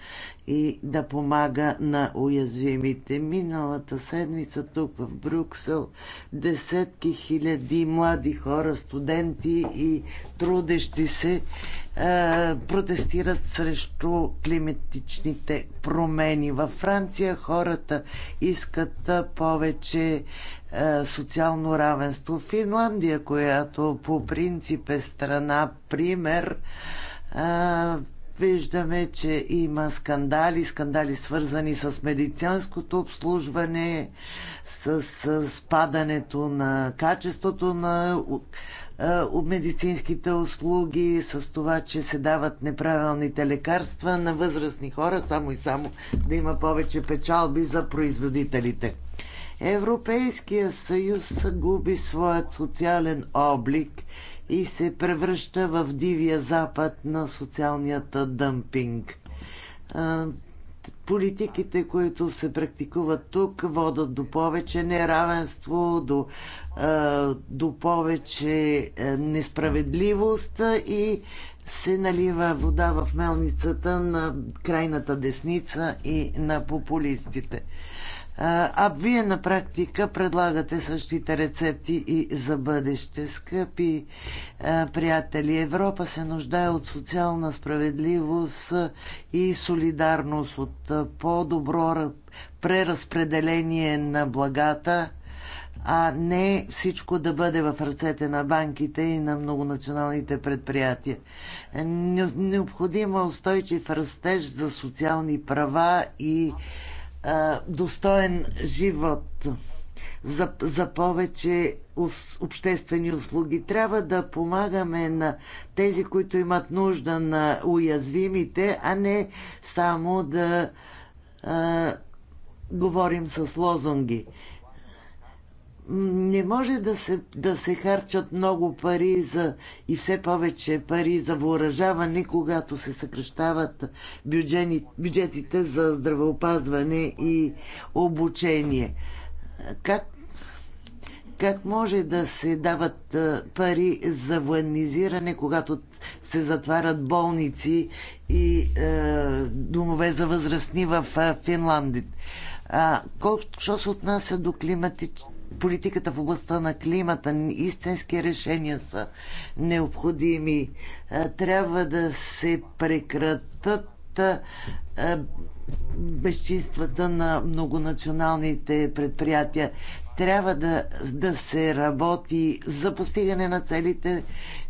и да помага на уязвимите. Миналата седмица тук в Брюксел десетки хиляди млади хора, студенти и трудещи се е, протестират срещу климатичните промени. Във Франция хората искат е, повече е, социално равенство. Финландия, която по принцип е страна пример, виждаме, че има скандали, скандали свързани с медицинското обслужване, с, с спадането на качеството на медицинските услуги, с това, че се дават неправилните лекарства на възрастни хора, само и само да има повече печалби за производителите. Европейския съюз губи своят социален облик и се превръща в дивия запад на социалният дъмпинг политиките, които се практикуват тук, водат до повече неравенство, до, до повече несправедливост и се налива вода в мелницата на крайната десница и на популистите. А вие на практика предлагате същите рецепти и за бъдеще. Скъпи приятели, Европа се нуждае от социална справедливост и солидарност, от по-добро преразпределение на благата, а не всичко да бъде в ръцете на банките и на многонационалните предприятия. Необходимо устойчив растеж за социални права и достоен живот, за, за повече обществени услуги. Трябва да помагаме на тези, които имат нужда на уязвимите, а не само да а, говорим с лозунги не може да се, да се харчат много пари за, и все повече пари за въоръжаване, когато се съкръщават бюджени, бюджетите за здравеопазване и обучение. Как, как може да се дават пари за военизиране, когато се затварят болници и е, домове за възрастни в Финландия? А, колко, що се отнася до климатичните политиката в областта на климата. Истински решения са необходими. Трябва да се прекратат безчинствата на многонационалните предприятия. Трябва да, да се работи за постигане на целите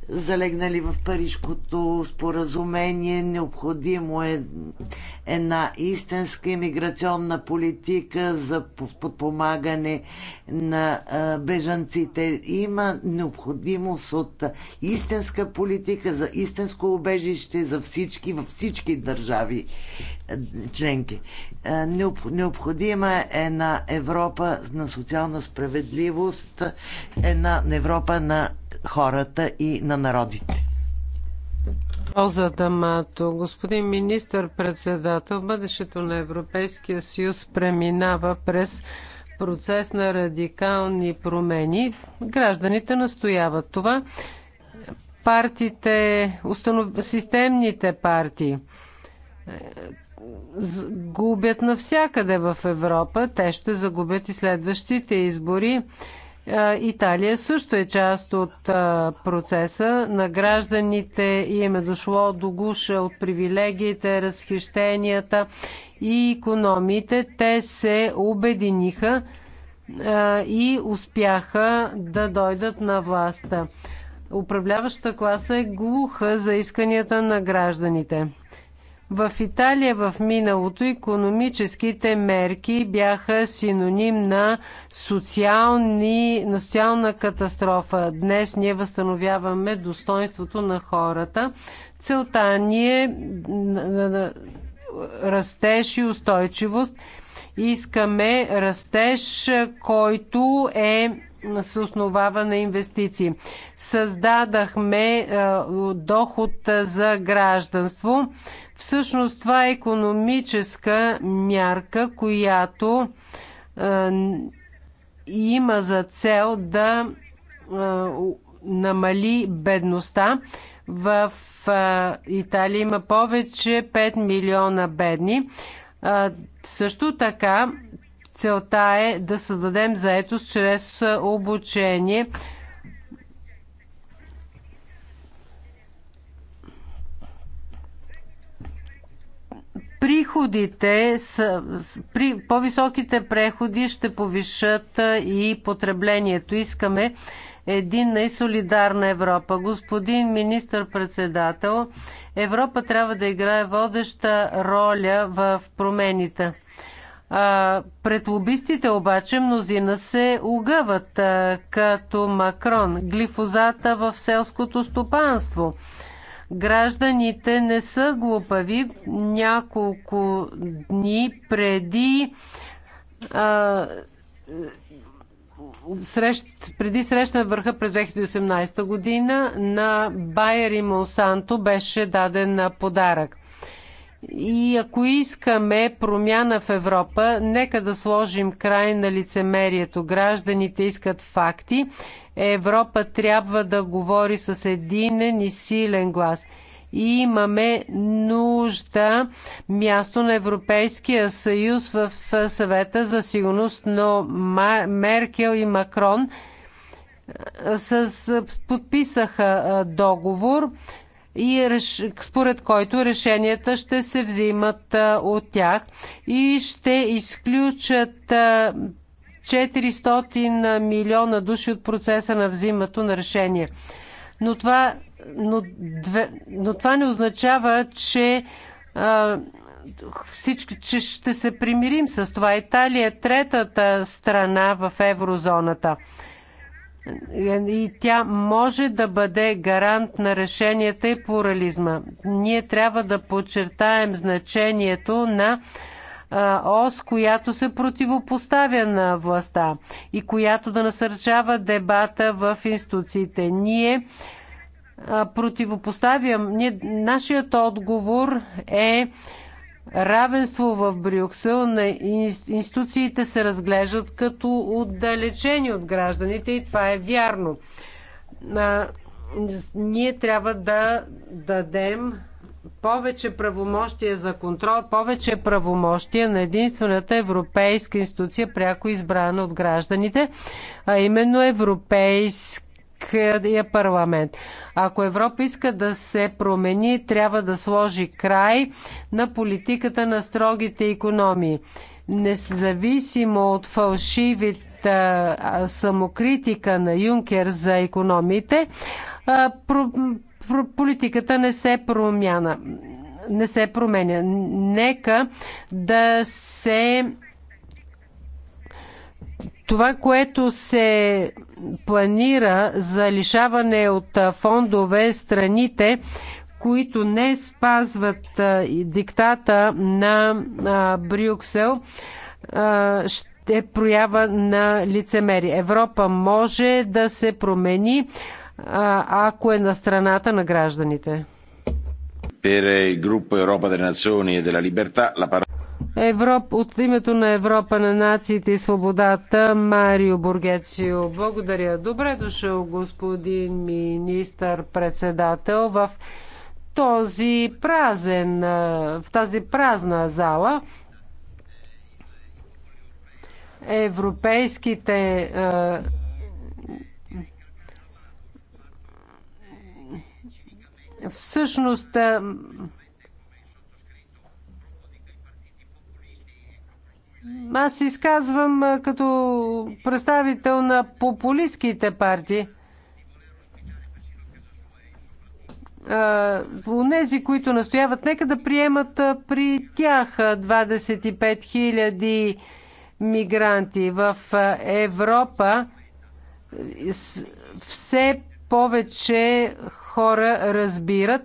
залегнали в Парижкото споразумение. Необходимо е една истинска иммиграционна политика за подпомагане на бежанците. Има необходимост от истинска политика за истинско убежище за всички, във всички държави членки. Необходима е една Европа на социална справедливост, една Европа на хората и на народите. Розата Мато, господин министър-председател, бъдещето на Европейския съюз преминава през процес на радикални промени. Гражданите настояват това. Партиите, установ... системните партии е, губят навсякъде в Европа. Те ще загубят и следващите избори. Е, Италия също е част от е, процеса. На гражданите им е дошло до гуша от привилегиите, разхищенията и економиите. Те се обединиха е, и успяха да дойдат на властта. Управляващата класа е глуха за исканията на гражданите. В Италия в миналото економическите мерки бяха синоним на, социални, на социална катастрофа. Днес ние възстановяваме достоинството на хората. Целта ни е растеж и устойчивост. Искаме растеж, който е се основава на инвестиции. Създадахме доход за гражданство. Всъщност това е економическа мярка, която е, има за цел да е, намали бедността. В е, Италия има повече 5 милиона бедни. Е, също така целта е да създадем заетост чрез е, обучение. приходите, с, при, по-високите преходи ще повишат и потреблението. Искаме единна и солидарна Европа. Господин министр-председател, Европа трябва да играе водеща роля в промените. А, пред лобистите обаче мнозина се угъват, а, като Макрон, глифозата в селското стопанство – Гражданите не са глупави. Няколко дни преди а, срещ, преди среща на върха през 2018 година на Байер и Монсанто беше даден подарък. И ако искаме промяна в Европа, нека да сложим край на лицемерието. Гражданите искат факти. Европа трябва да говори с единен и силен глас. И имаме нужда място на Европейския съюз в съвета за сигурност, но Меркел и Макрон с, подписаха договор и реш... според който решенията ще се взимат а, от тях и ще изключат а, 400 милиона души от процеса на взимането на решение. Но това, но, две, но това не означава, че а, всички, че ще се примирим с това. Италия е третата страна в еврозоната и тя може да бъде гарант на решенията и плурализма. Ние трябва да подчертаем значението на ос, която се противопоставя на властта и която да насърчава дебата в институциите. Ние противопоставям. Ние, нашият отговор е равенство в Брюксел на институциите се разглеждат като отдалечени от гражданите и това е вярно. А, ние трябва да дадем повече правомощия за контрол, повече правомощия на единствената европейска институция, пряко избрана от гражданите, а именно Европейски е парламент. Ако Европа иска да се промени, трябва да сложи край на политиката на строгите економии. Независимо от фалшивите самокритика на Юнкер за економите, политиката не се промяна. Не се променя. Нека да се това, което се планира за лишаване от фондове страните, които не спазват диктата на Брюксел, ще е проява на лицемери. Европа може да се промени, ако е на страната на гражданите. Per il gruppo Europa delle Nazioni e della Libertà la parola Европ, от името на Европа на нациите и свободата, Марио Бургецио. Благодаря. Добре дошъл, господин министър-председател, в този празен, в тази празна зала. Европейските всъщност Аз изказвам като представител на популистските партии. Онези, които настояват, нека да приемат при тях 25 000 мигранти в Европа. Все повече хора разбират,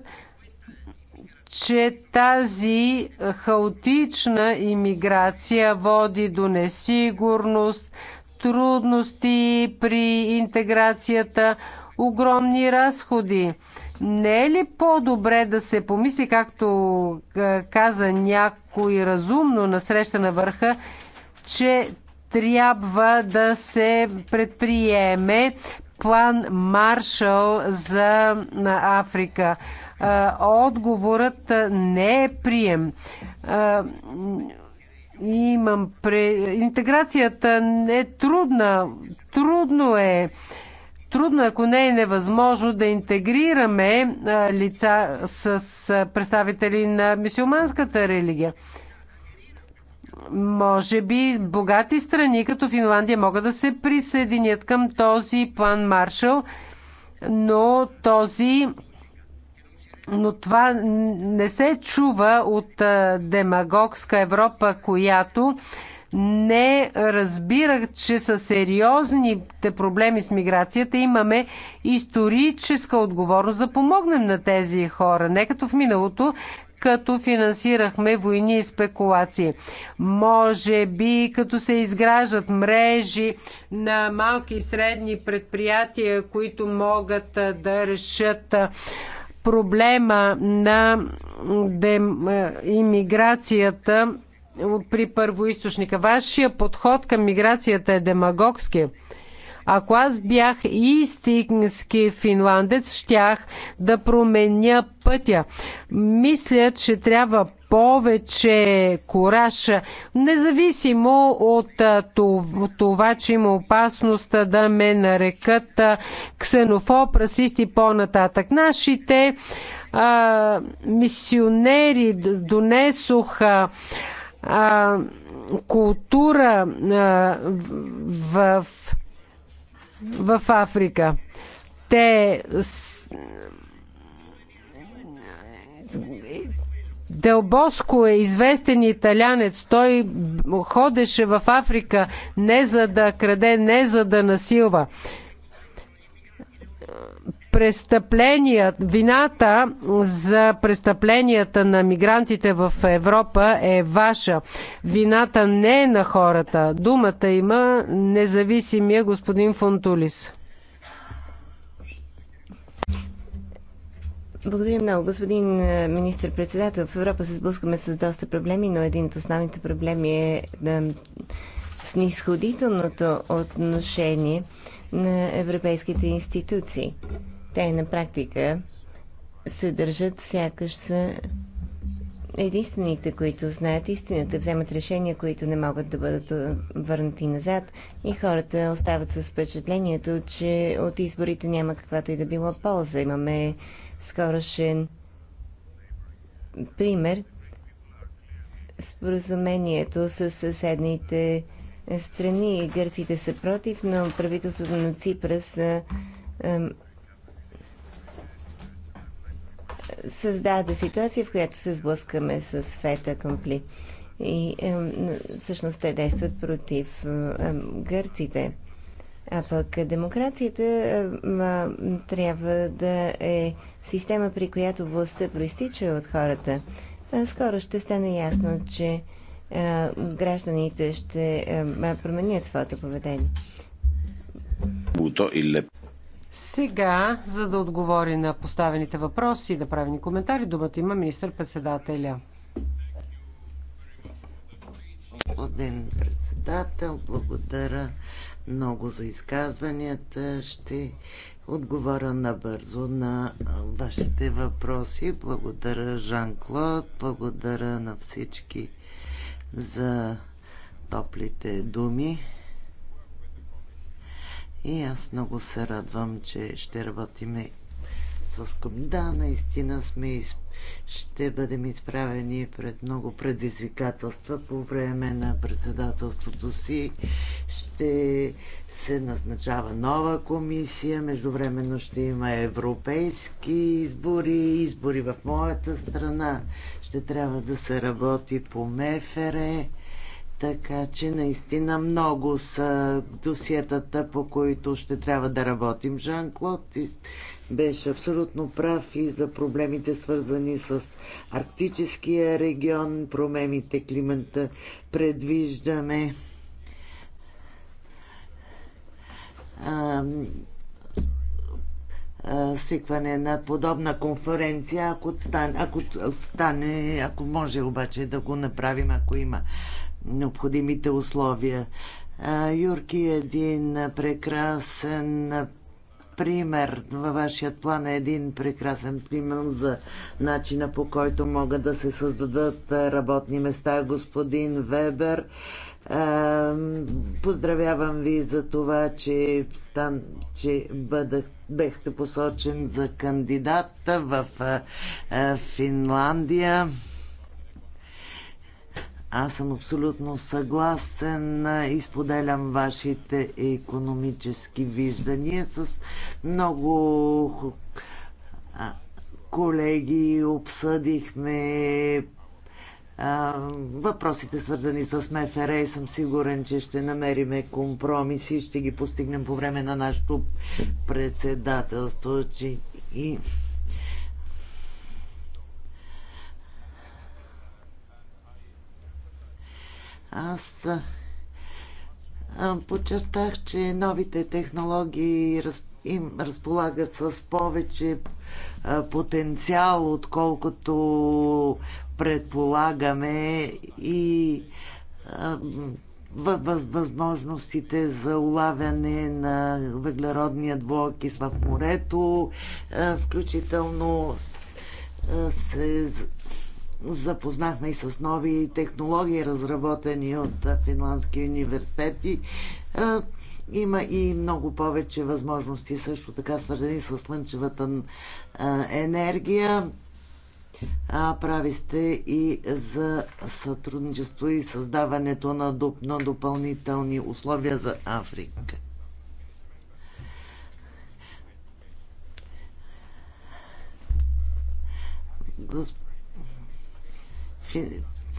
че тази хаотична имиграция води до несигурност, трудности при интеграцията, огромни разходи. Не е ли по-добре да се помисли, както е, каза някой разумно на среща на върха, че трябва да се предприеме план Маршал за Африка. Отговорът не е прием. Имам пре... Интеграцията е трудна. Трудно е. Трудно, ако не е невъзможно да интегрираме лица с представители на мисюлманската религия. Може би богати страни като Финландия могат да се присъединят към този план Маршал, но този но това не се чува от демагогска Европа, която не разбира, че са сериозните проблеми с миграцията. Имаме историческа отговорност да помогнем на тези хора. Не като в миналото, като финансирахме войни и спекулации. Може би като се изграждат мрежи на малки и средни предприятия, които могат да решат проблема на иммиграцията при първоисточника. Вашия подход към миграцията е демагогски. Ако аз бях истински финландец, щях да променя пътя. Мисля, че трябва повече кораж, независимо от това, че има опасност да ме нарекат ксенофоб, расист и по-нататък. Нашите а, мисионери донесоха а, култура а, в, в в Африка. Те Делбоско е известен италянец. Той ходеше в Африка не за да краде, не за да насилва престъпления, вината за престъпленията на мигрантите в Европа е ваша. Вината не е на хората. Думата има независимия господин Фонтулис. Благодаря много, господин е, министр-председател. В Европа се сблъскаме с доста проблеми, но един от основните проблеми е да снисходителното отношение на европейските институции. Те на практика се държат сякаш са единствените, които знаят истината, вземат решения, които не могат да бъдат върнати назад и хората остават с впечатлението, че от изборите няма каквато и да било полза. Имаме скорошен пример споразумението с съседните страни. Гърците са против, но правителството на Ципрас създаде ситуация, в която се сблъскаме с фета къмпли. И е, всъщност те действат против е, гърците. А пък демокрацията а, трябва да е система, при която властта проистича от хората. А, скоро ще стане ясно, че а, гражданите ще а, променят своето поведение. Сега, за да отговори на поставените въпроси и да правим коментари, думата има министър-председателя. Господин председател, благодаря много за изказванията. Ще отговоря набързо на вашите въпроси. Благодаря, Жан-Клод. Благодаря на всички за топлите думи. И аз много се радвам, че ще работиме с Да, наистина сме из... ще бъдем изправени пред много предизвикателства по време на председателството си. Ще се назначава нова комисия, междувременно ще има европейски избори, избори в моята страна. Ще трябва да се работи по МЕФЕРЕ така че наистина много са досиетата, по които ще трябва да работим. Жан-Клод беше абсолютно прав и за проблемите свързани с арктическия регион, промените климата. Предвиждаме а, свикване на подобна конференция, ако стане, ако стане, ако може обаче да го направим, ако има необходимите условия. Юрки е един прекрасен пример. Във вашия план е един прекрасен пример за начина по който могат да се създадат работни места. Господин Вебер, поздравявам ви за това, че, стан, че бъдах, бехте посочен за кандидат в Финландия. Аз съм абсолютно съгласен и споделям вашите економически виждания с много колеги. Обсъдихме въпросите свързани с МФР и съм сигурен, че ще намериме компромиси и ще ги постигнем по време на нашето председателство. Че и Аз подчертах, че новите технологии им разполагат с повече потенциал, отколкото предполагаме и възможностите за улавяне на въглеродния двуокис в морето, включително се запознахме и с нови технологии, разработени от финландски университети. Има и много повече възможности, също така свързани с слънчевата енергия. А, прави сте и за сътрудничество и създаването на, доп, на допълнителни условия за Африка. Госп...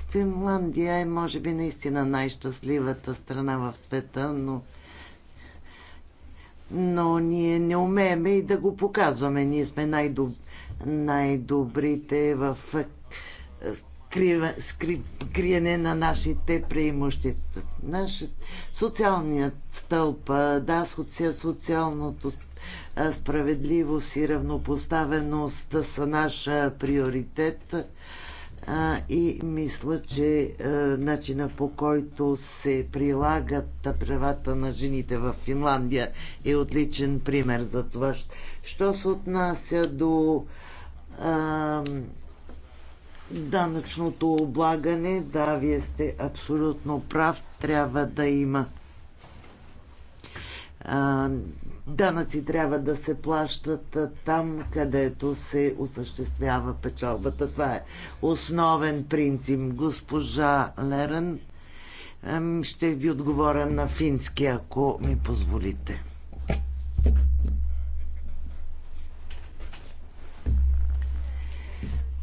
Финландия е, може би, наистина най-щастливата страна в света, но но ние не умееме и да го показваме. Ние сме най-доб... най-добрите в е, скрива... скри... криене на нашите преимущества. Наши... Социалният стълб, да, соци... социалното справедливост и равнопоставеност са наша приоритет а, и мисля, че а, начина по който се прилагат правата на жените в Финландия е отличен пример за това. Що се отнася до а, данъчното облагане, да, вие сте абсолютно прав, трябва да има данъци трябва да се плащат там, където се осъществява печалбата. Това е основен принцип. Госпожа Лерен, ще ви отговоря на фински, ако ми позволите.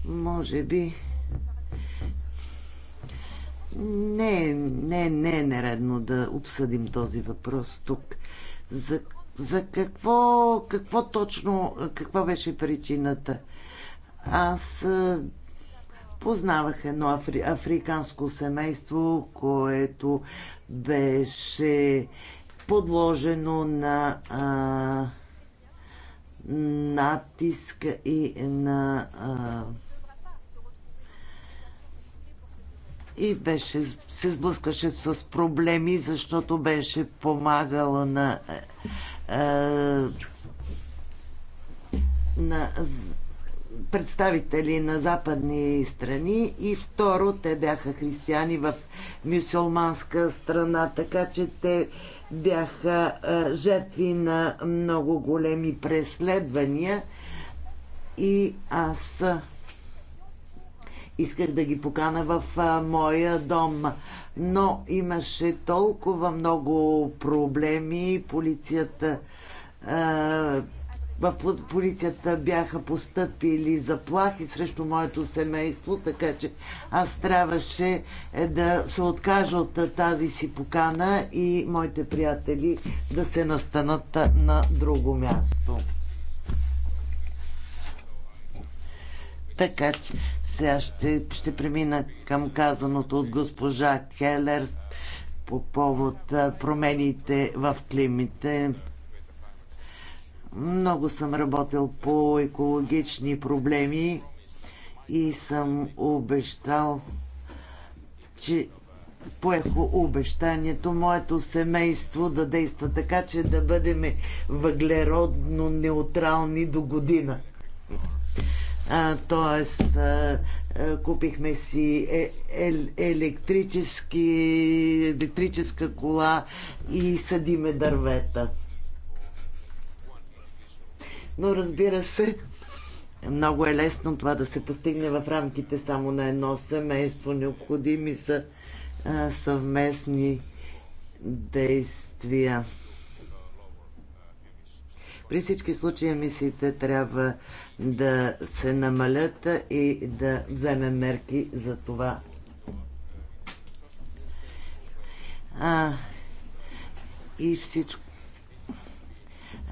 Може би не, не, не е нередно да обсъдим този въпрос тук. За за какво, какво точно, каква беше причината? Аз познавах едно афри, африканско семейство, което беше подложено на а, натиск и на а, и беше, се сблъскаше с проблеми, защото беше помагала на на представители на западни страни и второ, те бяха християни в мюсюлманска страна, така че те бяха жертви на много големи преследвания и аз Исках да ги покана в а, моя дом, но имаше толкова много проблеми. Полицията а, в полицията бяха постъпили заплахи срещу моето семейство, така че аз трябваше е, да се откажа от тази си покана и моите приятели да се настанат на друго място. Така че сега ще, ще премина към казаното от госпожа Келер по повод промените в климите. Много съм работил по екологични проблеми и съм обещал, че поех обещанието моето семейство да действа така, че да бъдем въглеродно неутрални до година. Т.е. купихме си е, е, електрически, електрическа кола и съдиме дървета. Но разбира се, много е лесно това да се постигне в рамките само на едно семейство. Необходими са а, съвместни действия. При всички случаи емисиите трябва да се намалят и да вземем мерки за това. А, и всичко.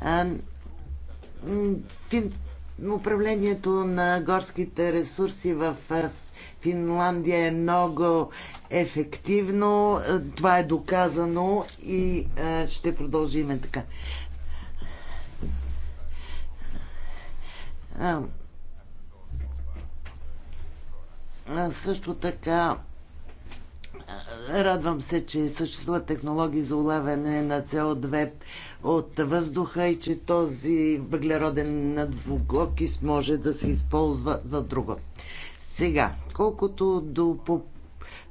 А, фин, управлението на горските ресурси в Финландия е много ефективно. Това е доказано и ще продължиме така. също така радвам се, че съществуват технологии за улавяне на CO2 от въздуха и че този въглероден надвоглокис може да се използва за друго. Сега, колкото до,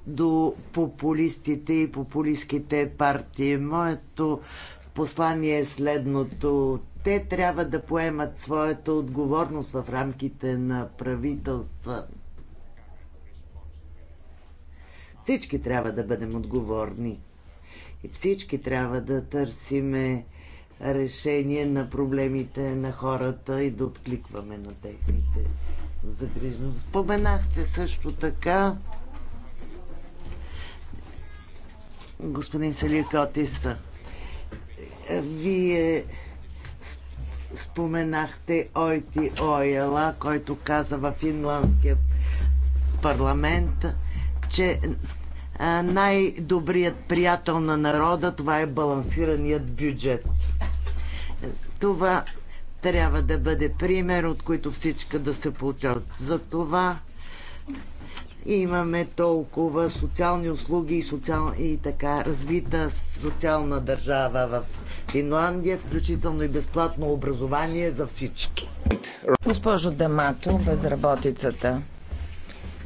до популистите и популистските партии, моето послание е следното те трябва да поемат своята отговорност в рамките на правителства. Всички трябва да бъдем отговорни. И всички трябва да търсиме решение на проблемите на хората и да откликваме на техните загрижности. Споменахте също така господин Селикотис. Вие споменахте Ойти Ойела, който каза в финландския парламент, че най-добрият приятел на народа това е балансираният бюджет. Това трябва да бъде пример, от който всички да се получават. За това имаме толкова социални услуги и, социал... и така развита социална държава в Финландия, включително и безплатно образование за всички. Госпожо Дамато, безработицата.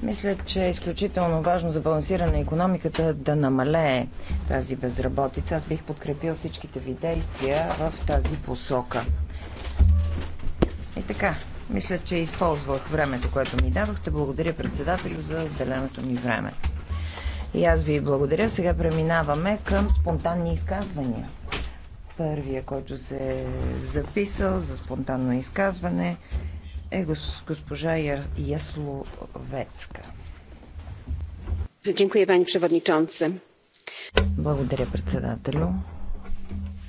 Мисля, че е изключително важно за балансиране на економиката да намалее тази безработица. Аз бих подкрепил всичките ви действия в тази посока. И така, мисля, че използвах времето, което ми дадохте. Благодаря председателю за отделеното ми време. И аз ви благодаря. Сега преминаваме към спонтанни изказвания. Първия, който се е записал за спонтанно изказване е госпожа Ясловецка. Благодаря, председателю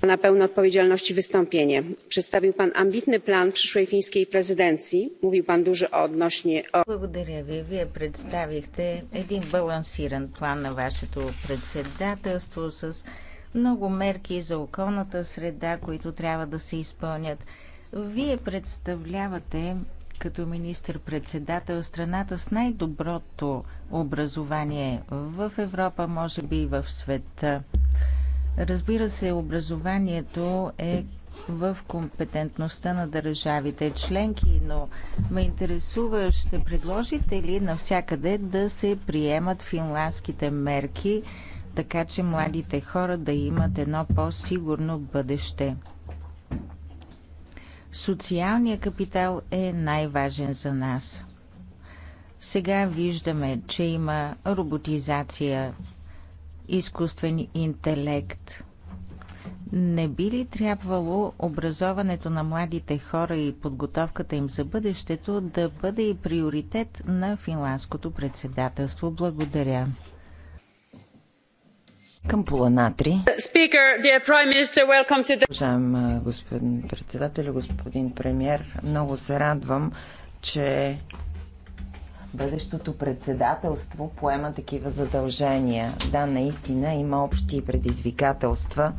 na pełne odpowiedzialności wystąpienie. Przedstawił Pan ambitny plan przyszłej fińskiej prezydencji. Mówił Pan dużo odnośnie o... Благодаря Ви. Вие представихте един балансиран план на вашето председателство с много мерки за околната среда, които трябва да се изпълнят. Вие представлявате като министр-председател страната с най-доброто образование в Европа, може би и в света. Разбира се, образованието е в компетентността на държавите членки, но ме интересува, ще предложите ли навсякъде да се приемат финландските мерки, така че младите хора да имат едно по-сигурно бъдеще? Социалният капитал е най-важен за нас. Сега виждаме, че има роботизация изкуствен интелект. Не би ли трябвало образоването на младите хора и подготовката им за бъдещето да бъде и приоритет на финландското председателство? Благодаря. Към Поланатри. Уважаем господин председател, господин премьер, много се радвам, че бъдещото председателство поема такива задължения. Да, наистина има общи предизвикателства,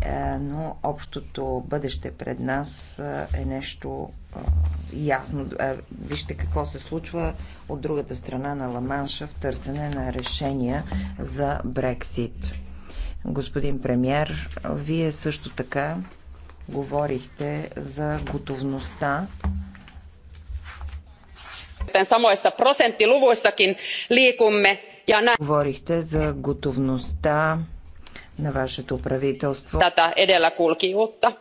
е, но общото бъдеще пред нас е, е нещо е, ясно. Вижте какво се случва от другата страна на Ламанша в търсене на решения за Брексит. Господин премьер, вие също така говорихте за готовността samoissa prosenttiluvuissakin liikumme. Ja näin. Говорихте за готовността на вашето правителство. Tätä edelläkulkijuutta.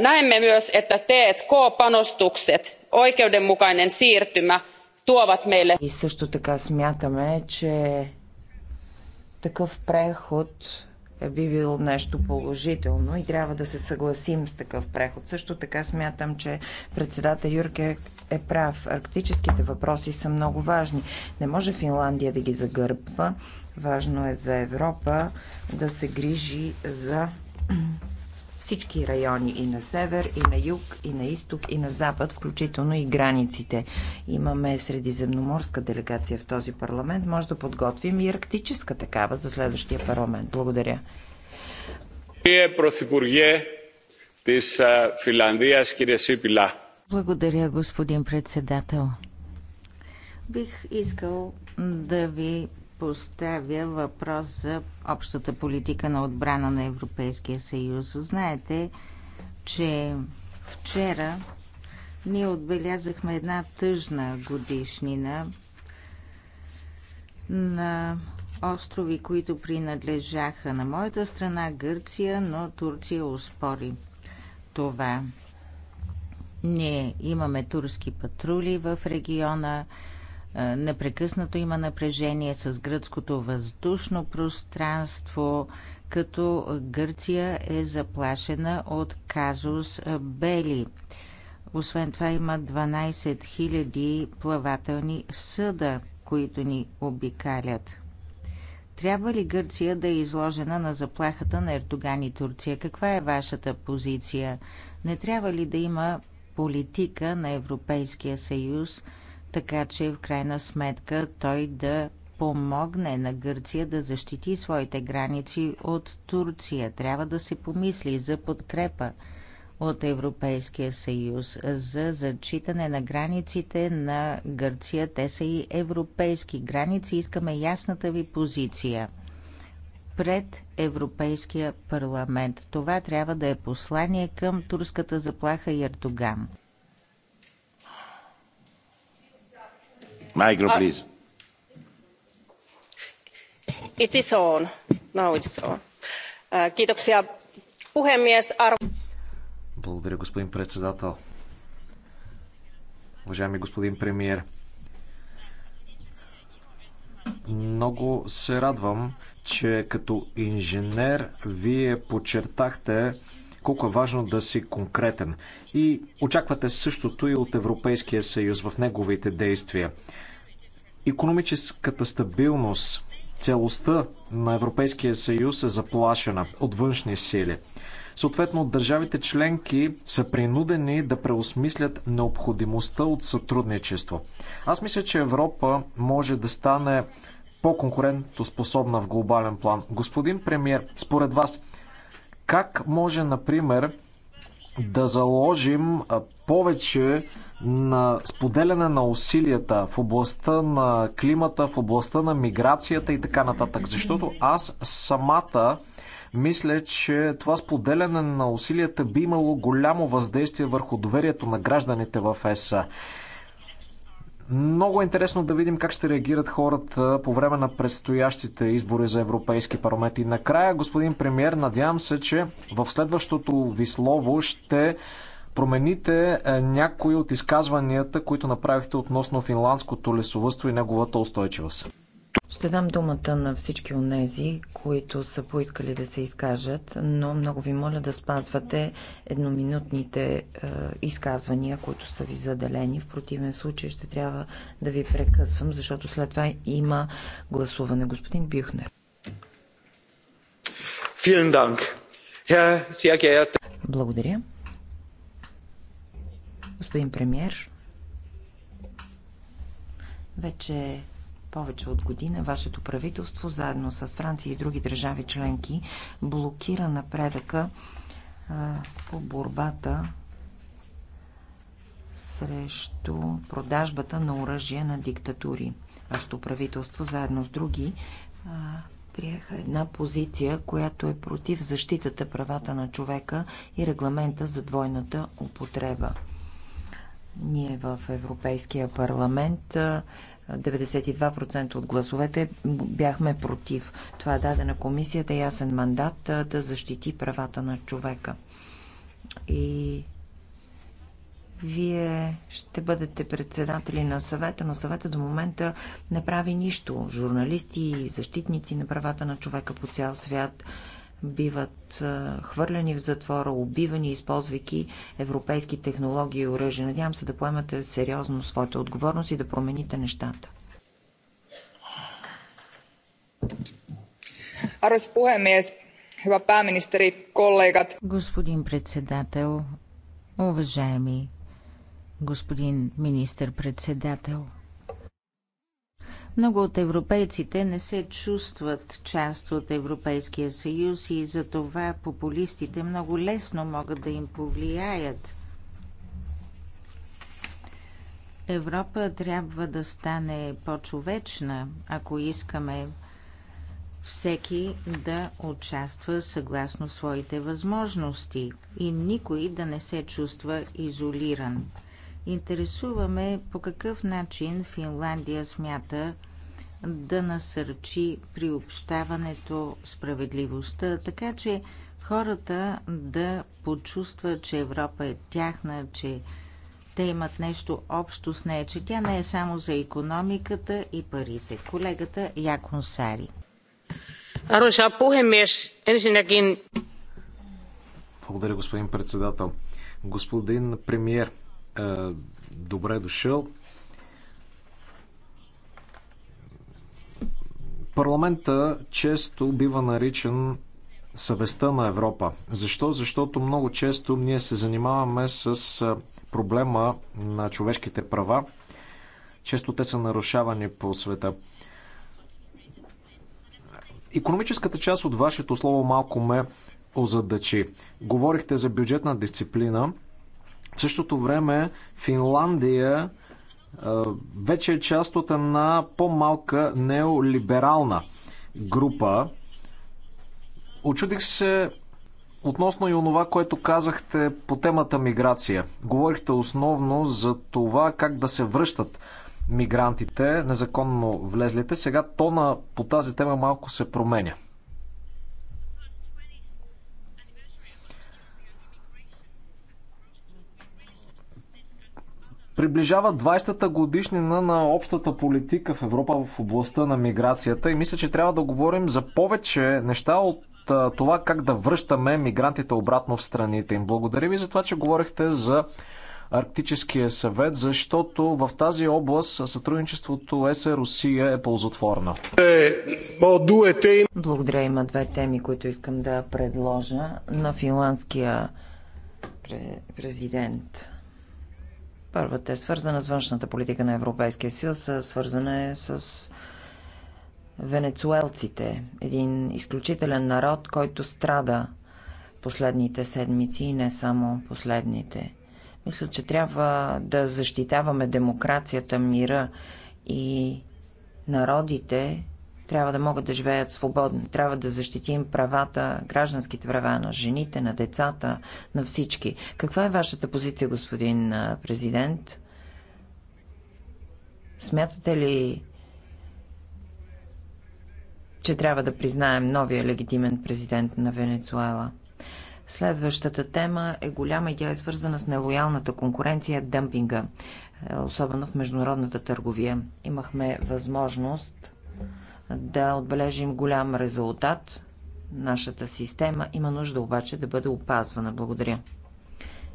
Näemme myös, että T&K-panostukset, oikeudenmukainen siirtymä, tuovat meille. И също така смятаме, че такъв преход би бил нещо положително и трябва да се съгласим с такъв преход. Също така смятам, че председател Юрке е прав. Арктическите въпроси са много важни. Не може Финландия да ги загърбва. Важно е за Европа да се грижи за всички райони и на север, и на юг, и на изток, и на запад, включително и границите. Имаме средиземноморска делегация в този парламент. Може да подготвим и арктическа такава за следващия парламент. Благодаря. Благодаря, господин председател. Бих искал да ви поставя въпрос за общата политика на отбрана на Европейския съюз. Знаете, че вчера ние отбелязахме една тъжна годишнина на острови, които принадлежаха на моята страна Гърция, но Турция успори това. Ние имаме турски патрули в региона, е, непрекъснато има напрежение с гръцкото въздушно пространство, като Гърция е заплашена от казус е, Бели. Освен това има 12 000 плавателни съда, които ни обикалят. Трябва ли Гърция да е изложена на заплахата на Ертоган и Турция? Каква е вашата позиция? Не трябва ли да има политика на Европейския съюз – така че в крайна сметка той да помогне на Гърция да защити своите граници от Турция. Трябва да се помисли за подкрепа от Европейския съюз за зачитане на границите на Гърция. Те са и европейски граници. Искаме ясната ви позиция пред Европейския парламент. Това трябва да е послание към турската заплаха и Ердоган. Ah. Uh, Благодаря, господин председател. Уважаеми господин премиер, много се радвам, че като инженер вие подчертахте колко е важно да си конкретен. И очаквате същото и от Европейския съюз в неговите действия. Економическата стабилност, целостта на Европейския съюз е заплашена от външни сили. Съответно, държавите членки са принудени да преосмислят необходимостта от сътрудничество. Аз мисля, че Европа може да стане по-конкурентоспособна в глобален план. Господин премьер, според вас, как може, например, да заложим повече на споделяне на усилията в областта на климата, в областта на миграцията и така нататък. Защото аз самата мисля, че това споделяне на усилията би имало голямо въздействие върху доверието на гражданите в ЕСА. Много е интересно да видим как ще реагират хората по време на предстоящите избори за Европейски парламент. И накрая, господин премьер, надявам се, че в следващото ви слово ще промените е, някои от изказванията, които направихте относно финландското лесовътство и неговата устойчивост. Ще дам думата на всички онези, които са поискали да се изкажат, но много ви моля да спазвате едноминутните е, изказвания, които са ви заделени. В противен случай ще трябва да ви прекъсвам, защото след това има гласуване. Господин Бюхнер. Благодаря. Господин премьер, вече повече от година вашето правителство, заедно с Франция и други държави членки, блокира напредъка а, по борбата срещу продажбата на оръжия на диктатури. Вашето правителство, заедно с други, а, приеха една позиция, която е против защитата правата на човека и регламента за двойната употреба. Ние в Европейския парламент 92% от гласовете бяхме против. Това е даде на комисията ясен мандат да защити правата на човека. И вие ще бъдете председатели на съвета, но съвета до момента не прави нищо. Журналисти и защитници на правата на човека по цял свят биват хвърляни в затвора, убивани, използвайки европейски технологии и оръжия. Надявам се да поемате сериозно своята отговорност и да промените нещата. puhemies, hyvä pääministeri, kollegat. Господин председател, уважаеми господин министър-председател, много от европейците не се чувстват част от Европейския съюз и за това популистите много лесно могат да им повлияят. Европа трябва да стане по-човечна, ако искаме всеки да участва съгласно своите възможности и никой да не се чувства изолиран интересуваме по какъв начин Финландия смята да насърчи приобщаването, справедливостта, така че хората да почувстват, че Европа е тяхна, че те имат нещо общо с нея, че тя не е само за економиката и парите. Колегата Якон Сари. Arvoisa puhemies, ensinnäkin... Благодаря, господин председател. Господин премьер, е, добре дошъл. Парламента често бива наричан съвестта на Европа. Защо? Защото много често ние се занимаваме с е, проблема на човешките права. Често те са нарушавани по света. Економическата част от вашето слово малко ме озадачи. Говорихте за бюджетна дисциплина – в същото време Финландия вече е част от една по-малка неолиберална група. Очудих се относно и онова, което казахте по темата миграция. Говорихте основно за това как да се връщат мигрантите, незаконно влезлите. Сега тона по тази тема малко се променя. приближава 20-та годишнина на общата политика в Европа в областта на миграцията и мисля, че трябва да говорим за повече неща от това как да връщаме мигрантите обратно в страните им. Благодаря ви за това, че говорихте за Арктическия съвет, защото в тази област сътрудничеството ЕСЕ Русия е ползотворно. Благодаря, има две теми, които искам да предложа на финландския президент Първата е свързана с външната политика на Европейския съюз, свързана е с венецуелците, един изключителен народ, който страда последните седмици и не само последните. Мисля, че трябва да защитаваме демокрацията, мира и народите, трябва да могат да живеят свободно. Трябва да защитим правата, гражданските права на жените, на децата, на всички. Каква е вашата позиция, господин президент? Смятате ли, че трябва да признаем новия легитимен президент на Венецуела? Следващата тема е голяма и тя е свързана с нелоялната конкуренция, дъмпинга, е, особено в международната търговия. Имахме възможност да отбележим голям резултат. Нашата система има нужда обаче да бъде опазвана. Благодаря.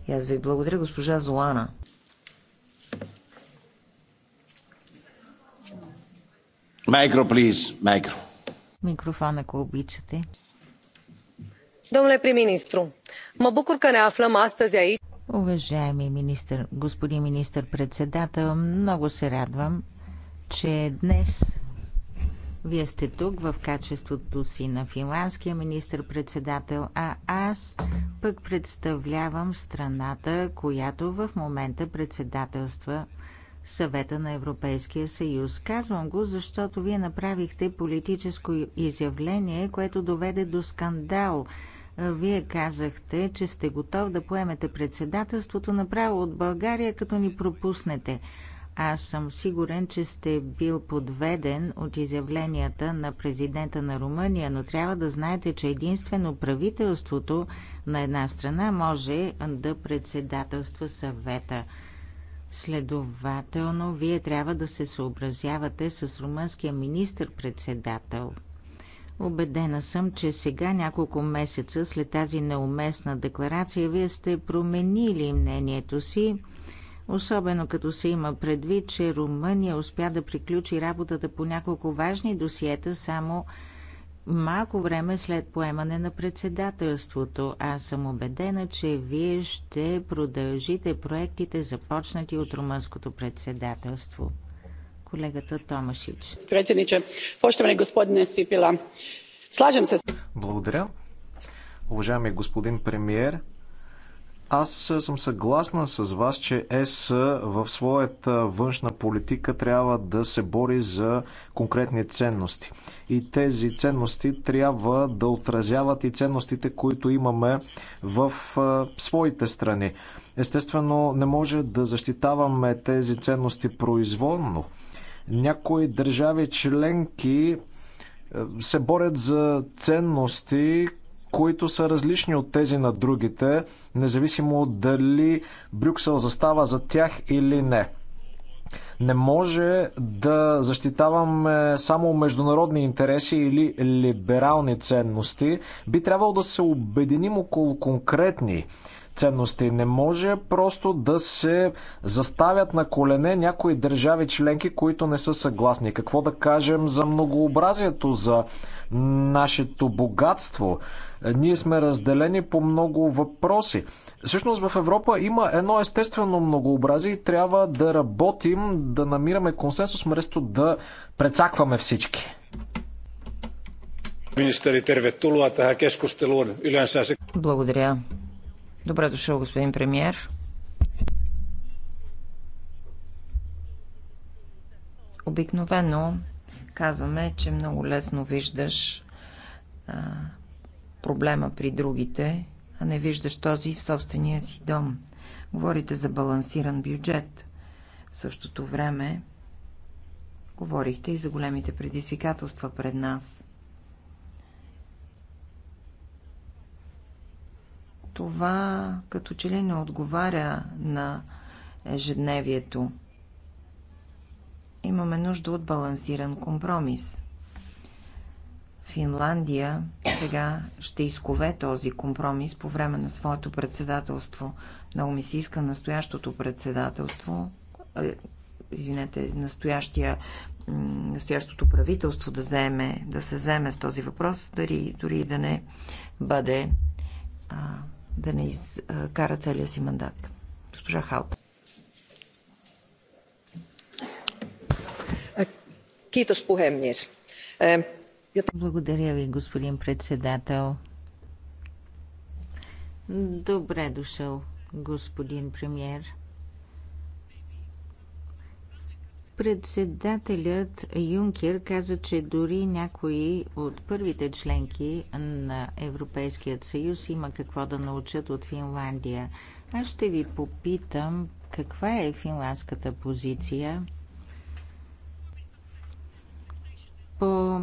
И аз ви благодаря, госпожа Зоана. Майкро, плиз, майкро. Микрофон, ако обичате. Domnule prim-ministru, mă bucur că ne aflăm Уважаеми министър, господин министър-председател, много се радвам, че днес вие сте тук в качеството си на финландския министр-председател, а аз пък представлявам страната, която в момента председателства съвета на Европейския съюз. Казвам го, защото вие направихте политическо изявление, което доведе до скандал. Вие казахте, че сте готов да поемете председателството направо от България, като ни пропуснете. Аз съм сигурен, че сте бил подведен от изявленията на президента на Румъния, но трябва да знаете, че единствено правителството на една страна може да председателства съвета. Следователно, вие трябва да се съобразявате с румънския министр-председател. Обедена съм, че сега, няколко месеца след тази неуместна декларация, вие сте променили мнението си Особено като се има предвид, че Румъния успя да приключи работата по няколко важни досиета само малко време след поемане на председателството. Аз съм убедена, че вие ще продължите проектите, започнати от румънското председателство. Колегата Томашич. Председниче, поштоване господине Сипила, слажем се. Благодаря. Уважаеми господин премиер, аз съм съгласна с вас, че ЕС в своята външна политика трябва да се бори за конкретни ценности. И тези ценности трябва да отразяват и ценностите, които имаме в своите страни. Естествено, не може да защитаваме тези ценности произволно. Някои държави членки се борят за ценности, които са различни от тези на другите, независимо дали Брюксел застава за тях или не. Не може да защитаваме само международни интереси или либерални ценности. Би трябвало да се обединим около конкретни ценности. Не може просто да се заставят на колене някои държави членки, които не са съгласни. Какво да кажем за многообразието, за нашето богатство? Ние сме разделени по много въпроси. Всъщност в Европа има едно естествено многообразие и трябва да работим, да намираме консенсус, вместо да прецакваме всички. Министери, tervetuloa tähän Благодаря. Добре дошъл, господин премьер. Обикновено казваме, че много лесно виждаш а, проблема при другите, а не виждаш този в собствения си дом. Говорите за балансиран бюджет. В същото време говорихте и за големите предизвикателства пред нас. Това като че ли не отговаря на ежедневието. Имаме нужда от балансиран компромис – Финландия сега ще изкове този компромис по време на своето председателство. Много ми се иска настоящото председателство, извинете, настоящия, настоящото правителство да, заеме, да се заеме с този въпрос, дори, дори да не бъде, а, да не изкара целия си мандат. Госпожа Хаут. Kiitos е, puhemies. Благодаря ви, господин председател. Добре дошъл, господин премьер. Председателят Юнкер каза, че дори някои от първите членки на Европейският съюз има какво да научат от Финландия. Аз ще ви попитам каква е финландската позиция по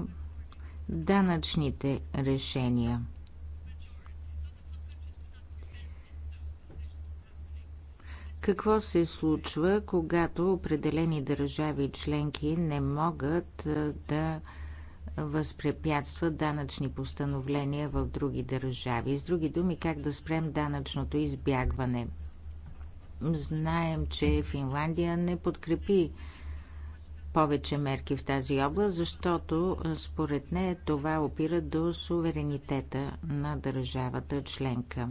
данъчните решения. Какво се случва, когато определени държави членки не могат да възпрепятстват данъчни постановления в други държави? С други думи, как да спрем данъчното избягване? Знаем, че Финландия не подкрепи повече мерки в тази област, защото според нея това опира до суверенитета на държавата членка.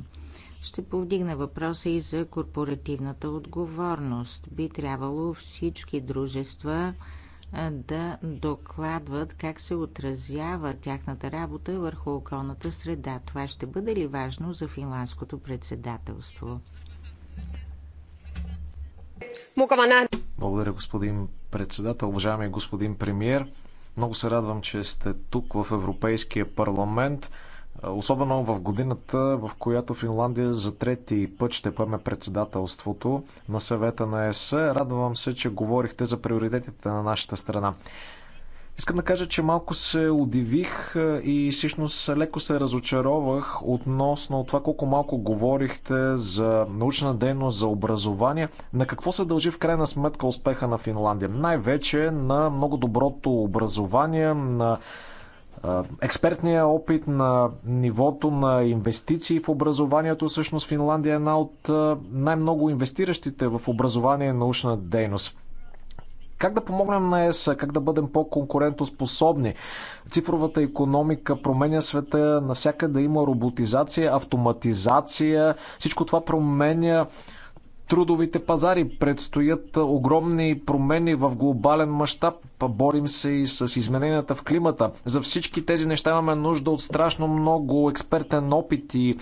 Ще повдигна въпроса и за корпоративната отговорност. Би трябвало всички дружества да докладват как се отразява тяхната работа върху околната среда. Това ще бъде ли важно за финландското председателство? Благодаря, господин председател, уважаеми господин премьер. Много се радвам, че сте тук в Европейския парламент. Особено в годината, в която Финландия за трети път ще поеме председателството на съвета на ЕС. Радвам се, че говорихте за приоритетите на нашата страна. Искам да кажа, че малко се удивих и всъщност леко се разочаровах относно това колко малко говорихте за научна дейност, за образование. На какво се дължи в крайна сметка успеха на Финландия? Най-вече на много доброто образование, на експертния опит на нивото на инвестиции в образованието. Всъщност Финландия е една от най-много инвестиращите в образование и научна дейност. Как да помогнем на ЕСА, как да бъдем по-конкурентоспособни? Цифровата економика променя света, навсякъде има роботизация, автоматизация, всичко това променя трудовите пазари. Предстоят огромни промени в глобален мащаб. Борим се и с измененията в климата. За всички тези неща имаме нужда от страшно много експертен опит и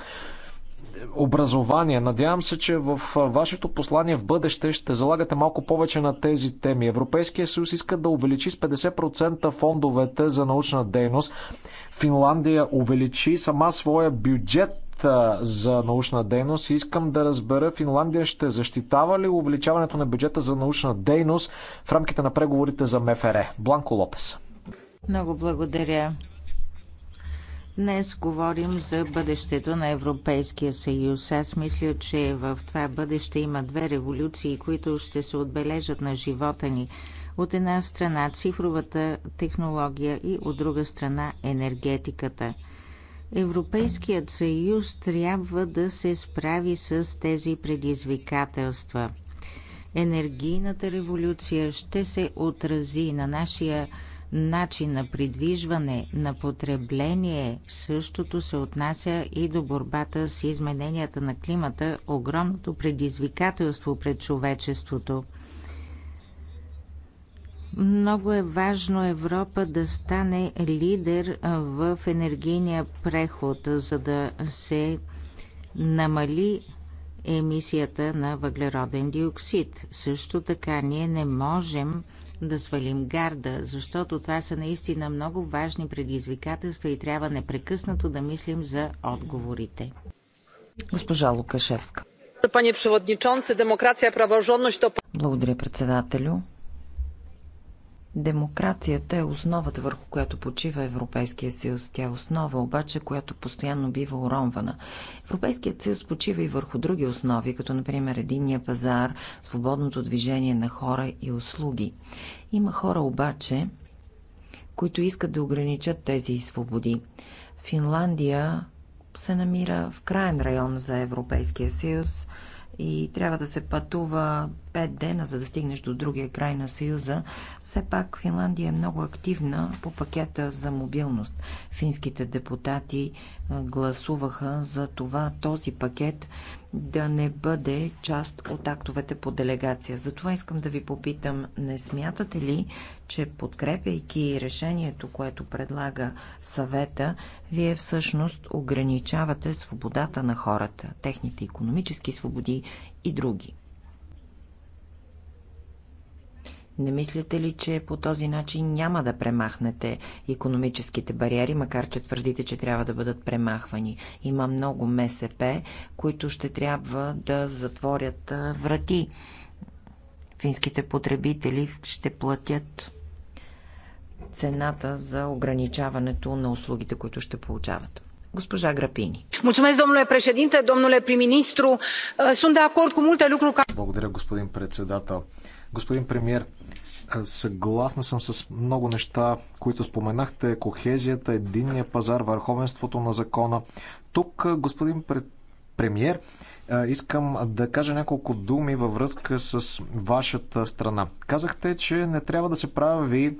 образование. Надявам се, че в вашето послание в бъдеще ще залагате малко повече на тези теми. Европейския съюз иска да увеличи с 50% фондовете за научна дейност. Финландия увеличи сама своя бюджет за научна дейност. Искам да разбера, Финландия ще защитава ли увеличаването на бюджета за научна дейност в рамките на преговорите за МФР? Бланко Лопес. Много благодаря. Днес говорим за бъдещето на Европейския съюз. Аз мисля, че в това бъдеще има две революции, които ще се отбележат на живота ни. От една страна цифровата технология и от друга страна енергетиката. Европейският съюз трябва да се справи с тези предизвикателства. Енергийната революция ще се отрази на нашия начин на придвижване, на потребление. Същото се отнася и до борбата с измененията на климата, огромното предизвикателство пред човечеството. Много е важно Европа да стане лидер в енергийния преход, за да се намали емисията на въглероден диоксид. Също така ние не можем да свалим гарда, защото това са наистина много важни предизвикателства и трябва непрекъснато да мислим за отговорите. Госпожа Лукашевска. Благодаря, председателю. Демокрацията е основата, върху която почива Европейския съюз. Тя е основа, обаче, която постоянно бива уронвана. Европейският съюз почива и върху други основи, като например единния пазар, свободното движение на хора и услуги. Има хора обаче, които искат да ограничат тези свободи. Финландия се намира в крайен район за Европейския съюз – и трябва да се пътува 5 дена, за да стигнеш до другия край на Съюза, все пак Финландия е много активна по пакета за мобилност. Финските депутати гласуваха за това този пакет да не бъде част от актовете по делегация. Затова искам да ви попитам, не смятате ли, че подкрепяйки решението, което предлага съвета, вие всъщност ограничавате свободата на хората, техните економически свободи и други. Не мислите ли, че по този начин няма да премахнете економическите бариери, макар че твърдите, че трябва да бъдат премахвани? Има много МСП, които ще трябва да затворят врати. Финските потребители ще платят цената за ограничаването на услугите, които ще получават. Госпожа Грапини. Mulțumesc, domnule președinte, domnule prim-ministru. Е, sunt de acord cu multe lucruri Благодаря, господин председател. Господин премьер, е, съгласна съм с много неща, които споменахте. Кохезията, единния пазар, върховенството на закона. Тук, е, господин премьер, искам да кажа няколко думи във връзка с вашата страна. Казахте, че не трябва да се прави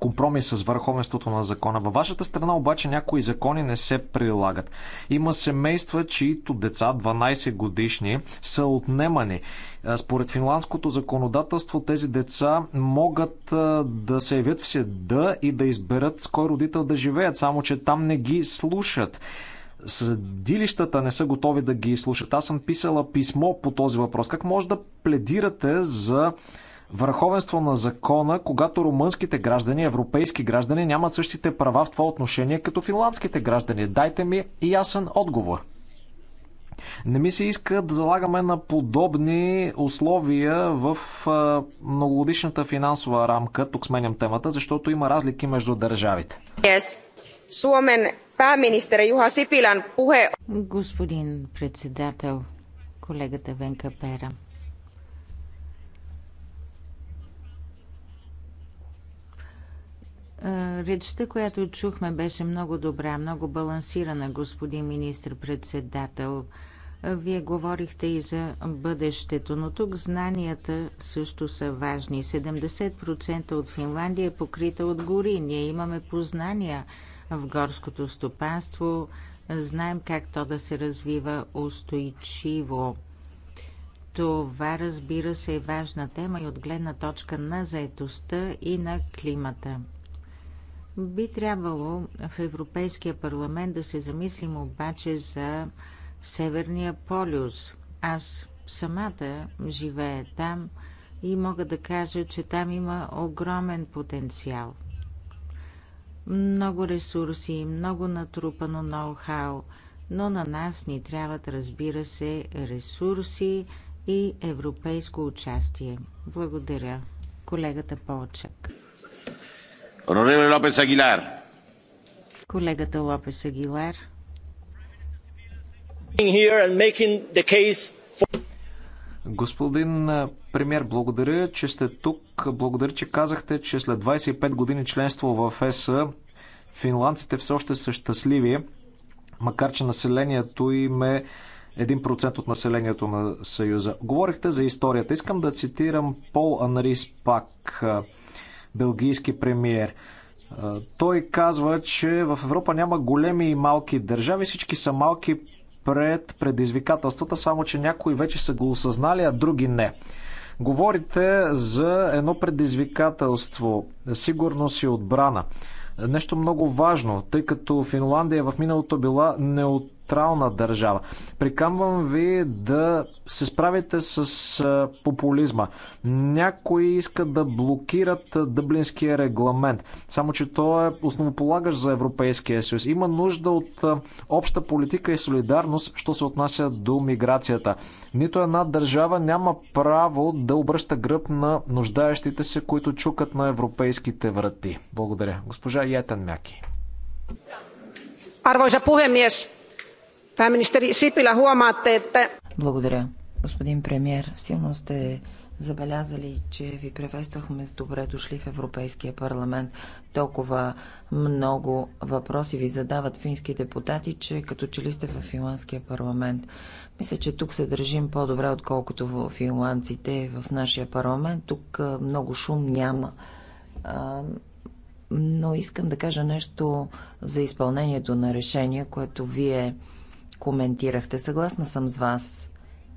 компромис с върховенството на закона. Във вашата страна обаче някои закони не се прилагат. Има семейства, чието деца, 12 годишни, са отнемани. Според финландското законодателство тези деца могат да се явят в седа и да изберат с кой родител да живеят, само че там не ги слушат съдилищата не са готови да ги слушат. Аз съм писала писмо по този въпрос. Как може да пледирате за върховенство на закона, когато румънските граждани, европейски граждани нямат същите права в това отношение като финландските граждани? Дайте ми ясен отговор. Не ми се иска да залагаме на подобни условия в многогодишната финансова рамка. Тук сменям темата, защото има разлики между държавите. Yes. Juha Sipilän puhe... Господин председател, колегата Венка Пера. Речта, която чухме, беше много добра, много балансирана, господин министр-председател. Вие говорихте и за бъдещето, но тук знанията също са важни. 70% от Финландия е покрита от гори. Ние имаме познания в горското стопанство, знаем как то да се развива устойчиво. Това, разбира се, е важна тема и от гледна точка на заетостта и на климата. Би трябвало в Европейския парламент да се замислим обаче за Северния полюс. Аз самата живея там и мога да кажа, че там има огромен потенциал. Много ресурси, много натрупано ноу-хау, но на нас ни трябват, разбира се, ресурси и европейско участие. Благодаря, колегата Полчак. Honorable López Aguilar. Колегата Лопес Агилар. Господин премьер, благодаря, че сте тук. Благодаря, че казахте, че след 25 години членство в ЕС финландците все още са щастливи, макар че населението им е 1% от населението на Съюза. Говорихте за историята. Искам да цитирам Пол Анрис пак белгийски премиер. Той казва, че в Европа няма големи и малки държави, всички са малки пред предизвикателствата, само че някои вече са го осъзнали, а други не. Говорите за едно предизвикателство сигурност и отбрана. Нещо много важно, тъй като Финландия в миналото била неот централна държава. Прикамвам ви да се справите с популизма. Някои искат да блокират дъблинския регламент, само че то е основополагащ за Европейския съюз. Има нужда от обща политика и солидарност, що се отнася до миграцията. Нито една държава няма право да обръща гръб на нуждаещите се, които чукат на европейските врати. Благодаря. Госпожа Ятен Мяки. Arvoisa puhemies, Pääministeri сипила huomaatte, että... Благодаря. Господин премьер, силно сте забелязали, че ви превествахме с добре дошли в Европейския парламент. Толкова много въпроси ви задават фински депутати, че като че ли сте в финландския парламент. Мисля, че тук се държим по-добре, отколкото в финландците в нашия парламент. Тук много шум няма. Но искам да кажа нещо за изпълнението на решение, което вие коментирахте. Съгласна съм с вас.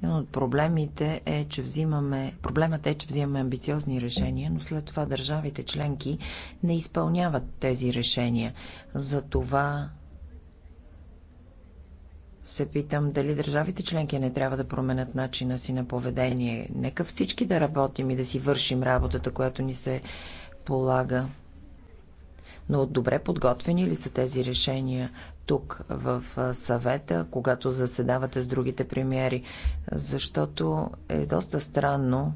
Един от проблемите е, че взимаме, проблемът е, че взимаме амбициозни решения, но след това държавите членки не изпълняват тези решения. За това се питам дали държавите членки не трябва да променят начина си на поведение. Нека всички да работим и да си вършим работата, която ни се полага но добре подготвени ли са тези решения тук в съвета, когато заседавате с другите премиери? Защото е доста странно,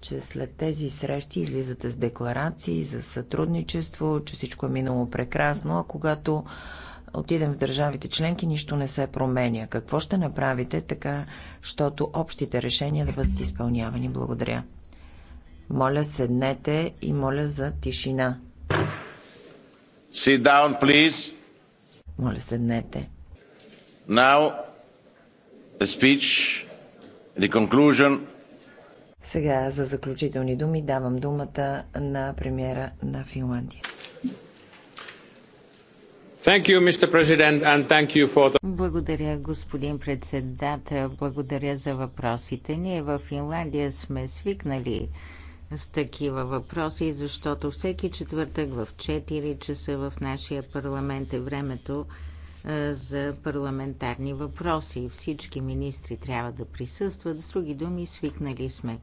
че след тези срещи излизате с декларации за сътрудничество, че всичко е минало прекрасно, а когато отидем в държавите членки, нищо не се променя. Какво ще направите така, щото общите решения да бъдат изпълнявани? Благодаря. Моля, седнете и моля за тишина. Sit down, please. Моля, седнете. Now, the speech, the conclusion. Сега за заключителни думи давам думата на премиера на Финландия. Благодаря, господин председател. Благодаря за въпросите. Ние в Финландия сме свикнали с такива въпроси, защото всеки четвъртък в 4 часа в нашия парламент е времето за парламентарни въпроси. Всички министри трябва да присъстват. С други думи, свикнали сме.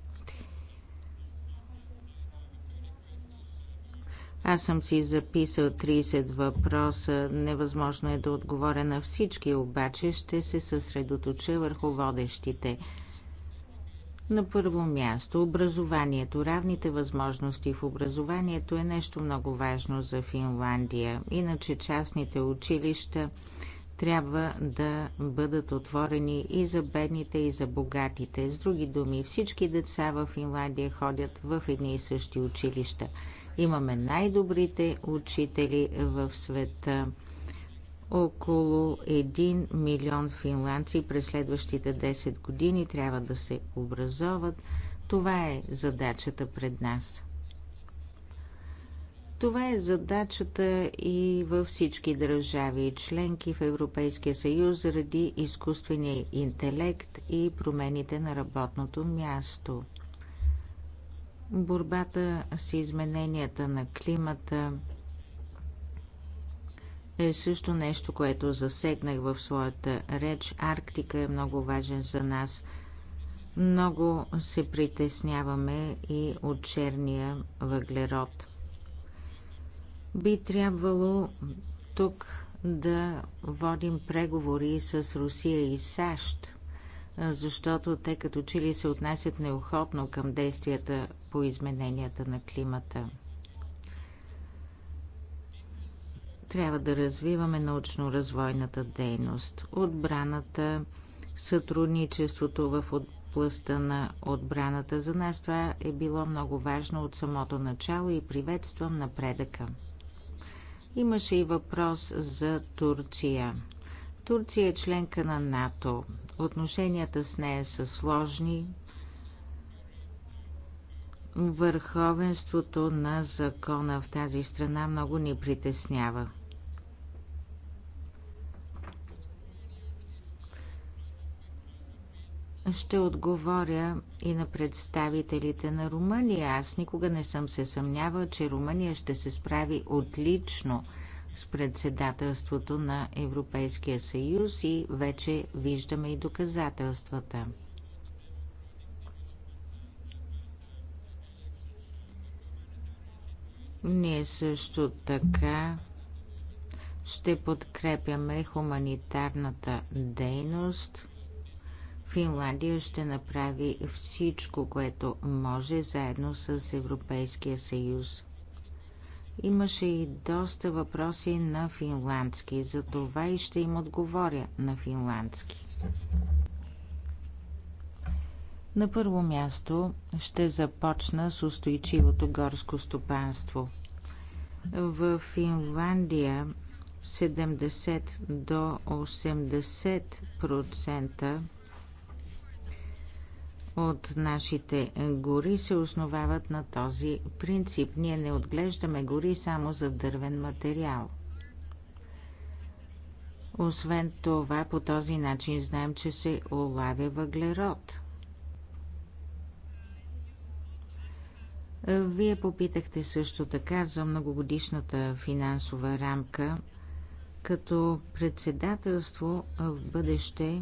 Аз съм си записал 30 въпроса. Невъзможно е да отговоря на всички, обаче ще се съсредоточа върху водещите – на първо място, образованието, равните възможности в образованието е нещо много важно за Финландия. Иначе частните училища трябва да бъдат отворени и за бедните, и за богатите. С други думи, всички деца в Финландия ходят в едни и същи училища. Имаме най-добрите учители в света около 1 милион финландци през следващите 10 години трябва да се образоват. Това е задачата пред нас. Това е задачата и във всички държави и членки в Европейския съюз заради изкуствения интелект и промените на работното място. Борбата с измененията на климата – е също нещо, което засегнах в своята реч. Арктика е много важен за нас. Много се притесняваме и от черния въглерод. Би трябвало тук да водим преговори с Русия и САЩ, защото те като че ли се отнасят неохотно към действията по измененията на климата. Трябва да развиваме научно-развойната дейност, отбраната, сътрудничеството в областта на отбраната. За нас това е било много важно от самото начало и приветствам напредъка. Имаше и въпрос за Турция. Турция е членка на НАТО. Отношенията с нея са сложни. Върховенството на закона в тази страна много ни притеснява. Ще отговоря и на представителите на Румъния. Аз никога не съм се съмнявал, че Румъния ще се справи отлично с председателството на Европейския съюз и вече виждаме и доказателствата. Ние също така ще подкрепяме хуманитарната дейност – Финландия ще направи всичко, което може, заедно с Европейския съюз. Имаше и доста въпроси на финландски, за това и ще им отговоря на финландски. На първо място ще започна с устойчивото горско стопанство. В Финландия 70 до 80% от нашите гори се основават на този принцип. Ние не отглеждаме гори само за дървен материал. Освен това, по този начин знаем, че се олавя въглерод. Вие попитахте също така за многогодишната финансова рамка. Като председателство в бъдеще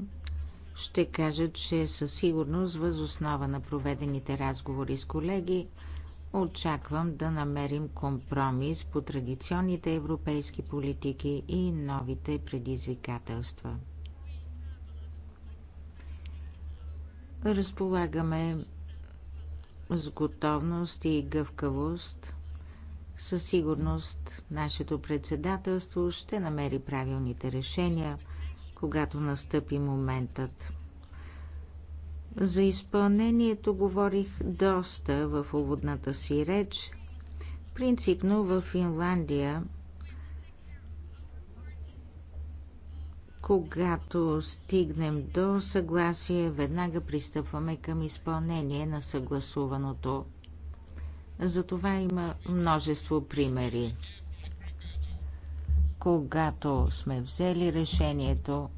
ще кажа, че със сигурност въз основа на проведените разговори с колеги очаквам да намерим компромис по традиционните европейски политики и новите предизвикателства. Разполагаме с готовност и гъвкавост. Със сигурност нашето председателство ще намери правилните решения – когато настъпи моментът. За изпълнението говорих доста в уводната си реч. Принципно в Финландия, когато стигнем до съгласие, веднага пристъпваме към изпълнение на съгласуваното. За това има множество примери. Когато сме взели решението,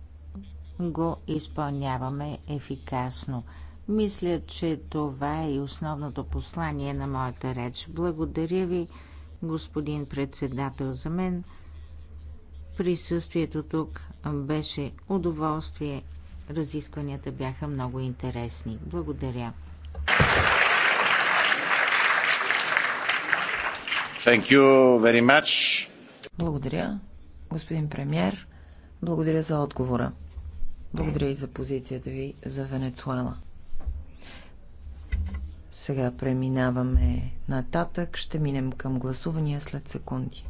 го изпълняваме ефикасно. Мисля, че това е и основното послание на моята реч. Благодаря ви, господин председател, за мен. Присъствието тук беше удоволствие. Разискванията бяха много интересни. Благодаря. Thank you very much. Благодаря. Господин премьер, благодаря за отговора. Благодаря и за позицията ви за Венецуела. Сега преминаваме нататък. Ще минем към гласувания след секунди.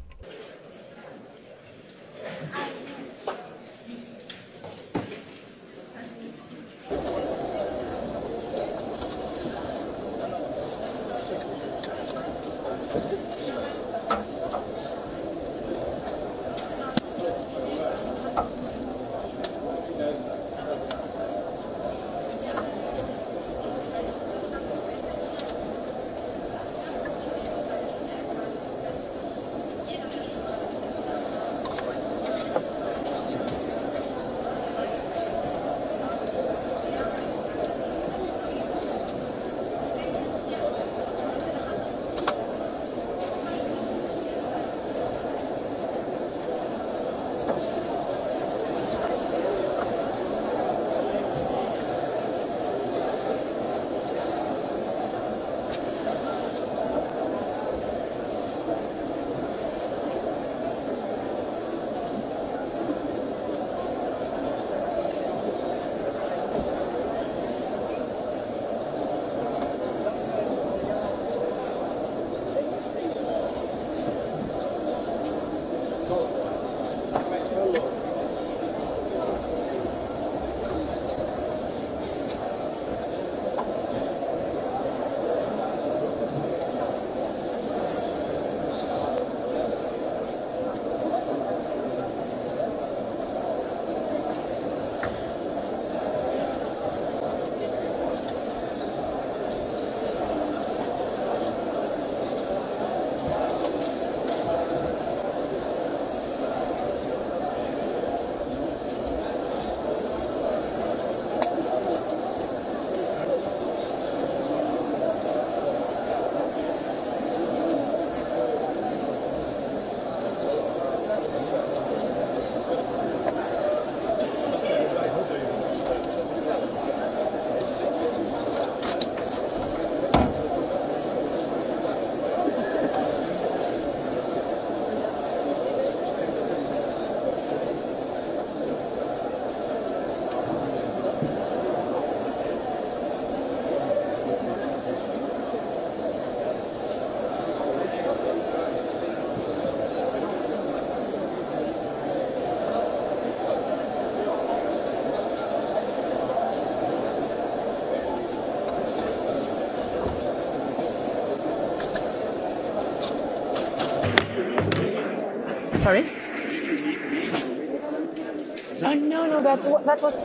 that's what that was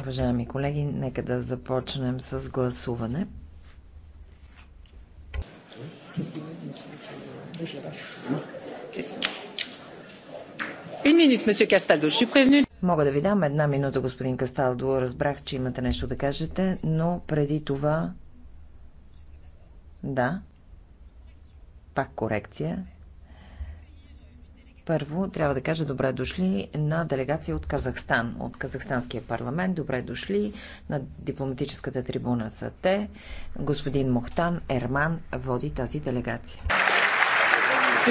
Уважаеми колеги, нека да започнем с гласуване. Мога да ви дам една минута, господин Касталдо. Разбрах, че имате нещо да кажете, но преди това да. Пак корекция. Първо, трябва да кажа добре дошли на делегация от Казахстан, от Казахстанския парламент. Добре дошли на дипломатическата трибуна са те. Господин Мохтан Ерман води тази делегация.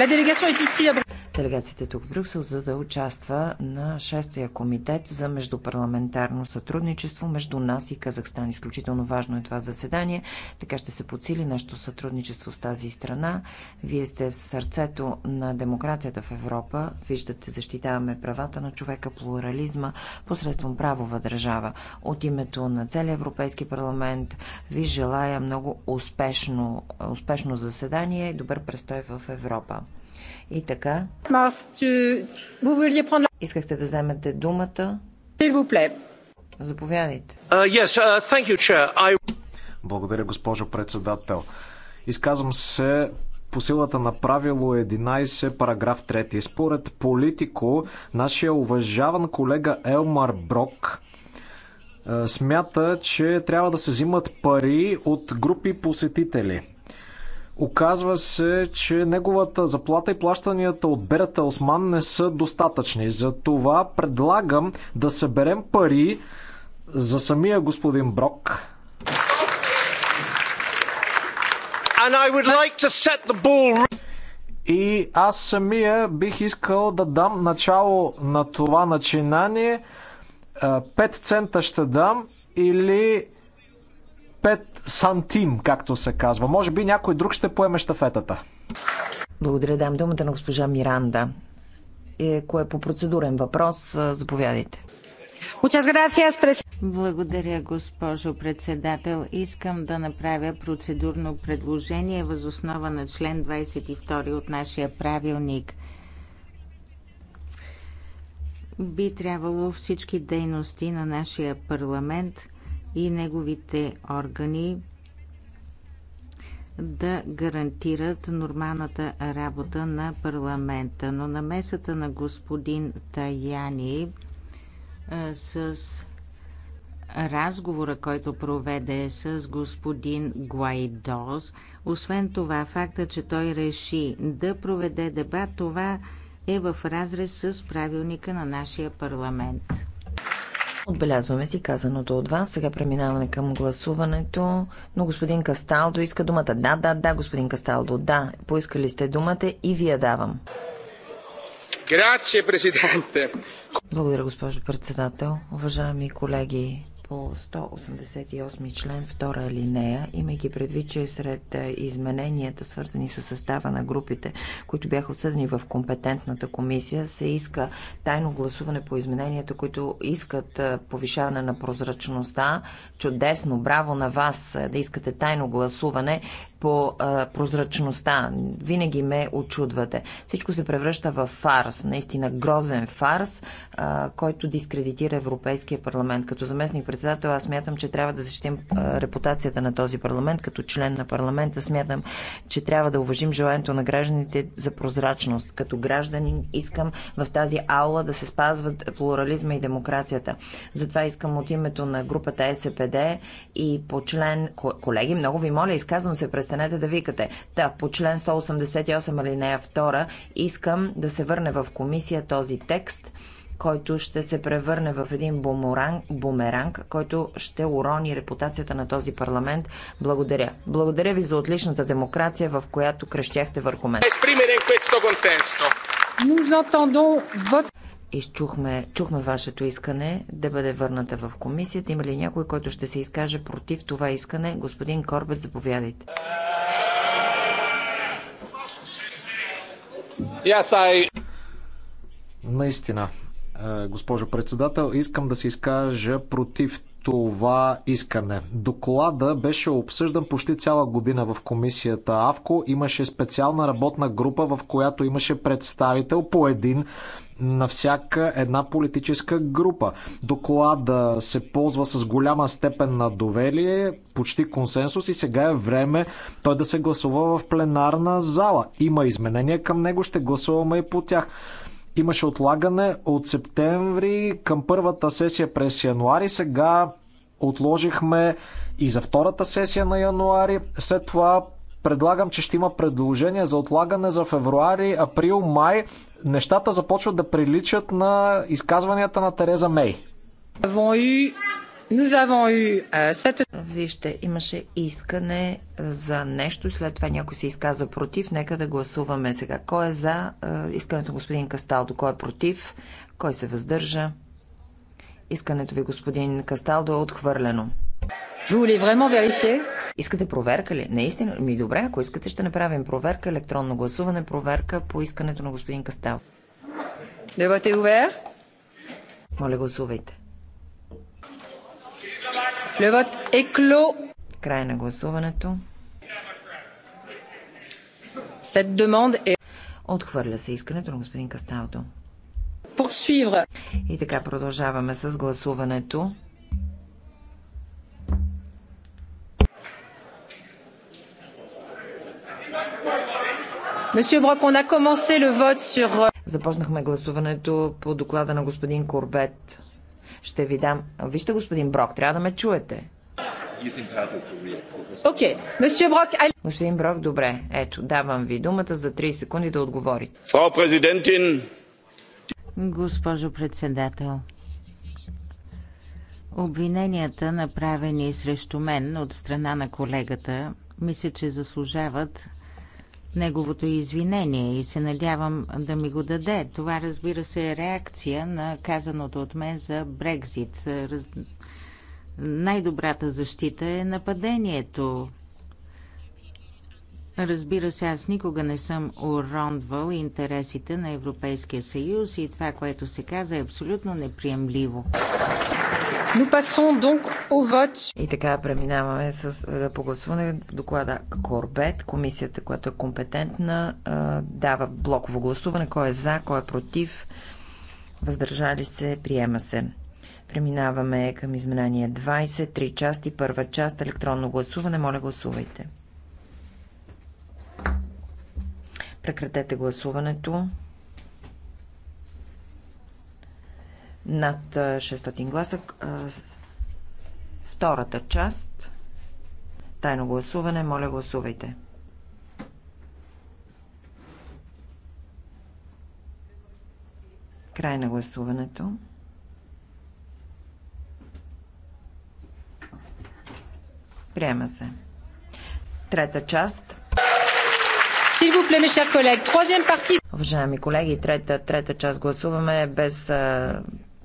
La délégation est ici à делегацията е тук в Брюксел, за да участва на шестия комитет за междупарламентарно сътрудничество между нас и Казахстан. Изключително важно е това заседание, така ще се подсили нашето сътрудничество с тази страна. Вие сте в сърцето на демокрацията в Европа. Виждате, защитаваме правата на човека, плурализма, посредством правова държава. От името на целия Европейски парламент ви желая много успешно, успешно заседание и добър престой в Европа. И така. Искахте да вземете думата. Заповядайте. Uh, uh, Благодаря, госпожо председател. Изказвам се по силата на правило 11, параграф 3. Според Политико, нашия уважаван колега Елмар Брок е, смята, че трябва да се взимат пари от групи посетители – Оказва се, че неговата заплата и плащанията от Берата Осман не са достатъчни. Затова предлагам да съберем пари за самия господин Брок. Like ball... И аз самия бих искал да дам начало на това начинание. 5 е, цента ще дам или 5 сантим, както се казва. Може би някой друг ще поеме щафетата. Благодаря, дам думата на госпожа Миранда. Е, кое е по процедурен въпрос, заповядайте. Благодаря, госпожо председател. Искам да направя процедурно предложение възоснова на член 22 от нашия правилник. Би трябвало всички дейности на нашия парламент и неговите органи да гарантират нормалната работа на парламента. Но намесата на господин Таяни е, с разговора, който проведе с господин Гуайдос, освен това факта, че той реши да проведе дебат, това е в разрез с правилника на нашия парламент. Отбелязваме си казаното от вас. Сега преминаваме към гласуването. Но господин Касталдо иска думата. Да, да, да, господин Касталдо, да. Поискали сте думата и ви я давам. Благодаря, госпожо председател. Уважаеми колеги, по 188 член, втора линея, имайки предвид, че сред е, измененията, свързани с състава на групите, които бяха отсъдени в компетентната комисия, се иска тайно гласуване по измененията, които искат е, повишаване на прозрачността. Чудесно, браво на вас е, да искате тайно гласуване по а, прозрачността. Винаги ме очудвате. Всичко се превръща в фарс, наистина грозен фарс, а, който дискредитира Европейския парламент. Като заместник председател аз смятам, че трябва да защитим а, репутацията на този парламент. Като член на парламента смятам, че трябва да уважим желанието на гражданите за прозрачност. Като гражданин искам в тази аула да се спазват плурализма и демокрацията. Затова искам от името на групата СПД и по член... Колеги, много ви моля, изказвам се през престанете да викате. Та, по член 188 алинея 2 искам да се върне в комисия този текст, който ще се превърне в един бумеранг, бумеранг, който ще урони репутацията на този парламент. Благодаря. Благодаря ви за отличната демокрация, в която крещяхте върху мен изчухме, чухме вашето искане да бъде върната в комисията. Има ли някой, който ще се изкаже против това искане? Господин Корбет, заповядайте. Yes, I... Наистина, е, госпожо председател, искам да се изкажа против това искане. Доклада беше обсъждан почти цяла година в комисията АВКО. Имаше специална работна група, в която имаше представител по един на всяка една политическа група. Доклада се ползва с голяма степен на доверие, почти консенсус и сега е време той да се гласува в пленарна зала. Има изменения към него, ще гласуваме и по тях. Имаше отлагане от септември към първата сесия през януари. Сега отложихме и за втората сесия на януари. След това предлагам, че ще има предложение за отлагане за февруари, април, май, нещата започват да приличат на изказванията на Тереза Мей. Euh, Вижте, имаше искане за нещо, след това някой се изказа против. Нека да гласуваме сега. Кой е за е, искането господин Касталдо? Кой е против? Кой се въздържа? Искането ви, господин Касталдо, е отхвърлено. Искате проверка ли? Наистина? Ми добре, ако искате, ще направим проверка, електронно гласуване, проверка по искането на господин Кастал. Дебът е увер. Моля, гласувайте. Левът е кло. Край на гласуването. Сет демонд е... Отхвърля се искането на господин Касталто. Poursuivre. И така продължаваме с гласуването Euh, Започнахме гласуването по доклада на господин Корбет. Ще ви дам... Вижте, господин Брок, трябва да ме чуете. Окей, Брок... Господин Брок, добре. Ето, давам ви думата за 3 секунди да отговорите. Фрау президентин... Госпожо председател, обвиненията, направени срещу мен от страна на колегата, мисля, че заслужават неговото извинение и се надявам да ми го даде. Това, разбира се, е реакция на казаното от мен за Брекзит. Раз... Най-добрата защита е нападението. Разбира се, аз никога не съм уронвал интересите на Европейския съюз и това, което се каза, е абсолютно неприемливо. И така преминаваме с, е, по гласуване доклада Корбет. Комисията, която е компетентна, е, дава блоково гласуване. Кой е за, кой е против, въздържали се, приема се. Преминаваме към изменение 20, 3 части, първа част, електронно гласуване. Моля, гласувайте. Прекратете гласуването. Над 600 гласа. Втората част. Тайно гласуване. Моля, гласувайте. Край на гласуването. Приема се. Трета част. Уважаеми колеги, трета, трета част гласуваме без а,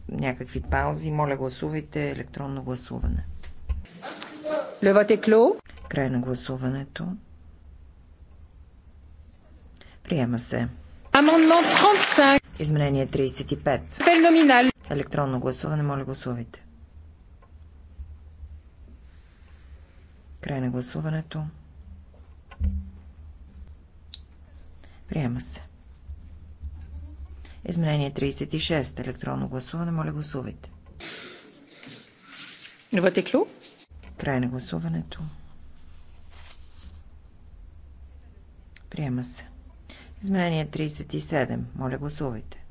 някакви паузи. Моля, гласувайте електронно гласуване. Левът е клю. Край на гласуването. Приема се. Амендмент 35. Изменение 35. Пел номинал. Електронно гласуване, моля гласувайте. Край на гласуването. Приема се. Изменение 36. Електронно гласуване. Моля гласувайте. Вътеклю. Край на гласуването. Приема се. Изменение 37. Моля гласувайте.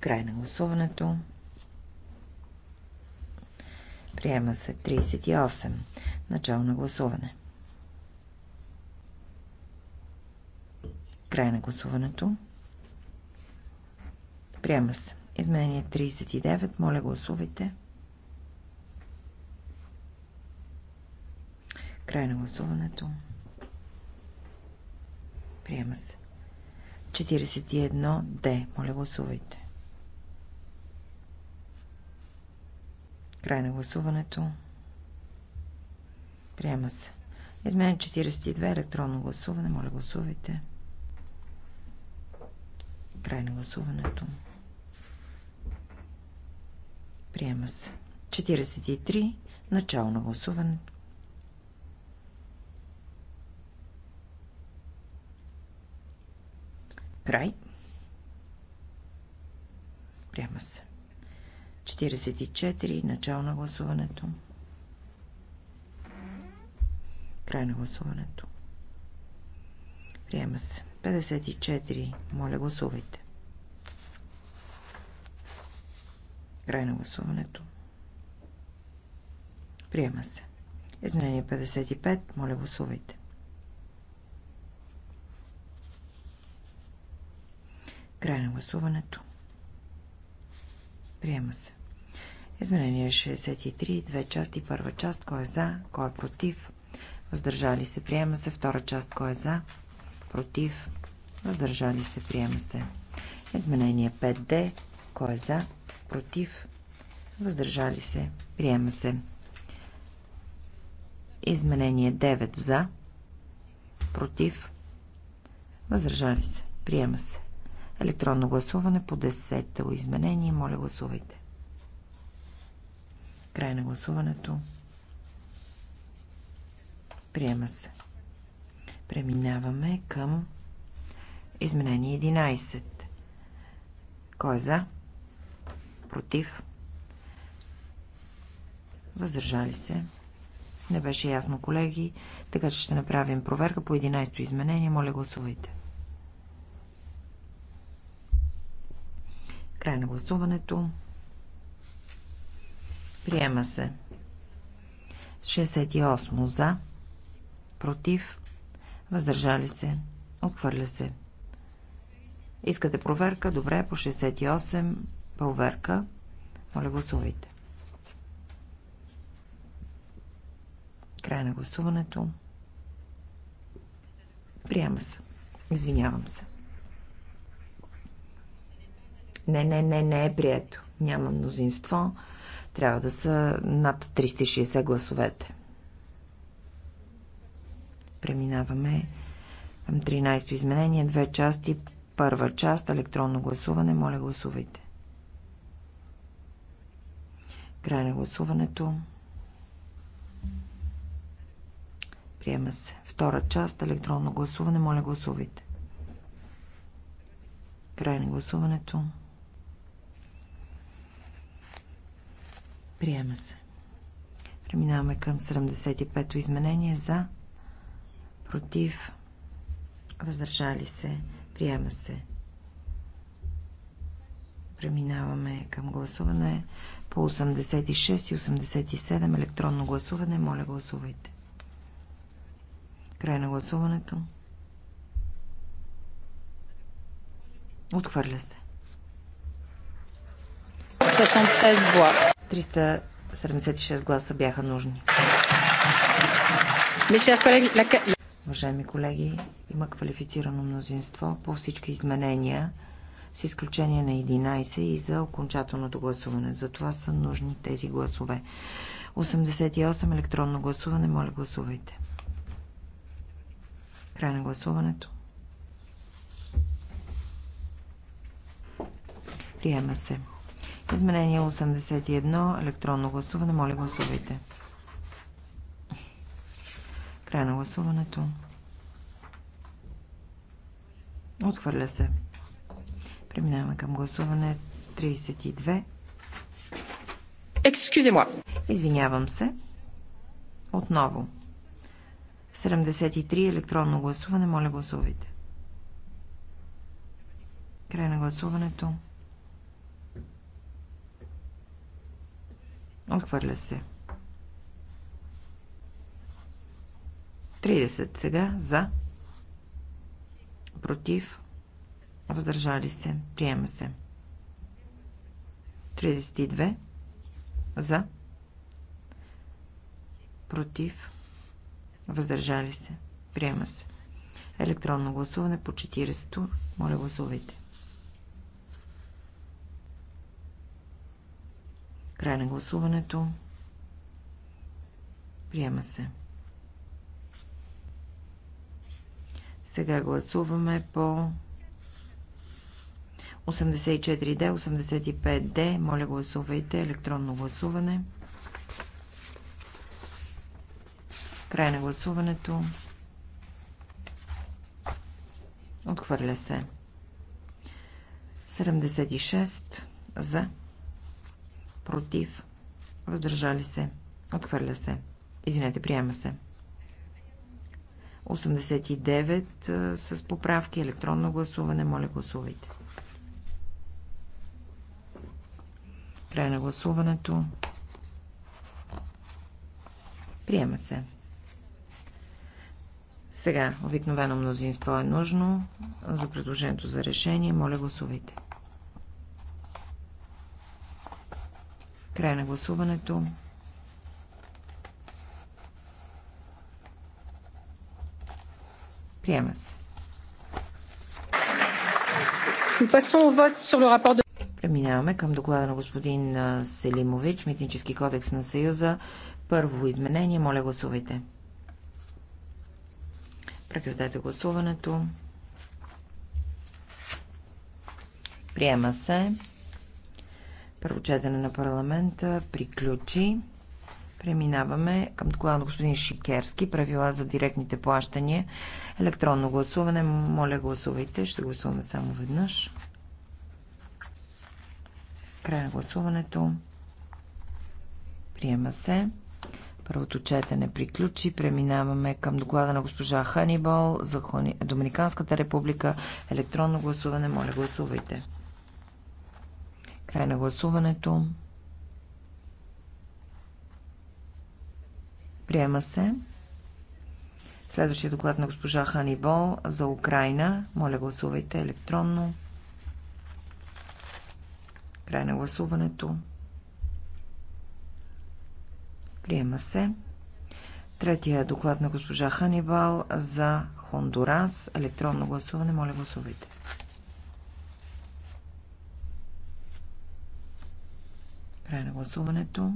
Край на гласуването. Приема се 38. Начало на гласуване. Край на гласуването. Приема се. Изменение 39. Моля, гласувайте. Край на гласуването. Приема се. 41 Д. Моля, гласувайте. Край на гласуването. Приема се. Изменение 42. Електронно гласуване. Моля, гласувайте. Край на гласуването. Приема се. 43. Начало на гласуване. Край. Приема се. 44. Начало на гласуването. Край на гласуването. Приема се. 54. Моля, гласувайте. Край на гласуването. Приема се. Изменение 55. Моля, гласувайте. Край на гласуването. Приема се. Изменение 63. Две части. Първа част. Кой е за? Кой е против? Въздържали се. Приема се. Втора част. Кой е за? против, въздържали се, приема се. Изменение 5D, кой е за, против, въздържали се, приема се. Изменение 9 за, против, въздържали се, приема се. Електронно гласуване по 10-то изменение. Моля, гласувайте. Край на гласуването. Приема се. Преминаваме към изменение 11. Кой е за? Против? Въздържали се? Не беше ясно, колеги, така че ще направим проверка по 11-то изменение. Моля, гласувайте. Край на гласуването. Приема се. 68 за, против, Въздържали се. Отхвърля се. Искате проверка? Добре, по 68 проверка. Моля, гласувайте. Край на гласуването. Приема се. Извинявам се. Не, не, не, не е прието. Няма мнозинство. Трябва да са над 360 гласовете. Преминаваме към 13-то изменение. Две части. Първа част. Електронно гласуване. Моля, гласувайте. Край на гласуването. Приема се. Втора част. Електронно гласуване. Моля, гласувайте. Край на гласуването. Приема се. Преминаваме към 75-то изменение за против, въздържали се, приема се. Преминаваме към гласуване по 86 и 87 електронно гласуване. Моля, гласувайте. Край на гласуването. Отхвърля се. 376 гласа бяха нужни. Mes chers Уважаеми колеги, има квалифицирано мнозинство по всички изменения, с изключение на 11 и за окончателното гласуване. За това са нужни тези гласове. 88 електронно гласуване. Моля, гласувайте. Край на гласуването. Приема се. Изменение 81. Електронно гласуване. Моля, гласувайте. Край на гласуването. Отхвърля се. Преминаваме към гласуване 32. Excusez-moi. Извинявам се. Отново. 73 електронно гласуване. Моля гласувайте. Край на гласуването. Отхвърля се. 30 сега за. Против. Въздържали се. Приема се. 32 за. Против. Въздържали се. Приема се. Електронно гласуване по 40 Моля гласувайте. Край на гласуването. Приема се. Сега гласуваме по 84D, 85D. Моля гласувайте електронно гласуване. Край на гласуването. Отхвърля се. 76 за. Против. Въздържали се. Отхвърля се. Извинете, приема се. 89 с поправки, електронно гласуване. Моля, гласувайте. Край на гласуването. Приема се. Сега, обикновено мнозинство е нужно за предложението за решение. Моля, гласувайте. Край на гласуването. Приема се. Преминаваме към доклада на господин Селимович, Митнически кодекс на Съюза. Първо изменение, моля гласувайте. Прекратете гласуването. Приема се. Първо четене на парламента приключи. Преминаваме към доклада на господин Шикерски. Правила за директните плащания. Електронно гласуване. Моля, гласувайте. Ще гласуваме само веднъж. Край на гласуването. Приема се. Първото четене приключи. Преминаваме към доклада на госпожа Ханибал за Доминиканската република. Електронно гласуване. Моля, гласувайте. Край на гласуването. Приема се. Следващия доклад на госпожа Ханибол за Украина. Моля гласувайте електронно. Край на гласуването. Приема се. Третия доклад на госпожа Ханибал за Хондурас. Електронно гласуване. Моля гласувайте. Край на гласуването.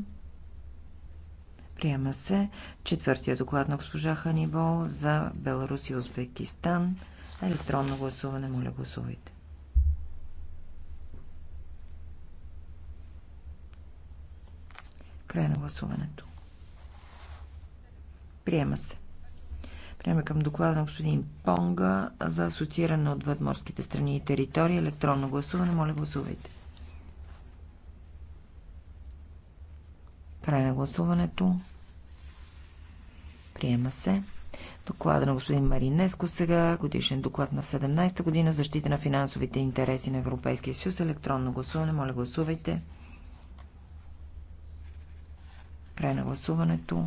Приема се четвъртия доклад на госпожа Ханибол за Беларус и Узбекистан. Електронно гласуване, моля гласувайте. Край на гласуването. Приема се. Приема към доклада на господин Понга за асоцииране от въдморските страни и територии. Електронно гласуване, моля гласувайте. Край на гласуването. Приема се. Доклада на господин Маринеско сега, годишен доклад на 17-та година, защита на финансовите интереси на Европейския съюз, електронно гласуване. Моля, гласувайте. Край на гласуването.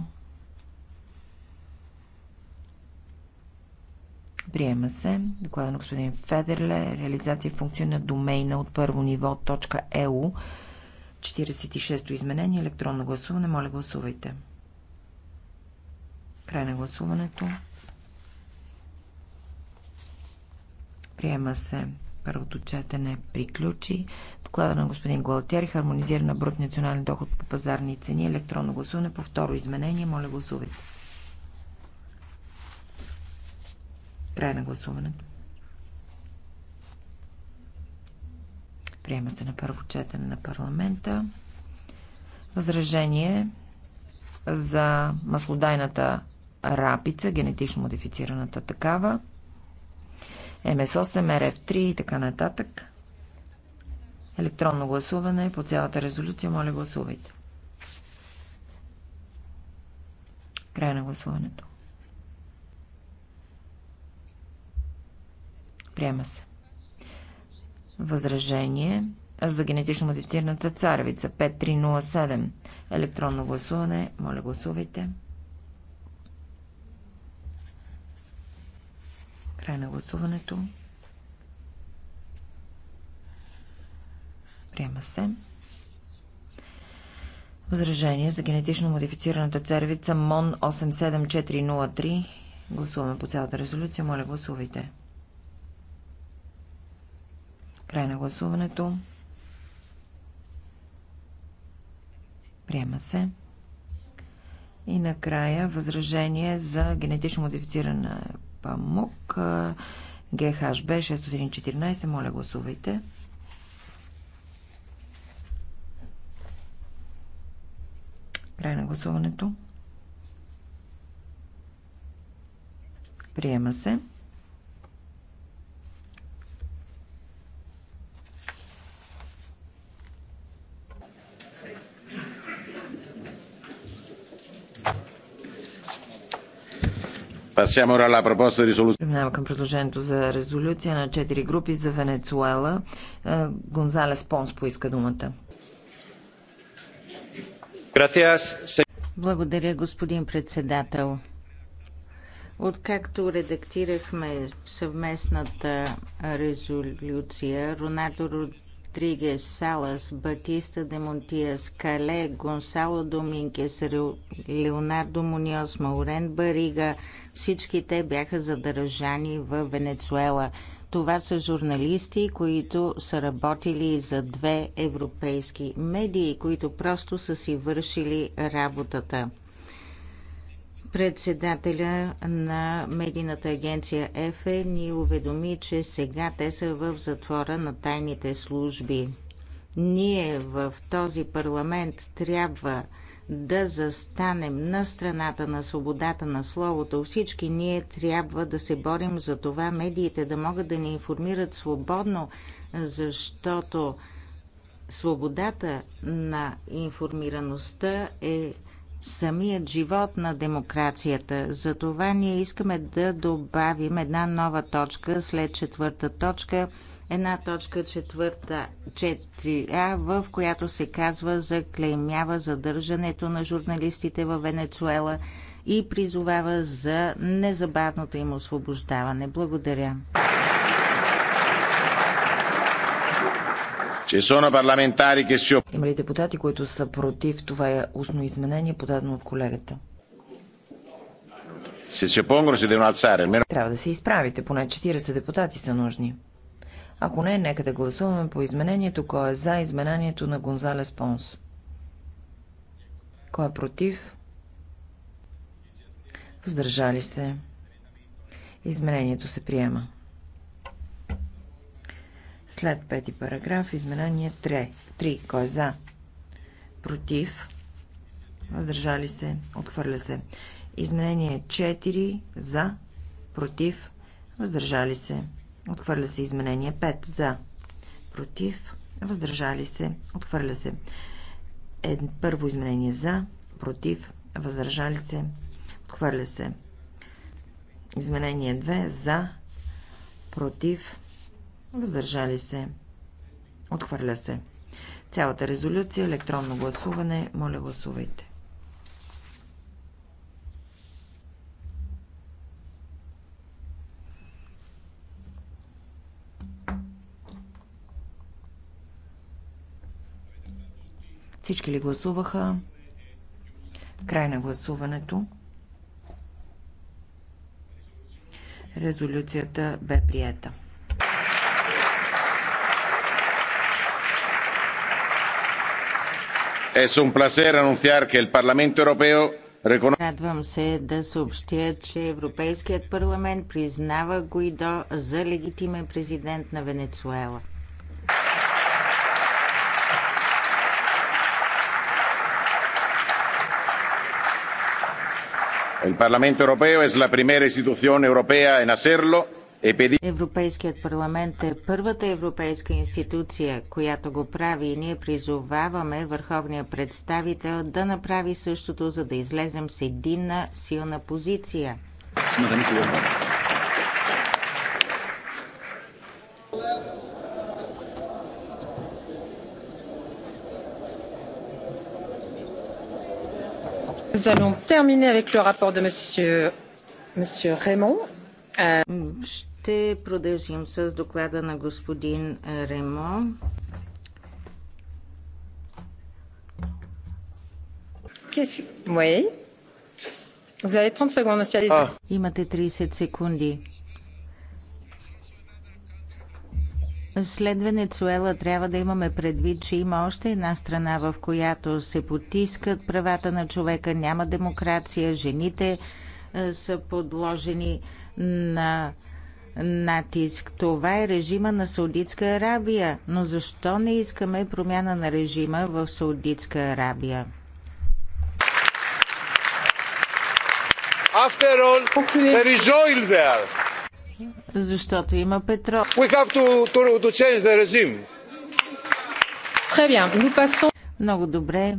Приема се. Доклада на господин Федерле. Реализация функционна функция на домейна от първо ниво ЕУ. 46-то изменение, електронно гласуване. Моля, гласувайте. Край на гласуването. Приема се първото четене приключи. Доклада на господин Гуалтери, хармонизиран на брут национален доход по пазарни цени, електронно гласуване по второ изменение. Моля, гласувайте. Край на гласуването. Приема се на първо четене на парламента. Възражение за маслодайната рапица, генетично модифицираната такава, МС8, РФ3 и така нататък. Електронно гласуване по цялата резолюция. Моля, гласувайте. Край на гласуването. Приема се. Възражение за генетично модифицираната царевица 5307. Електронно гласуване. Моля, гласувайте. Край на гласуването. Приема се. Възражение за генетично модифицираната царевица МОН 87403. Гласуваме по цялата резолюция. Моля, гласувайте. Край на гласуването. Приема се. И накрая възражение за генетично модифициран памук ГХБ 614. Моля, гласувайте. Край на гласуването. Приема се. Преминава към предложението за резолюция на четири групи за Венецуела. Е, Гонзалес Понс поиска думата. Благодаря, господин председател. Откакто редактирахме съвместната резолюция, Ронардо Salas, Салас, Батиста Montias, Calé, Гонсало Доминкес, Леонардо Муниос, Маурен Барига. Всички те бяха задържани в Венецуела. Това са журналисти, които са работили за две европейски медии, които просто са си вършили работата. Председателя на медийната агенция ЕФЕ ни уведоми, че сега те са в затвора на тайните служби. Ние в този парламент трябва да застанем на страната на свободата на словото. Всички ние трябва да се борим за това медиите да могат да ни информират свободно, защото свободата на информираността е самият живот на демокрацията. Затова ние искаме да добавим една нова точка след четвърта точка, една точка четвърта 4а, в която се казва заклеймява задържането на журналистите в Венецуела и призовава за незабавното им освобождаване. Благодаря. Има ли депутати, които са против това е устно изменение, подадено от колегата? Трябва да се изправите, поне 40 депутати са нужни. Ако не, нека да гласуваме по изменението, кой е за изменението на Гонзалес Понс. Кой е против? Въздържали се. Изменението се приема. След пети параграф, изменение 3. 3. Кой е за? Против. Въздържали се. Отхвърля се. Изменение 4. За. Против. Въздържали се. Отхвърля се. Изменение 5. За. Против. Въздържали се. Отхвърля се. Е, първо изменение за. Против. Въздържали се. Отхвърля се. Изменение 2. За. Против Въздържали се. Отхвърля се. Цялата резолюция, електронно гласуване. Моля, гласувайте. Всички ли гласуваха? Край на гласуването. Резолюцията бе приета. Es un placer anunciar que el Parlamento Europeo Радвам се да съобщя, че Европейският парламент признава Гуидо за легитимен президент на Венецуела. El Parlamento Europeo es la primera institución europea en hacerlo. Европейският парламент е първата европейска институция, която го прави и ние призоваваме върховния представител да направи същото, за да излезем с единна силна позиция. Nous allons terminer avec le rapport de Monsieur, Monsieur Raymond. Euh... Ще продължим с доклада на господин Ремо. Ah. Имате 30 секунди. След Венецуела трябва да имаме предвид, че има още една страна, в която се потискат правата на човека, няма демокрация, жените е, са подложени на натиск. Това е режима на Саудитска Арабия. Но защо не искаме промяна на режима в Саудитска Арабия? After all, there is oil there. Защото има петрол. We have to, to, to change the regime. Très bien. Nous passons... Много добре.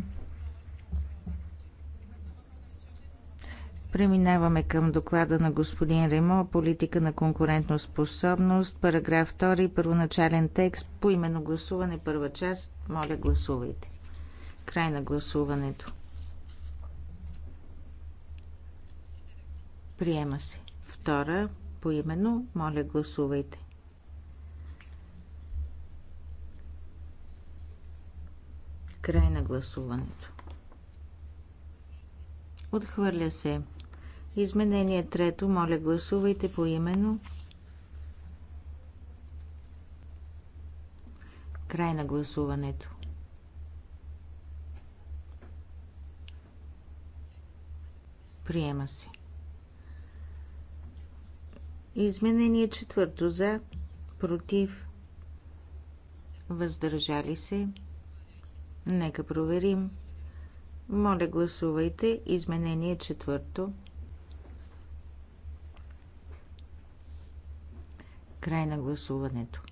Преминаваме към доклада на господин Ремо, политика на конкурентно способност, параграф 2, първоначален текст, по именно гласуване, първа част. Моля, гласувайте. Край на гласуването. Приема се. Втора, по именно, моля, гласувайте. Край на гласуването. Отхвърля се. Изменение трето, моля гласувайте по имено. Край на гласуването. Приема се. Изменение четвърто за, против, въздържали се. Нека проверим. Моля гласувайте изменение четвърто. Край на гласуването.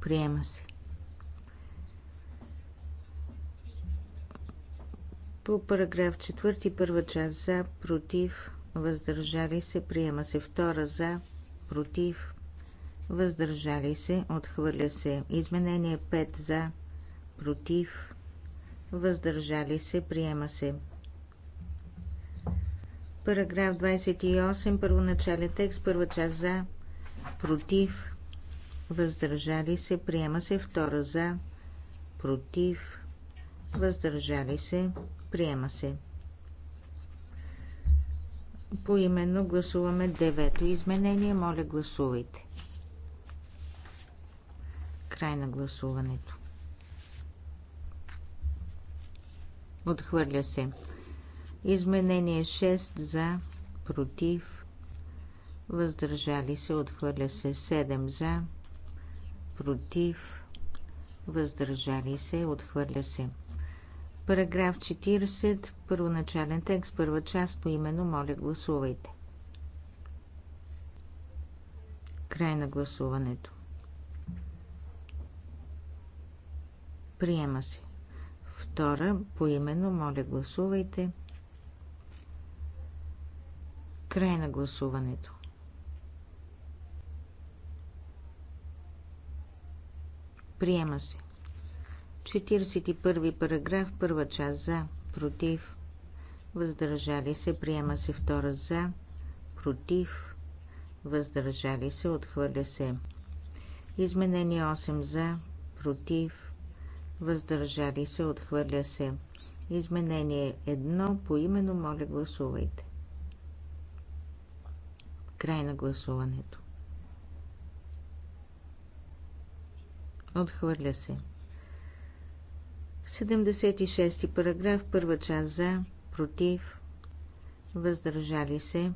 Приема се. По параграф 4, първа част за, против, въздържали се, приема се. Втора за, против, въздържали се, отхвърля се. Изменение 5 за, против, въздържали се, приема се. Параграф 28, първоначален текст, първа част за, против, въздържали се, приема се, втора за, против, въздържали се, приема се. Поименно гласуваме девето изменение. Моля, гласувайте. Край на гласуването. Отхвърля се. Изменение 6 за, против, въздържали се, отхвърля се 7 за, против, въздържали се, отхвърля се. Параграф 40, първоначален текст, първа част по именно, моля гласувайте. Край на гласуването. Приема се. Втора, по именно, моля гласувайте. Край на гласуването. Приема се. 41 параграф, първа част за, против, въздържали се, приема се втора за, против, въздържали се, отхвърля се. Изменение 8 за, против, въздържали се, отхвърля се. Изменение 1 по именно, моля гласувайте. Край на гласуването. Отхвърля се. 76 параграф, първа част за, против, въздържали се,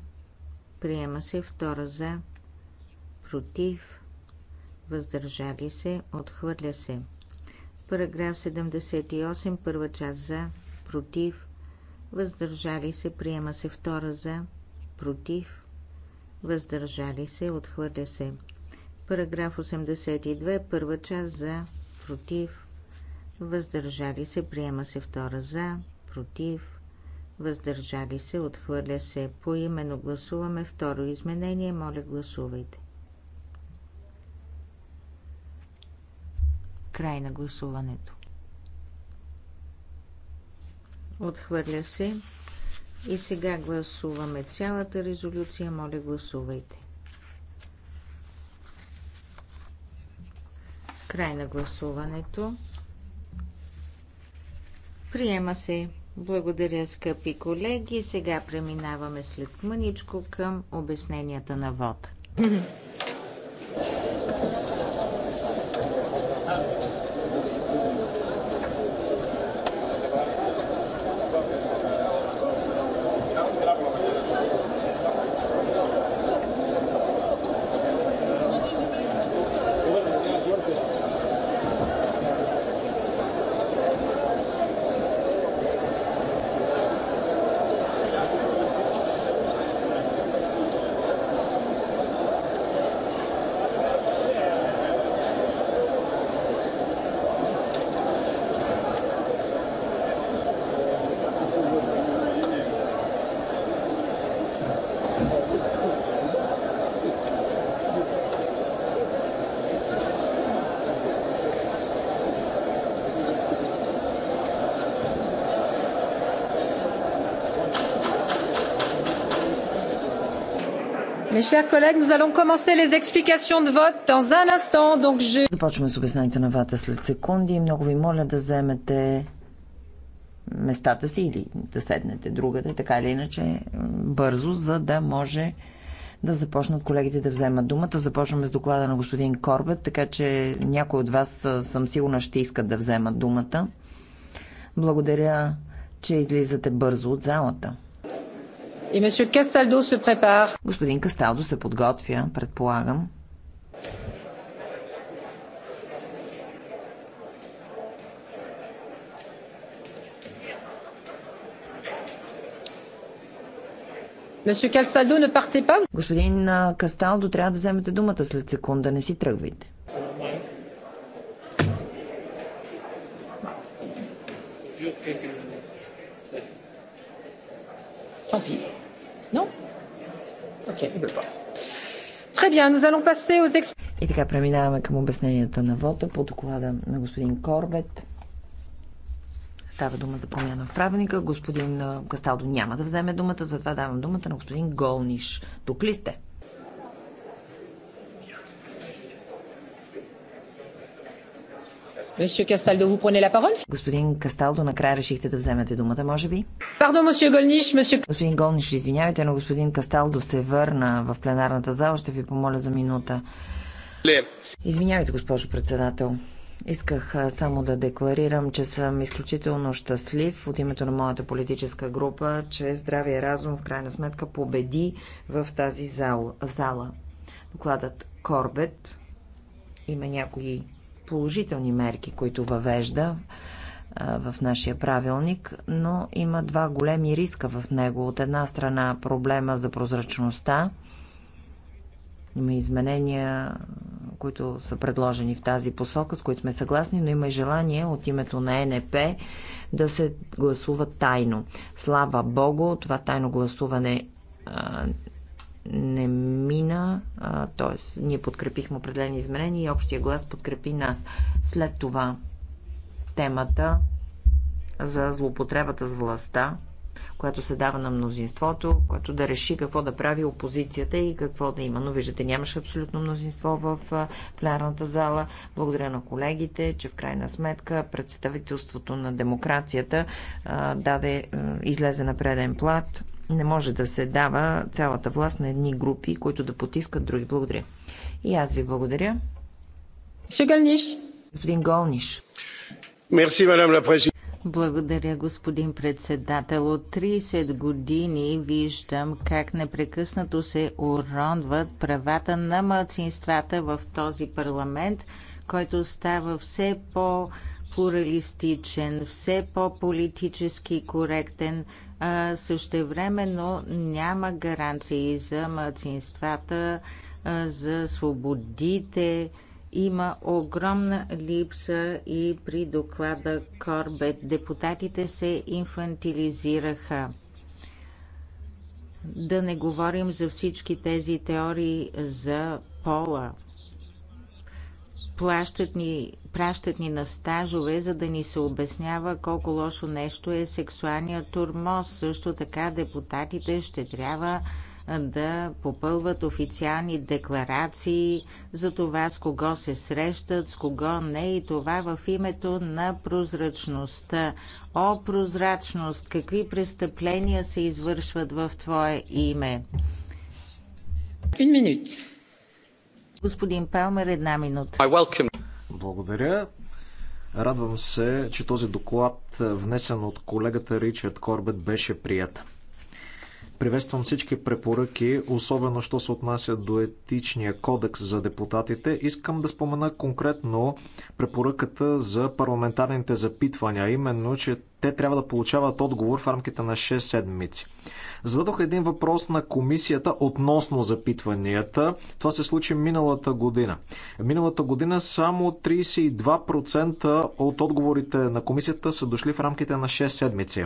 приема се, втора за, против, въздържали се, отхвърля се. Параграф 78, първа част за, против, въздържали се, приема се, втора за, против, въздържали се, отхвърля се. Параграф 82, първа част за, против, въздържали се, приема се втора за, против, въздържали се, отхвърля се. По имено гласуваме второ изменение, моля гласувайте. Край на гласуването. Отхвърля се. И сега гласуваме цялата резолюция. Моля, гласувайте. Край на гласуването. Приема се. Благодаря, скъпи колеги. Сега преминаваме след мъничко към обясненията на вода. chers collègues, nous allons commencer les explications de vote dans un instant. Donc je... Започваме с обяснаните на вата след секунди. Много ви моля да вземете местата си или да седнете другата, така или иначе, бързо, за да може да започнат колегите да вземат думата. Започваме с доклада на господин Корбет, така че някои от вас съм сигурна ще искат да вземат думата. Благодаря, че излизате бързо от залата. И месье Касталдо се препар. Господин Касталдо се подготвя, предполагам. Господин Касталдо, трябва да вземете думата след секунда. Не си тръгвайте. Tant pis. Окей, okay, и така преминаваме към обясненията на ВОТА по доклада на господин Корбет. Става дума за промяна в правилника. Господин Касталдо няма да вземе думата, затова давам думата на господин Голниш. Тук ли сте? Господин Касталдо, накрая решихте да вземете думата, може би? Pardon, monsieur Голниш, monsieur... Господин Голниш, извинявайте, но господин Касталдо се върна в пленарната зала. Ще ви помоля за минута. Извинявайте, госпожо председател. Исках само да декларирам, че съм изключително щастлив от името на моята политическа група, че здравия разум в крайна сметка победи в тази зал, зала. Докладът Корбет има някои положителни мерки, които въвежда в нашия правилник, но има два големи риска в него. От една страна проблема за прозрачността. Има изменения, които са предложени в тази посока, с които сме съгласни, но има и желание от името на НП да се гласува тайно. Слава Богу, това тайно гласуване не мина, т.е. ние подкрепихме определени изменения и общия глас подкрепи нас. След това темата за злоупотребата с властта, която се дава на мнозинството, което да реши какво да прави опозицията и какво да има. Но виждате, нямаше абсолютно мнозинство в пленарната зала. Благодаря на колегите, че в крайна сметка представителството на демокрацията а, даде, а, излезе на преден плат не може да се дава цялата власт на едни групи, които да потискат други. Благодаря. И аз ви благодаря. Шегалниш. Господин Голниш. Мерси, мадам ла благодаря, господин председател. От 30 години виждам как непрекъснато се уронват правата на младсинствата в този парламент, който става все по-плуралистичен, все по-политически коректен, а същевременно няма гаранции за младсинствата, за свободите. Има огромна липса и при доклада Корбет депутатите се инфантилизираха. Да не говорим за всички тези теории за пола. Плащат ни пращат ни на стажове, за да ни се обяснява колко лошо нещо е сексуалният турмоз. Също така депутатите ще трябва да попълват официални декларации за това с кого се срещат, с кого не и това в името на прозрачността. О, прозрачност, какви престъпления се извършват в твое име? Господин Палмер, една минута. Благодаря. Радвам се, че този доклад, внесен от колегата Ричард Корбет, беше прият. Приветствам всички препоръки, особено що се отнася до етичния кодекс за депутатите. Искам да спомена конкретно препоръката за парламентарните запитвания, именно, че те трябва да получават отговор в рамките на 6 седмици. Зададох един въпрос на комисията относно запитванията. Това се случи миналата година. Миналата година само 32% от отговорите на комисията са дошли в рамките на 6 седмици.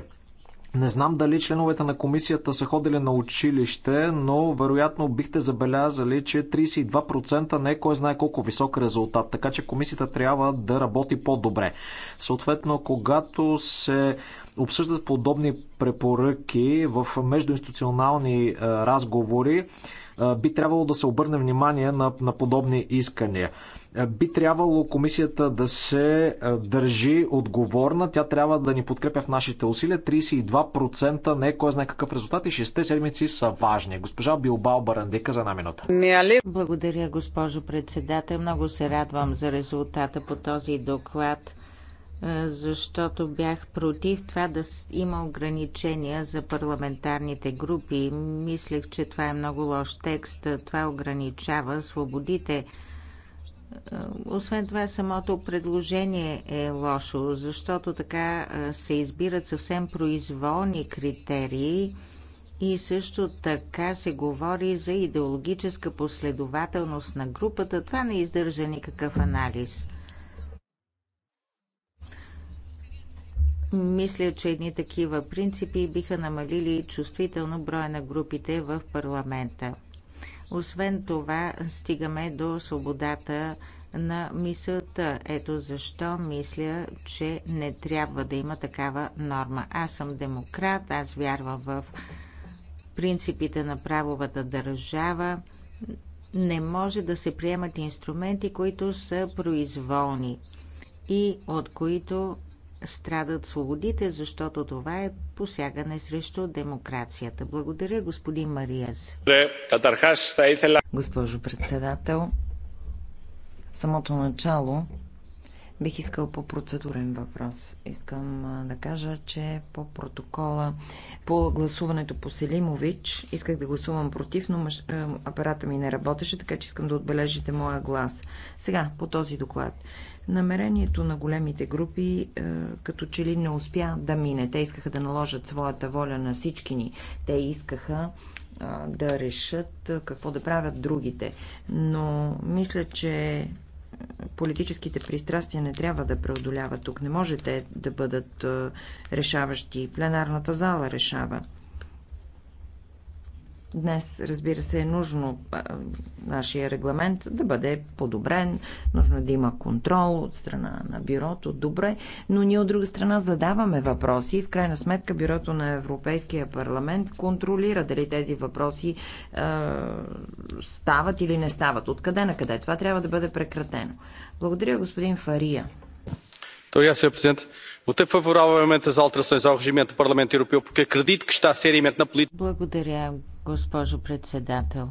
Не знам дали членовете на комисията са ходили на училище, но вероятно бихте забелязали, че 32% не е кой знае колко висок резултат, така че комисията трябва да работи по-добре. Съответно, когато се обсъждат подобни препоръки в междуинституционални е, разговори, е, би трябвало да се обърне внимание на, на подобни искания би трябвало комисията да се държи отговорна. Тя трябва да ни подкрепя в нашите усилия. 32% не е кой знае какъв резултат и 6 седмици са важни. Госпожа Билбао Барандика за една минута. Благодаря, госпожо председател. Много се радвам за резултата по този доклад защото бях против това да има ограничения за парламентарните групи. Мислех, че това е много лош текст. Това ограничава свободите е, освен това, самото предложение е лошо, защото така е, се избират съвсем произволни критерии и също така се говори за идеологическа последователност на групата. Това не издържа никакъв анализ. Мисля, че едни такива принципи биха намалили чувствително броя на групите в парламента. Освен това, стигаме до свободата на мисълта. Ето защо мисля, че не трябва да има такава норма. Аз съм демократ, аз вярвам в принципите на правовата държава. Не може да се приемат инструменти, които са произволни и от които страдат свободите, защото това е посягане срещу демокрацията. Благодаря, господин Мариес. Госпожо председател, в самото начало бих искал по процедурен въпрос. Искам да кажа, че по протокола, по гласуването по Селимович, исках да гласувам против, но мъж, апарата ми не работеше, така че искам да отбележите моя глас. Сега, по този доклад намерението на големите групи е, като че ли не успя да мине. Те искаха да наложат своята воля на всички ни. Те искаха е, да решат е, какво да правят другите. Но мисля, че политическите пристрастия не трябва да преодоляват тук. Не можете да бъдат решаващи. Пленарната зала решава. Днес, разбира се, е нужно а, нашия регламент да бъде подобрен, нужно е да има контрол от страна на бюрото, добре, но ние от друга страна задаваме въпроси и в крайна сметка бюрото на Европейския парламент контролира дали тези въпроси а, стават или не стават. Откъде на къде? Това трябва да бъде прекратено. Благодаря, господин Фария. Obrigado, Sr. президент. Votei favoravelmente as alterações ao regimento do Parlamento Europeu porque acredito que está seriamente na política. Благодаря, госпожо председател.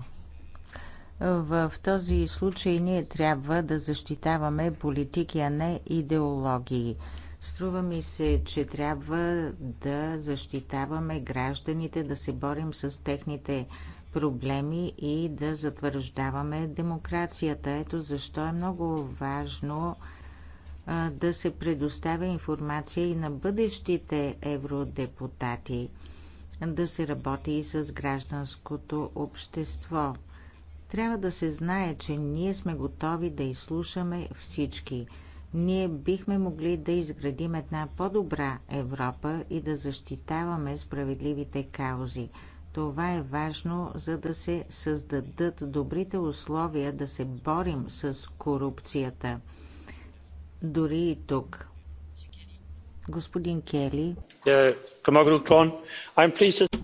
В този случай ние трябва да защитаваме политики, а не идеологии. Струва ми се, че трябва да защитаваме гражданите, да се борим с техните проблеми и да затвърждаваме демокрацията. Ето защо е много важно да се предоставя информация и на бъдещите евродепутати – да се работи и с гражданското общество. Трябва да се знае, че ние сме готови да изслушаме всички. Ние бихме могли да изградим една по-добра Европа и да защитаваме справедливите каузи. Това е важно, за да се създадат добрите условия да се борим с корупцията. Дори и тук, Господин Кели.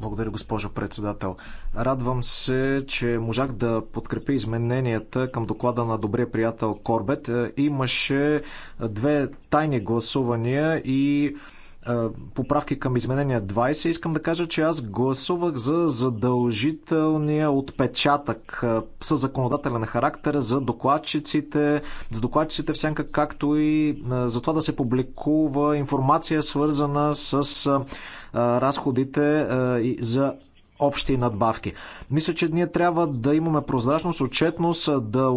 Благодаря, госпожо председател. Радвам се, че можах да подкрепя измененията към доклада на добрия приятел Корбет. Имаше две тайни гласувания и е, поправки към изменения 20, искам да кажа, че аз гласувах за задължителния отпечатък е, с законодателен характер за докладчиците, за докладчиците всяка, сянка, както и е, за това да се публикува информация свързана с разходите за общи надбавки. Мисля, че ние трябва да имаме прозрачност, отчетност, да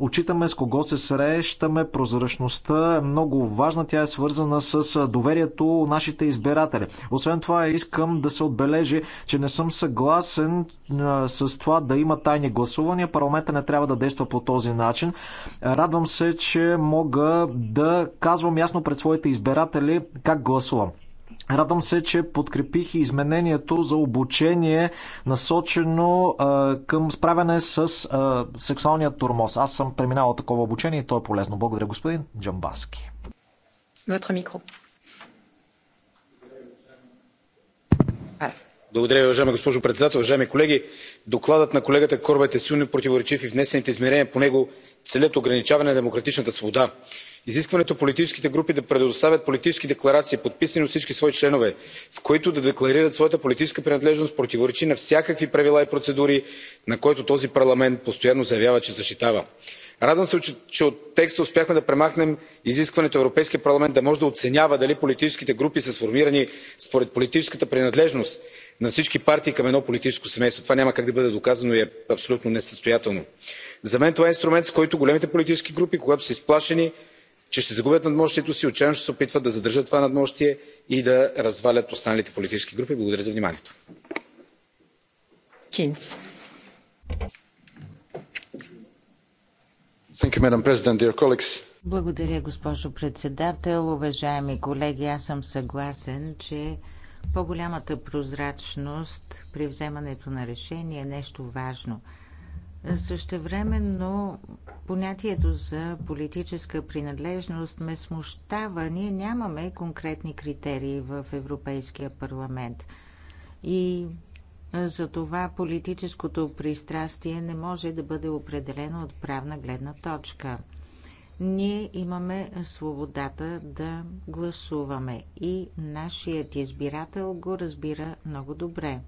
очитаме с кого се срещаме. Прозрачността е много важна, тя е свързана с доверието у нашите избиратели. Освен това, искам да се отбележи, че не съм съгласен с това да има тайни гласувания. Парламента не трябва да действа по този начин. Радвам се, че мога да казвам ясно пред своите избиратели как гласувам. Радвам се, че подкрепих изменението за обучение, насочено а, към справяне с а, сексуалния турмоз. Аз съм преминавал такова обучение и то е полезно. Благодаря, господин Джамбаски. Вътре микро. Благодаря ви, уважаема госпожо председател. Уважаеми колеги, докладът на колегата Корбет е силно противоречив и внесените измерения по него целят ограничаване на демократичната свобода изискването политическите групи да предоставят политически декларации подписани от всички свои членове в които да декларират своята политическа принадлежност противоречи на всякакви правила и процедури на които този парламент постоянно заявява че защитава. радвам се че от текста успяхме да премахнем изискването европейският парламент да може да оценява дали политическите групи са сформирани според политическата принадлежност на всички партии към едно политическо семейство. това няма как да бъде доказано и е абсолютно несъстоятелно. за мен това е инструмент с който големите политически групи когато са изплашени че ще загубят надмощието си отчаяно ще се опитват да задържат това надмощие и да развалят останалите политически групи. Благодаря за вниманието. Благодаря, госпожо председател. Уважаеми колеги, аз съм съгласен, че по-голямата прозрачност при вземането на решение е нещо важно – Същевременно понятието за политическа принадлежност ме смущава. Ние нямаме конкретни критерии в Европейския парламент. И за това политическото пристрастие не може да бъде определено от правна гледна точка. Ние имаме свободата да гласуваме и нашият избирател го разбира много добре.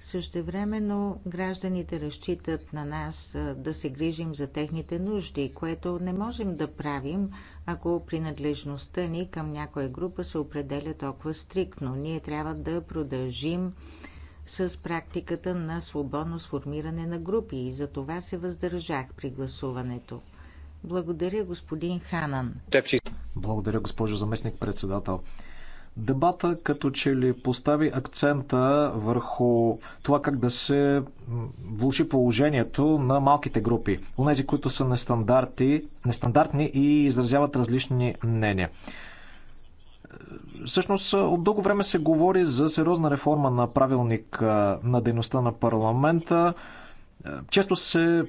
Същевременно гражданите разчитат на нас да се грижим за техните нужди, което не можем да правим, ако принадлежността ни към някоя група се определя толкова стриктно. Ние трябва да продължим с практиката на свободно сформиране на групи и за това се въздържах при гласуването. Благодаря, господин Ханан. Благодаря, госпожо заместник председател. Дебата като че ли постави акцента върху това как да се влуши положението на малките групи, онези, които са нестандарти, нестандартни и изразяват различни мнения. Всъщност, от дълго време се говори за сериозна реформа на правилник на дейността на парламента. Често се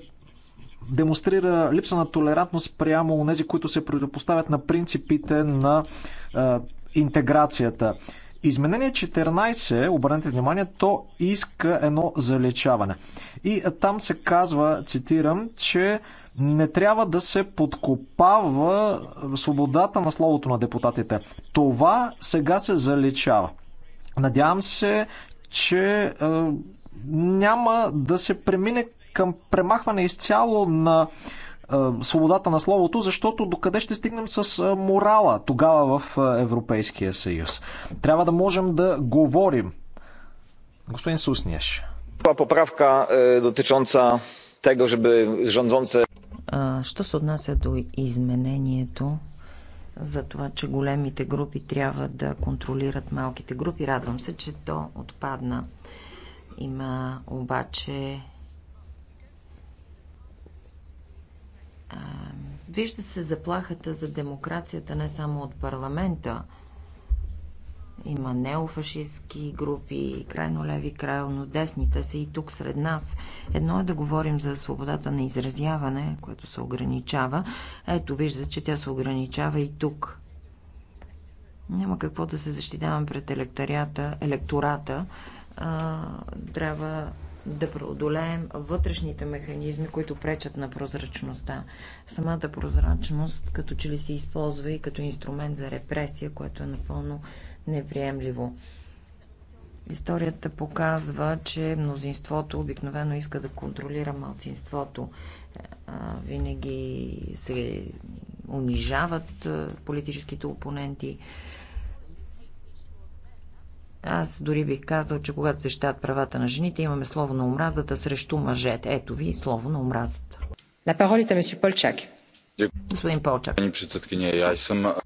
демонстрира липса на толерантност прямо у нези, които се противопоставят на принципите на интеграцията. Изменение 14, обърнете внимание, то иска едно залечаване. И там се казва, цитирам, че не трябва да се подкопава свободата на словото на депутатите. Това сега се залечава. Надявам се, че е, няма да се премине към премахване изцяло на свободата на словото, защото докъде ще стигнем с морала тогава в Европейския съюз? Трябва да можем да говорим. Господин поправка е дотичонца тега, че żeby жанзонце... Що се отнася до изменението за това, че големите групи трябва да контролират малките групи, радвам се, че то отпадна. Има обаче А, вижда се заплахата за демокрацията не само от парламента. Има неофашистски групи, крайно леви, крайно десни. Те са и тук сред нас. Едно е да говорим за свободата на изразяване, което се ограничава. Ето, вижда, че тя се ограничава и тук. Няма какво да се защитавам пред електората. електората а, трябва да преодолеем вътрешните механизми, които пречат на прозрачността. Самата прозрачност като че ли се използва и като инструмент за репресия, което е напълно неприемливо. Историята показва, че мнозинството обикновено иска да контролира малцинството. Е, винаги се унижават е, политическите опоненти аз дори бих казал, че когато се щат правата на жените, имаме слово на омразата срещу мъжете. Ето ви слово на омразата. На паролите ми Полчак. Господин Полчак.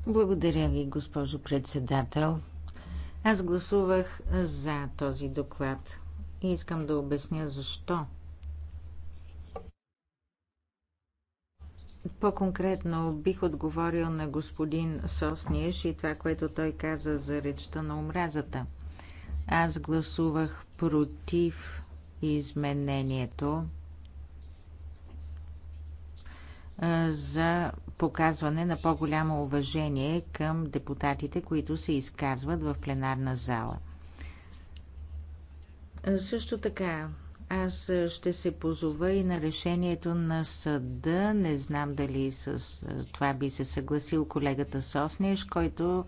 Благодаря ви, госпожо председател. Аз гласувах за този доклад и искам да обясня защо. По-конкретно бих отговорил на господин Сосниеш и това, което той каза за речта на омразата – аз гласувах против изменението за показване на по-голямо уважение към депутатите, които се изказват в пленарна зала. Също така, аз ще се позова и на решението на съда. Не знам дали с това би се съгласил колегата Соснеш, който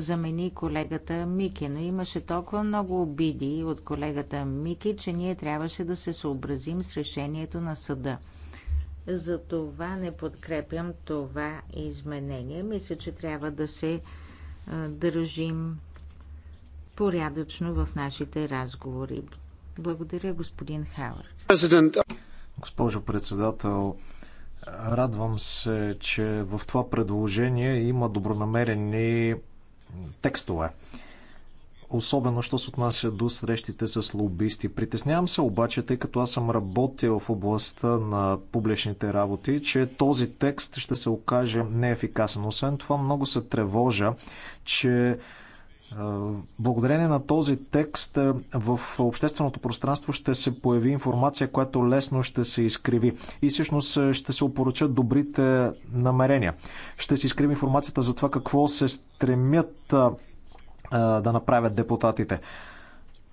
замени колегата Мики, но имаше толкова много обиди от колегата Мики, че ние трябваше да се съобразим с решението на съда. Затова не подкрепям това изменение. Мисля, че трябва да се държим порядъчно в нашите разговори. Благодаря, господин Хауърд. Госпожо председател, радвам се, че в това предложение има добронамерени текстове. Особено, що се отнася до срещите с лобисти. Притеснявам се обаче, тъй като аз съм работил в областта на публичните работи, че този текст ще се окаже неефикасен. Освен това, много се тревожа, че Благодарение на този текст в общественото пространство ще се появи информация, която лесно ще се изкриви и всъщност ще се опоръчат добрите намерения. Ще се изкриви информацията за това какво се стремят да направят депутатите.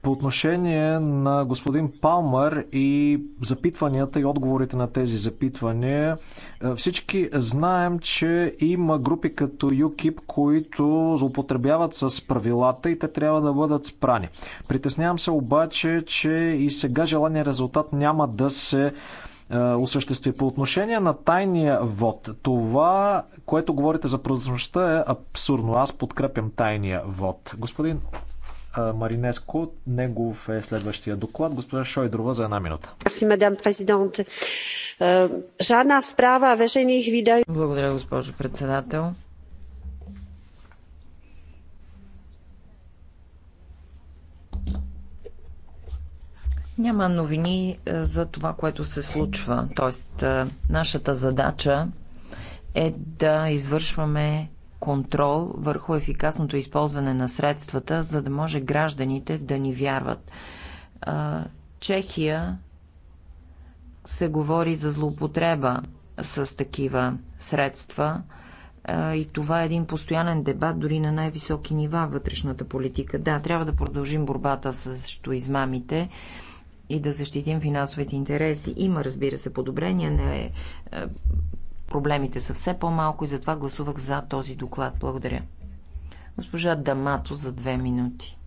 По отношение на господин Палмър и запитванията и отговорите на тези запитвания, е, всички знаем, че има групи като ЮКИП, които злоупотребяват с правилата и те трябва да бъдат спрани. Притеснявам се обаче, че и сега желания резултат няма да се е, осъществи. По отношение на тайния вод, това, което говорите за прозрачността е абсурдно. Аз подкрепям тайния вод. Господин Маринеско. Негов е следващия доклад. Госпожа Шойдрова за една минута. Euh, Благодаря, госпожо председател. Няма новини е, за това, което се случва. Тоест, е, нашата задача е да извършваме контрол върху ефикасното използване на средствата, за да може гражданите да ни вярват. Чехия се говори за злоупотреба с такива средства и това е един постоянен дебат дори на най-високи нива вътрешната политика. Да, трябва да продължим борбата срещу измамите и да защитим финансовите интереси. Има, разбира се, подобрения. Не е Проблемите са все по-малко и затова гласувах за този доклад. Благодаря. Госпожа Дамато за две минути.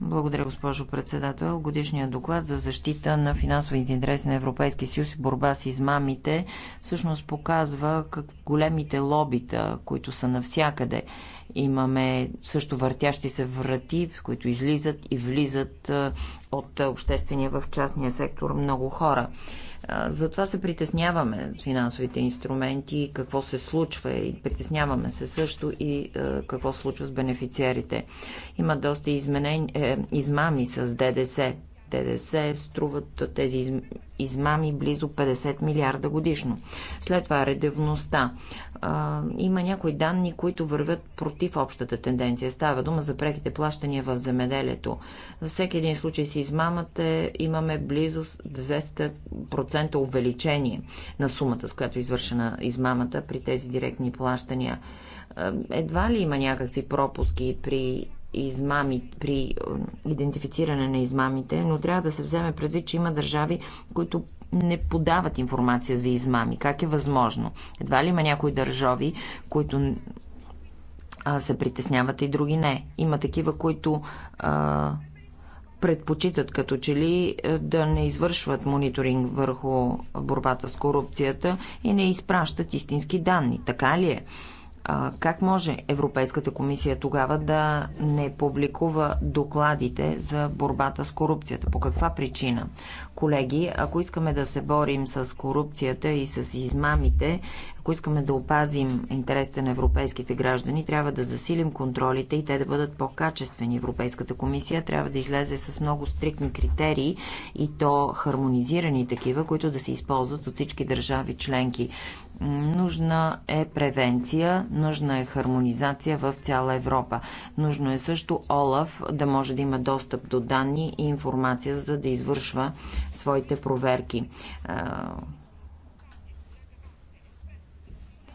Благодаря, госпожо председател. Годишният доклад за защита на финансовите интереси на Европейския съюз и борба с измамите всъщност показва как големите лобита, които са навсякъде, имаме също въртящи се врати, които излизат и влизат от обществения в частния сектор много хора. Затова се притесняваме финансовите инструменти, какво се случва и притесняваме се също и какво случва с бенефициарите. Има доста изменен, е, измами с ДДС. ДДС струват тези измами близо 50 милиарда годишно. След това редевността. А, има някои данни, които вървят против общата тенденция. Става дума за преките плащания в земеделието. За всеки един случай си измамата е, имаме близо 200% увеличение на сумата, с която е извършена измамата при тези директни плащания едва ли има някакви пропуски при измами, при идентифициране на измамите, но трябва да се вземе предвид, че има държави, които не подават информация за измами. Как е възможно? Едва ли има някои държави, които а, се притесняват и други не. Има такива, които а, предпочитат като че ли е, да не извършват мониторинг върху борбата с корупцията и не изпращат истински данни. Така ли е? как може Европейската комисия тогава да не публикува докладите за борбата с корупцията? По каква причина? Колеги, ако искаме да се борим с корупцията и с измамите, ако искаме да опазим интересите на европейските граждани, трябва да засилим контролите и те да бъдат по-качествени. Европейската комисия трябва да излезе с много стрикни критерии и то хармонизирани такива, които да се използват от всички държави членки. Нужна е превенция, нужна е хармонизация в цяла Европа. Нужно е също ОЛАФ да може да има достъп до данни и информация, за да извършва своите проверки.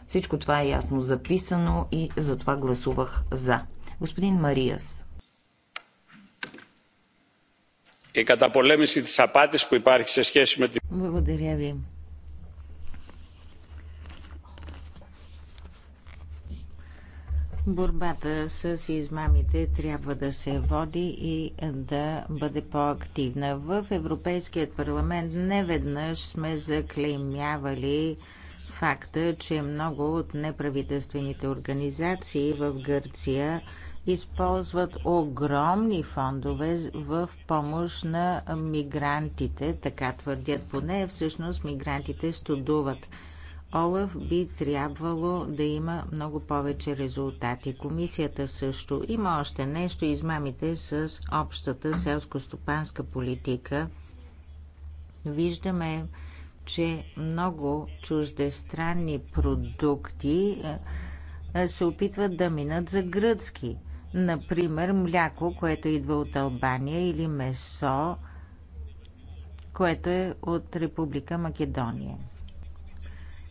Всичко това е ясно записано и затова гласувах за. Господин Мариас. Благодаря ви. Борбата с измамите трябва да се води и да бъде по-активна. В Европейският парламент неведнъж сме заклеймявали факта, че много от неправителствените организации в Гърция използват огромни фондове в помощ на мигрантите, така твърдят поне. Всъщност мигрантите студуват Олаф би трябвало да има много повече резултати. Комисията също има още нещо. Измамите с общата селско-стопанска политика. Виждаме, че много чуждестранни продукти е, е, се опитват да минат за гръцки. Например, мляко, което идва от Албания или месо, което е от Република Македония.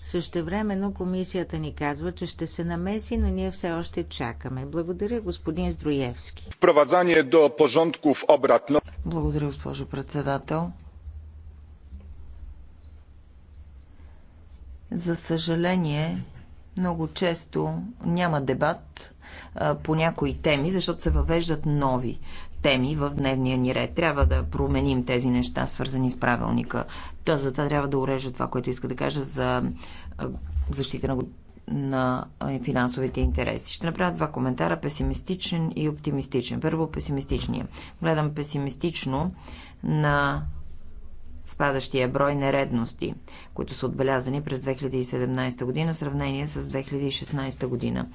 Същевременно комисията ни казва, че ще се намеси, но ние все още чакаме. Благодаря, господин Здроевски. провазание до пожонтков обратно. Благодаря, госпожо председател. За съжаление, много често няма дебат по някои теми, защото се въвеждат нови теми в дневния ни ред. Трябва да променим тези неща, свързани с правилника. Та, затова трябва да урежа това, което иска да кажа за защита на на финансовите интереси. Ще направя два коментара песимистичен и оптимистичен. Първо, песимистичния. Гледам песимистично на спадащия брой нередности, които са отбелязани през 2017 година в сравнение с 2016 година.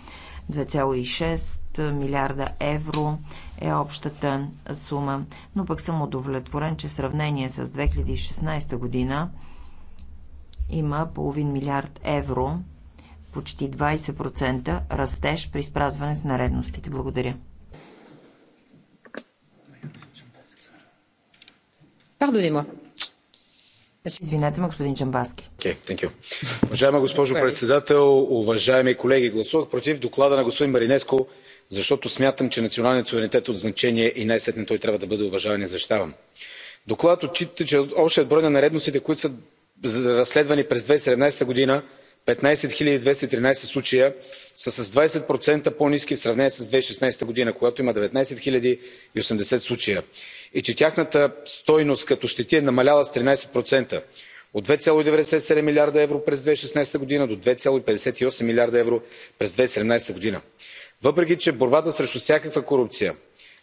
2,6 милиарда евро е общата сума, но пък съм удовлетворен, че в сравнение с 2016 година има половин милиард евро, почти 20% растеж при спразване с наредностите. Благодаря. Pardonnez-moi. Извинете ме, господин Джамбаски. Okay, уважаема госпожо председател, уважаеми колеги, гласувах против доклада на господин Маринеско, защото смятам, че националният суверенитет е от значение и най-сетне той трябва да бъде уважаван и защитаван. Докладът отчита, че общият брой на наредностите, които са разследвани през 2017 година, 15 213 случая са с 20% по низки в сравнение с 2016 година, когато има 19 080 случая е че тяхната стойност като щети е намаляла с 13% от 2,97 милиарда евро през 2016 година до 2,58 милиарда евро през 2017 година. Въпреки че борбата срещу всякаква корупция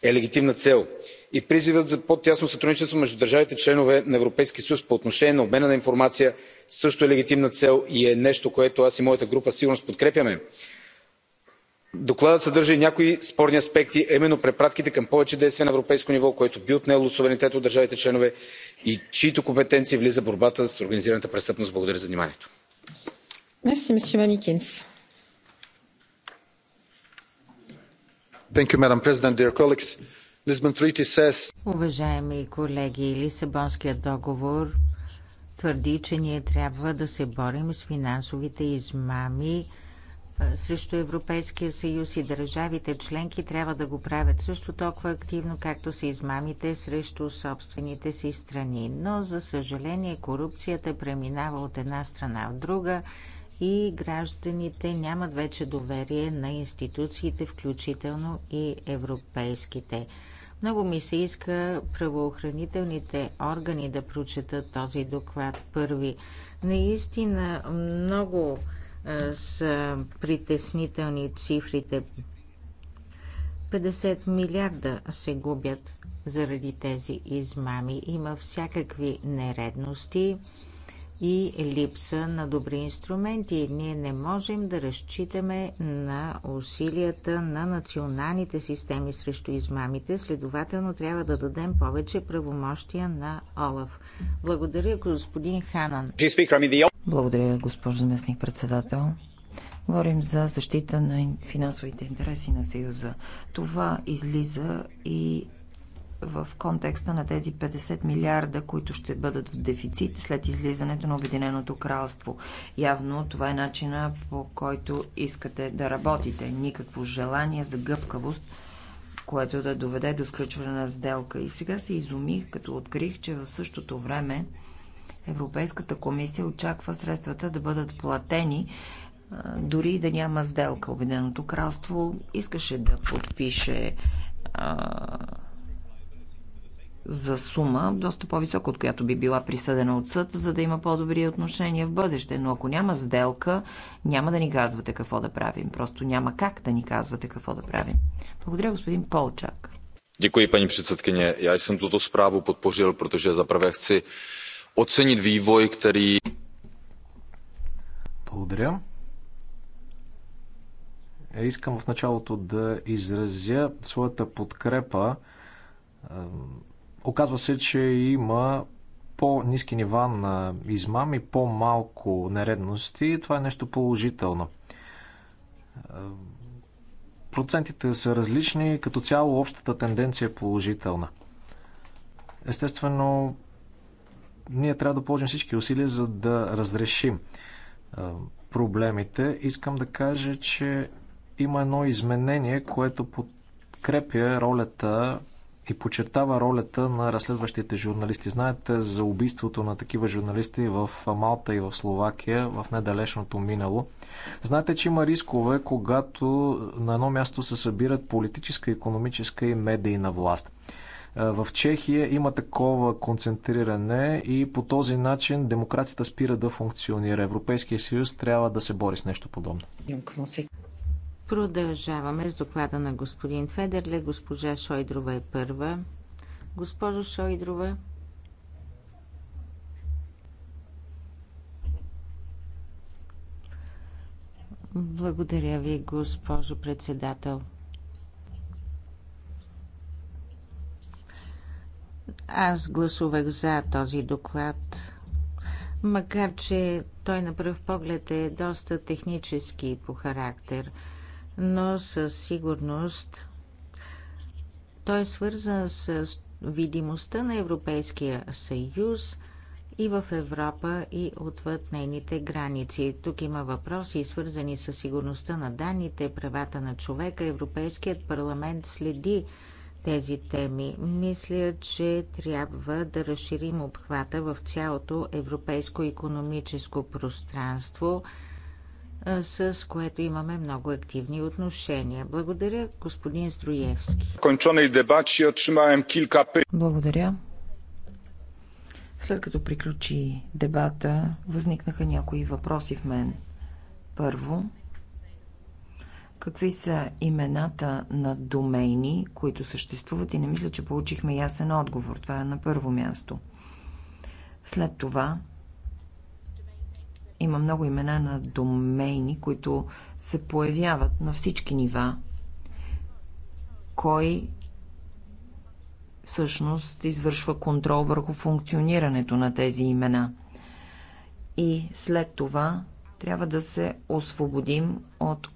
е легитимна цел и призивът за по-тясно сътрудничество между държавите – членове на Европейския съюз по отношение на обмена на информация също е легитимна цел и е нещо, което аз и моята група със сигурност подкрепяме, Докладът съдържа и някои спорни аспекти, а именно препратките към повече действия на европейско ниво, което би отнело суверенитет от държавите членове и в чиито компетенции влиза борбата с организираната престъпност. Благодаря за вниманието. Madam President, dear colleagues. Lisbon Treaty says... Уважаеми колеги, Лисабонският договор твърди, че ние трябва да се борим с финансовите измами, срещу Европейския съюз и държавите членки трябва да го правят също толкова активно, както са измамите срещу собствените си страни. Но, за съжаление, корупцията преминава от една страна в друга и гражданите нямат вече доверие на институциите, включително и европейските. Много ми се иска правоохранителните органи да прочетат този доклад първи. Наистина много са притеснителни цифрите. 50 милиарда се губят заради тези измами. Има всякакви нередности и липса на добри инструменти. Ние не можем да разчитаме на усилията на националните системи срещу измамите, следователно трябва да дадем повече правомощия на ОЛАФ. Благодаря, господин Ханан. Благодаря, госпожо заместник председател. Говорим за защита на финансовите интереси на Съюза. Това излиза и в контекста на тези 50 милиарда, които ще бъдат в дефицит след излизането на Обединеното кралство. Явно това е начина по който искате да работите. Никакво желание за гъвкавост, което да доведе до сключване на сделка. И сега се изумих, като открих, че в същото време Европейската комисия очаква средствата да бъдат платени дори и да няма сделка. Обединеното кралство искаше да подпише а, за сума, доста по-висока, от която би била присъдена от съд, за да има по-добри отношения в бъдеще. Но ако няма сделка, няма да ни казвате какво да правим. Просто няма как да ни казвате какво да правим. Благодаря, господин Полчак. Děkuji, paní předsedkyně. Já jsem tuto zprávu podpořil, protože zaprvé chci оценит vývoj, který... Благодаря. Е, искам в началото да изразя своята подкрепа. Оказва се, че има по-низки нива на измами, по-малко нередности. Това е нещо положително. Процентите са различни, като цяло общата тенденция е положителна. Естествено, ние трябва да положим всички усилия, за да разрешим проблемите. Искам да кажа, че има едно изменение, което подкрепя ролята и подчертава ролята на разследващите журналисти. Знаете за убийството на такива журналисти в Малта и в Словакия в недалечното минало. Знаете, че има рискове, когато на едно място се събират политическа, економическа и медийна власт. В Чехия има такова концентриране и по този начин демокрацията спира да функционира. Европейския съюз трябва да се бори с нещо подобно. Продължаваме с доклада на господин Федерле. Госпожа Шойдрова е първа. Госпожо Шойдрова. Благодаря ви, госпожо председател. Аз гласувах за този доклад, макар че той на пръв поглед е доста технически по характер, но със сигурност той е свързан с видимостта на Европейския съюз и в Европа и отвъд нейните граници. Тук има въпроси, свързани с сигурността на данните, правата на човека. Европейският парламент следи тези теми. Мисля, че трябва да разширим обхвата в цялото европейско економическо пространство, с което имаме много активни отношения. Благодаря, господин Строевски. дебати килка Благодаря. След като приключи дебата, възникнаха някои въпроси в мен. Първо, какви са имената на домейни, които съществуват и не мисля, че получихме ясен отговор. Това е на първо място. След това има много имена на домейни, които се появяват на всички нива. Кой всъщност извършва контрол върху функционирането на тези имена? И след това трябва да се освободим от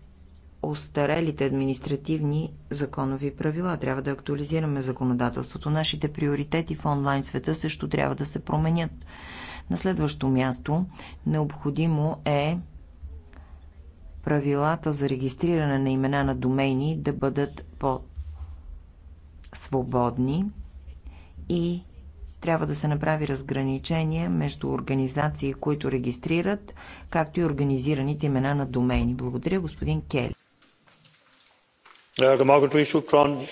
остарелите административни законови правила. Трябва да актуализираме законодателството. Нашите приоритети в онлайн света също трябва да се променят. На следващо място необходимо е правилата за регистриране на имена на домейни да бъдат по-свободни и трябва да се направи разграничение между организации, които регистрират, както и организираните имена на домени. Благодаря, господин Кели. Uh,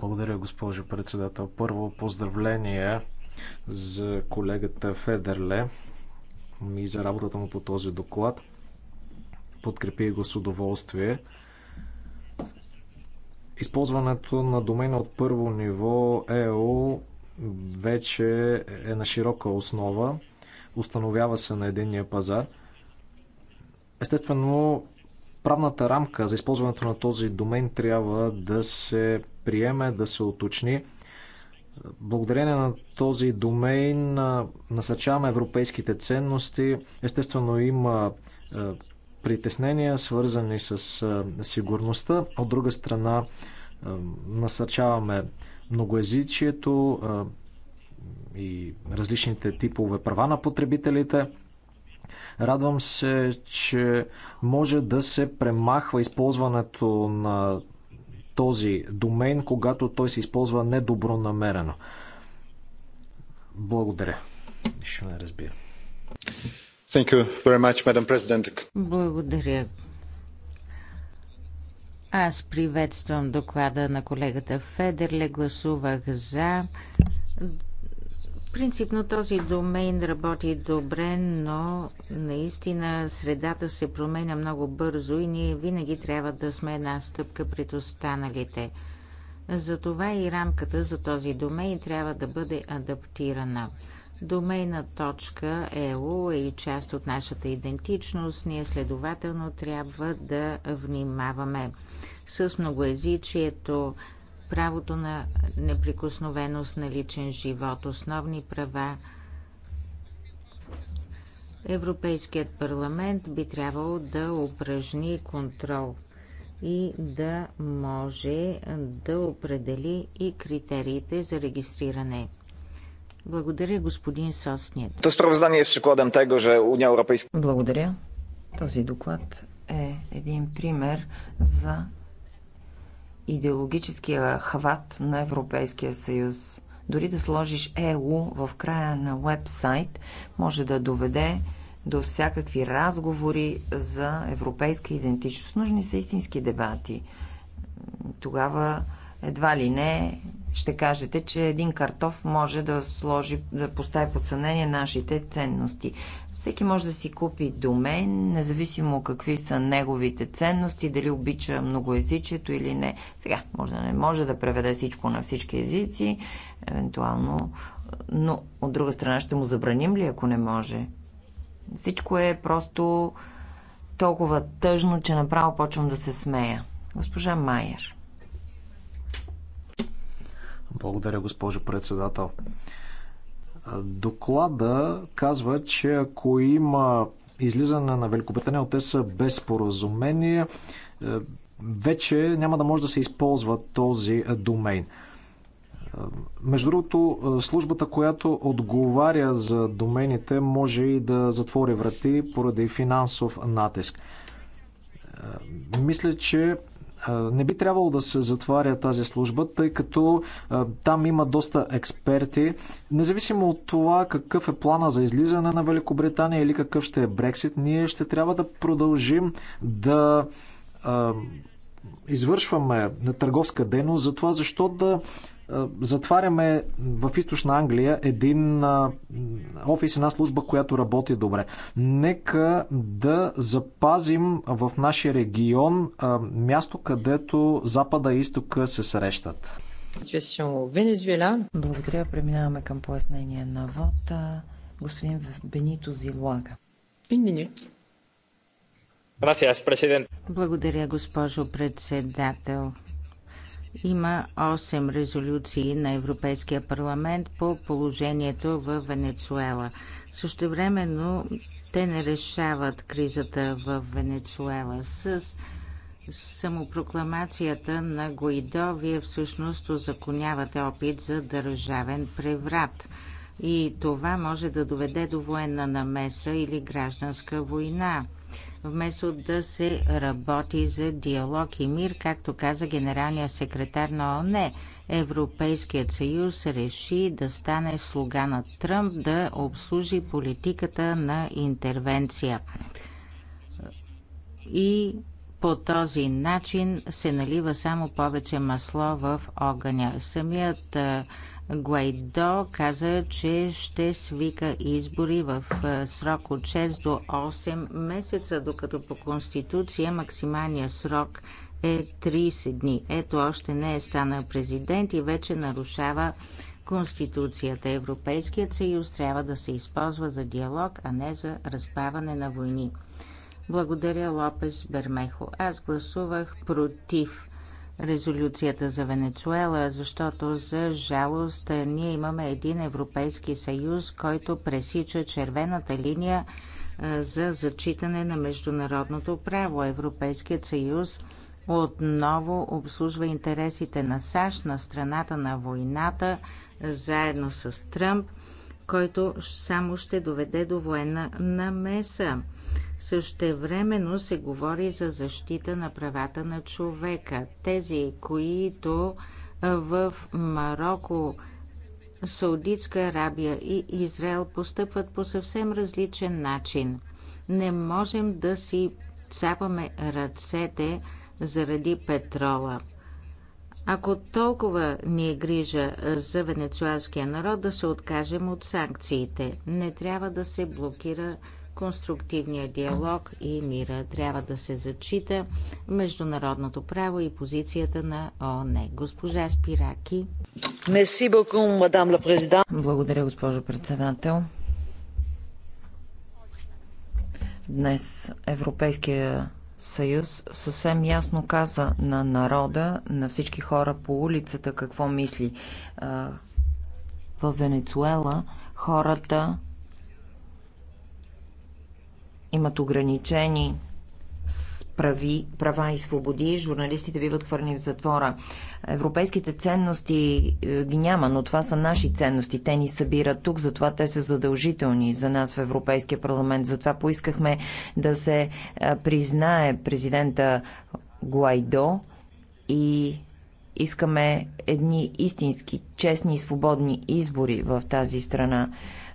Благодаря, госпожо председател. Първо поздравление за колегата Федерле и за работата му по този доклад. Подкрепи го с удоволствие. Използването на домена от първо ниво ЕО вече е на широка основа. Установява се на единния пазар. Естествено, правната рамка за използването на този домен трябва да се приеме, да се уточни. Благодарение на този домейн насърчаваме европейските ценности. Естествено има притеснения, свързани с сигурността. От друга страна насърчаваме многоязичието и различните типове права на потребителите. Радвам се, че може да се премахва използването на този домен, когато той се използва недобронамерено. Благодаря. Нищо не разбира. Thank you very much, Madam President. Благодаря. Аз приветствам доклада на колегата Федерле. Гласувах за. Принципно този домейн работи добре, но наистина средата се променя много бързо и ние винаги трябва да сме една стъпка пред останалите. Затова и рамката за този домейн трябва да бъде адаптирана. Домейна точка .eu е, е и част от нашата идентичност. Ние следователно трябва да внимаваме с многоязичието, правото на неприкосновеност на личен живот, основни права. Европейският парламент би трябвало да упражни контрол и да може да определи и критериите за регистриране. Благодаря, господин Сосният. Това справоздание е прикладом тега, че Уния Европейска... Благодаря. Този доклад е един пример за идеологическия хват на Европейския съюз. Дори да сложиш ЕУ в края на вебсайт, може да доведе до всякакви разговори за европейска идентичност. Нужни са истински дебати. Тогава едва ли не ще кажете, че един картоф може да сложи, да постави под съмнение нашите ценности. Всеки може да си купи домен, независимо какви са неговите ценности, дали обича многоязичието или не. Сега, може да не може да преведе всичко на всички езици, евентуално, но от друга страна ще му забраним ли, ако не може? Всичко е просто толкова тъжно, че направо почвам да се смея. Госпожа Майер. Благодаря, госпожо председател. Доклада казва, че ако има излизане на Великобритания от ЕСА без споразумение, е, вече няма да може да се използва този домейн. Е, между другото, службата, която отговаря за домените, може и да затвори врати поради финансов натиск. Е, мисля, че не би трябвало да се затваря тази служба, тъй като там има доста експерти. Независимо от това какъв е плана за излизане на Великобритания или какъв ще е Брексит, ние ще трябва да продължим да извършваме търговска дейност, за това защо да е, затваряме в източна Англия един офис, една служба, която работи добре. Нека да запазим в нашия регион място, където Запада и Изтока се срещат. Благодаря. Преминаваме към пояснение на вода. Господин Бенито Зилуага. Благодаря, госпожо председател. Има 8 резолюции на Европейския парламент по положението в Венецуела. Също Същевременно те не решават кризата в Венецуела. С самопрокламацията на Гоидо. вие всъщност озаконявате опит за държавен преврат. И това може да доведе до военна намеса или гражданска война вместо да се работи за диалог и мир, както каза генералния секретар на ООН. Европейският съюз реши да стане слуга на Тръмп, да обслужи политиката на интервенция. И по този начин се налива само повече масло в огъня. Самият Гуайдо каза, че ще свика избори в срок от 6 до 8 месеца, докато по Конституция максималният срок е 30 дни. Ето още не е станал президент и вече нарушава Конституцията. Европейският съюз трябва да се използва за диалог, а не за разбаване на войни. Благодаря Лопес Бермехо. Аз гласувах против резолюцията за Венецуела, защото за жалост ние имаме един Европейски съюз, който пресича червената линия за зачитане на международното право. Европейският съюз отново обслужва интересите на САЩ на страната на войната, заедно с Тръмп, който само ще доведе до военна намеса. Същевременно се говори за защита на правата на човека. Тези, които в Марокко, Саудитска Арабия и Израел постъпват по съвсем различен начин. Не можем да си цапаме ръцете заради петрола. Ако толкова ни е грижа за венецуелския народ да се откажем от санкциите, не трябва да се блокира конструктивния диалог и мира. Трябва да се зачита международното право и позицията на ООН. Госпожа Спираки. Благодаря, госпожо председател. Днес Европейския съюз съвсем ясно каза на народа, на всички хора по улицата какво мисли. В Венецуела хората имат ограничени прави, права и свободи, журналистите биват хвърлени в затвора. Европейските ценности е, ги няма, но това са наши ценности. Те ни събират тук, затова те са задължителни за нас в Европейския парламент. Затова поискахме да се е, признае президента Гуайдо и искаме едни истински, честни и свободни избори в тази страна.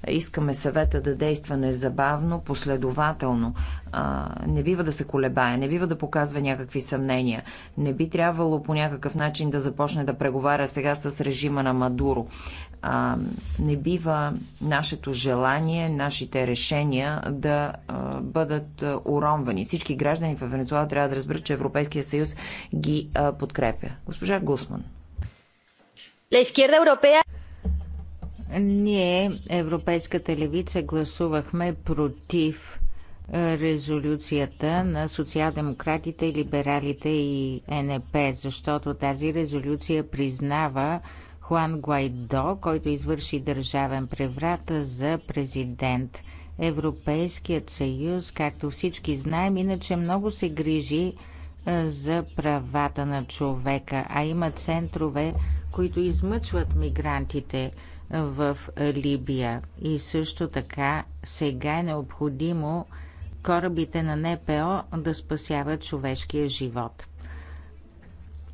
Искаме съвета да действа незабавно, последователно. А, не бива да се колебае, не бива да показва някакви съмнения. Не би трябвало по някакъв начин да започне да преговаря сега с режима на Мадуро. А, не бива нашето желание, нашите решения да а, бъдат уронвани. Всички граждани в Венецуела трябва да разберат, че Европейския съюз ги а, подкрепя. Госпожа Гусман. La izquierda europea ние, Европейската левица, гласувахме против е, резолюцията на социал-демократите, либералите и НП, защото тази резолюция признава Хуан Гуайдо, който извърши държавен преврат за президент. Европейският съюз, както всички знаем, иначе много се грижи е, за правата на човека, а има центрове, които измъчват мигрантите – в Либия. И също така сега е необходимо корабите на НПО да спасяват човешкия живот.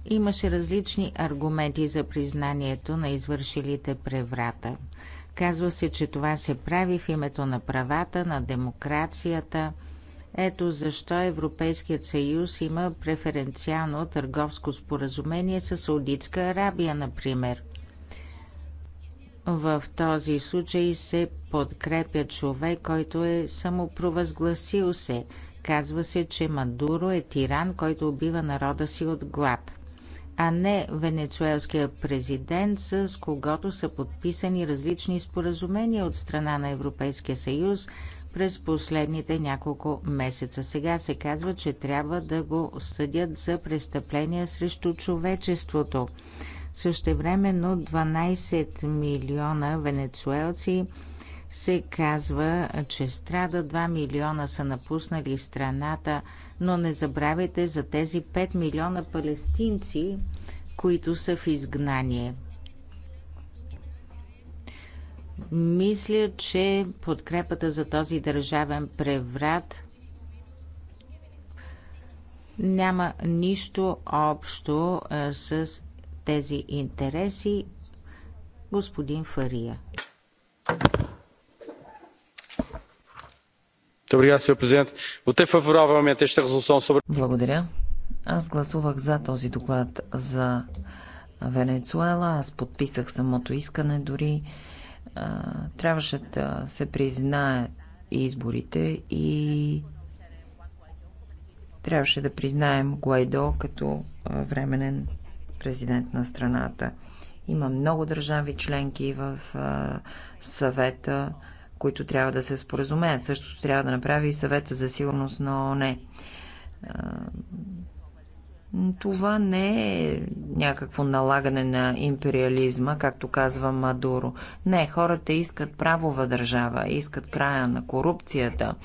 Имаше различни аргументи за признанието на извършилите преврата. Казва се, че това се прави в името на правата, на демокрацията. Ето защо Европейският съюз има преференциално търговско споразумение с Саудитска Арабия, например. В този случай се подкрепя човек, който е самопровъзгласил се. Казва се, че Мадуро е тиран, който убива народа си от глад, а не венецуелския президент, с когото са подписани различни споразумения от страна на Европейския съюз през последните няколко месеца. Сега се казва, че трябва да го съдят за престъпления срещу човечеството. Същевременно 12 милиона венецуелци се казва, че страда 2 милиона са напуснали страната, но не забравяйте за тези 5 милиона палестинци, които са в изгнание. Мисля, че подкрепата за този държавен преврат няма нищо общо с тези интереси господин Фария. Е, Благодаря. Аз гласувах за този доклад за Венецуела. Аз подписах самото искане дори. Трябваше да се признаят изборите и трябваше да признаем Гуайдо като временен президент на страната. Има много държави членки в съвета, които трябва да се споразумеят. Същото трябва да направи и съвета за сигурност на ОНЕ. Това не е някакво налагане на империализма, както казва Мадуро. Не, хората искат правова държава, искат края на корупцията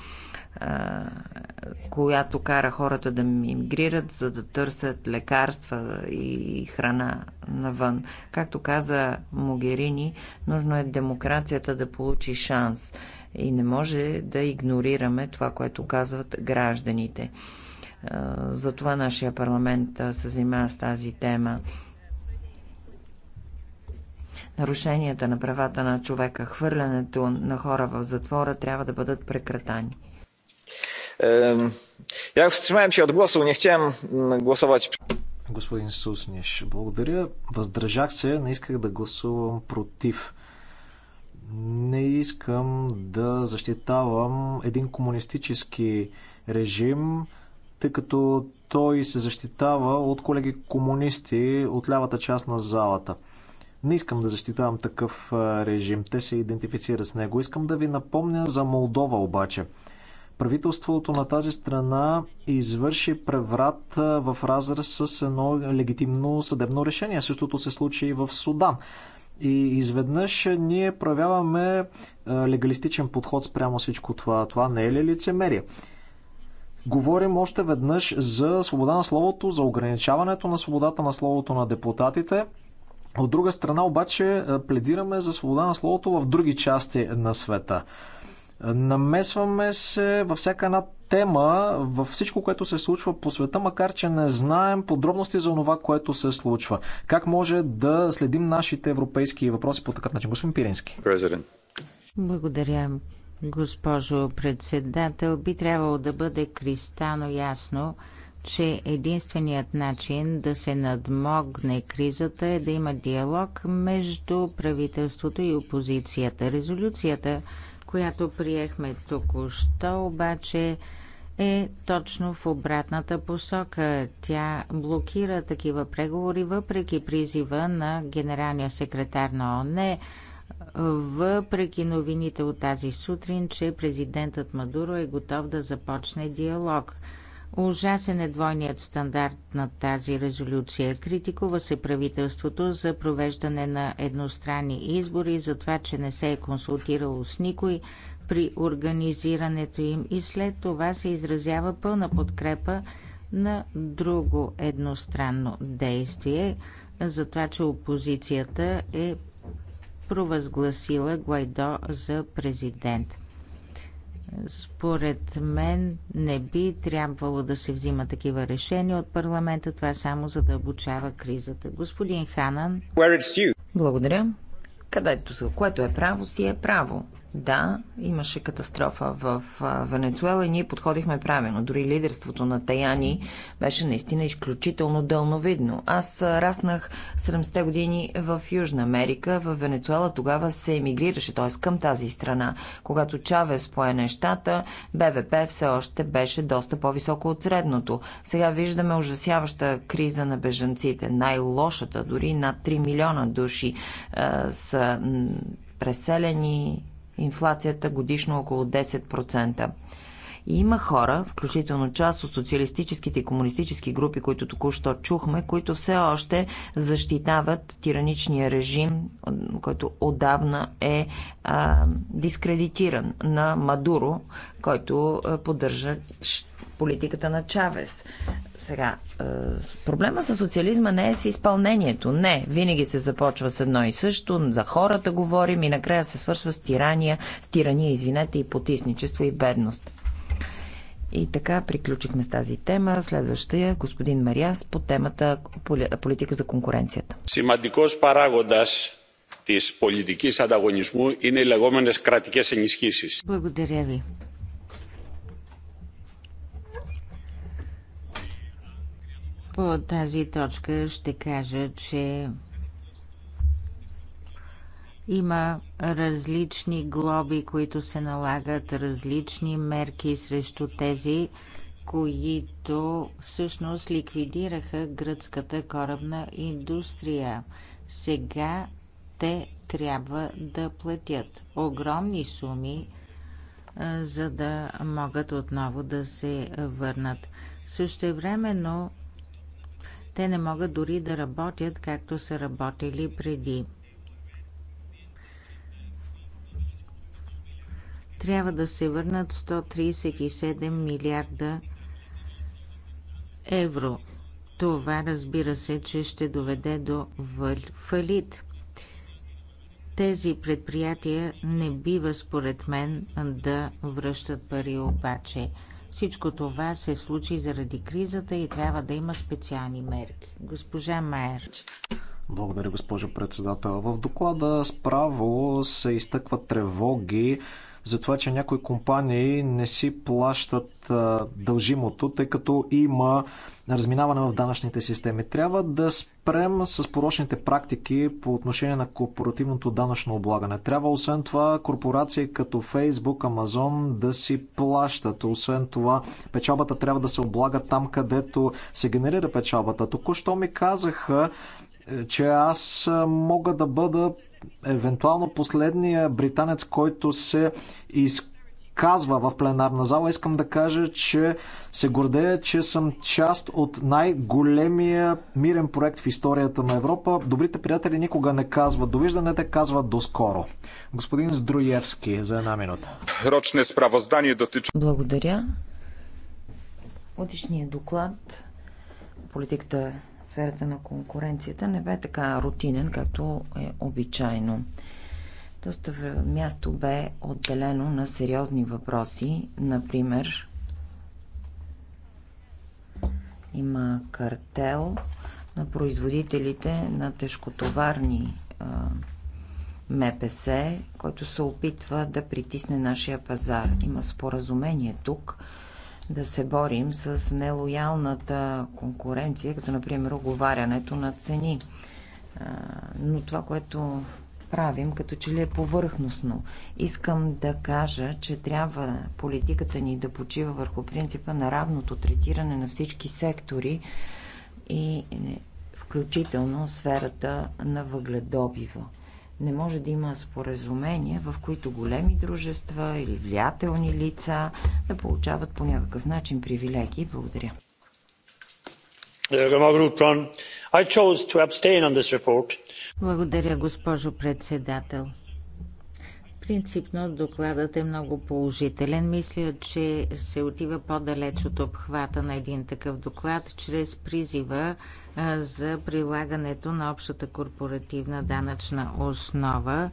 която кара хората да мигрират, за да търсят лекарства и храна навън. Както каза Могерини, нужно е демокрацията да получи шанс и не може да игнорираме това, което казват гражданите. Затова нашия парламент се занимава с тази тема. Нарушенията на правата на човека, хвърлянето на хора в затвора трябва да бъдат прекратани. Я wstrzymałem от od не nie chciałem mm, Господин Сусниш, благодаря. Въздържах се, не исках да гласувам против. Не искам да защитавам един комунистически режим, тъй като той се защитава от колеги комунисти от лявата част на залата. Не искам да защитавам такъв режим. Те се идентифицират с него. Искам да ви напомня за Молдова обаче – Правителството на тази страна извърши преврат в разрез с едно легитимно съдебно решение. Същото се случи и в Судан. И изведнъж ние проявяваме легалистичен подход спрямо всичко това. Това не е ли лицемерие? Говорим още веднъж за свобода на словото, за ограничаването на свободата на словото на депутатите. От друга страна обаче пледираме за свобода на словото в други части на света. Намесваме се във всяка една тема, във всичко, което се случва по света, макар че не знаем подробности за това, което се случва. Как може да следим нашите европейски въпроси по такъв начин? Господин Пирински. Президент. Благодаря, госпожо председател. Би трябвало да бъде кристално ясно, че единственият начин да се надмогне кризата е да има диалог между правителството и опозицията. Резолюцията която приехме току-що, обаче е точно в обратната посока. Тя блокира такива преговори, въпреки призива на генералния секретар на ОНЕ, въпреки новините от тази сутрин, че президентът Мадуро е готов да започне диалог. Ужасен е двойният стандарт на тази резолюция. Критикува се правителството за провеждане на едностранни избори, за това, че не се е консултирало с никой при организирането им и след това се изразява пълна подкрепа на друго едностранно действие, за това, че опозицията е провъзгласила Гуайдо за президент. Според мен не би трябвало да се взима такива решения от парламента. Това е само за да обучава кризата. Господин Ханан. Благодаря. Където, което е право, си е право. Да, имаше катастрофа в Венецуела и ние подходихме правилно. Дори лидерството на Таяни беше наистина изключително дълновидно. Аз раснах 70-те години в Южна Америка. В Венецуела тогава се емигрираше, т.е. към тази страна. Когато Чавес пое нещата, БВП все още беше доста по-високо от средното. Сега виждаме ужасяваща криза на бежанците. Най-лошата, дори над 3 милиона души са преселени инфлацията годишно около 10%. И има хора, включително част от социалистическите и комунистически групи, които току-що чухме, които все още защитават тираничния режим, който отдавна е а, дискредитиран на Мадуро, който поддържа политиката на Чавес. Сега, е, проблема с социализма не е с изпълнението. Не, винаги се започва с едно и също, за хората говорим и накрая се свършва с тирания, с тирания, извинете, и потисничество и бедност. И така приключихме с тази тема. Следващия е господин Мариас по темата политика за конкуренцията. Σημαντικός парагодас της πολιτικής ανταγωνισμού είναι οι λεγόμενες κρατικές ενισχύσεις. Благодаря ви. По тази точка ще кажа, че има различни глоби, които се налагат, различни мерки срещу тези, които всъщност ликвидираха гръцката корабна индустрия. Сега те трябва да платят огромни суми, за да могат отново да се върнат. Също времено. Те не могат дори да работят както са работили преди. Трябва да се върнат 137 милиарда евро. Това разбира се, че ще доведе до фалит. Тези предприятия не бива, според мен, да връщат пари обаче. Всичко това се случи заради кризата и трябва да има специални мерки. Госпожа Майер. Благодаря, госпожо председател. В доклада справо се изтъкват тревоги за това, че някои компании не си плащат дължимото, тъй като има разминаване в данъчните системи. Трябва да спрем с порочните практики по отношение на корпоративното данъчно облагане. Трябва освен това корпорации като Facebook, Amazon да си плащат. Освен това печалбата трябва да се облага там, където се генерира печалбата. Току-що ми казаха, че аз мога да бъда евентуално последния британец, който се изказва в пленарна зала. Искам да кажа, че се гордея, че съм част от най-големия мирен проект в историята на Европа. Добрите приятели никога не казват довиждане, те казват доскоро. Господин Здруевски, за една минута. Рочне справоздание дотича... Благодаря. Годишният доклад политиката сферата на конкуренцията не бе така рутинен, както е обичайно. Доста място бе отделено на сериозни въпроси, например има картел на производителите на тежкотоварни МПС, който се опитва да притисне нашия пазар. Има споразумение тук да се борим с нелоялната конкуренция, като например оговарянето на цени. Но това, което правим, като че ли е повърхностно. Искам да кажа, че трябва политиката ни да почива върху принципа на равното третиране на всички сектори и е, включително сферата на въгледобива. Не може да има споразумения, в които големи дружества или влиятелни лица да получават по някакъв начин привилегии. Благодаря. Благодаря, госпожо председател. Принципно докладът е много положителен. Мисля, че се отива по-далеч от обхвата на един такъв доклад, чрез призива за прилагането на общата корпоративна данъчна основа,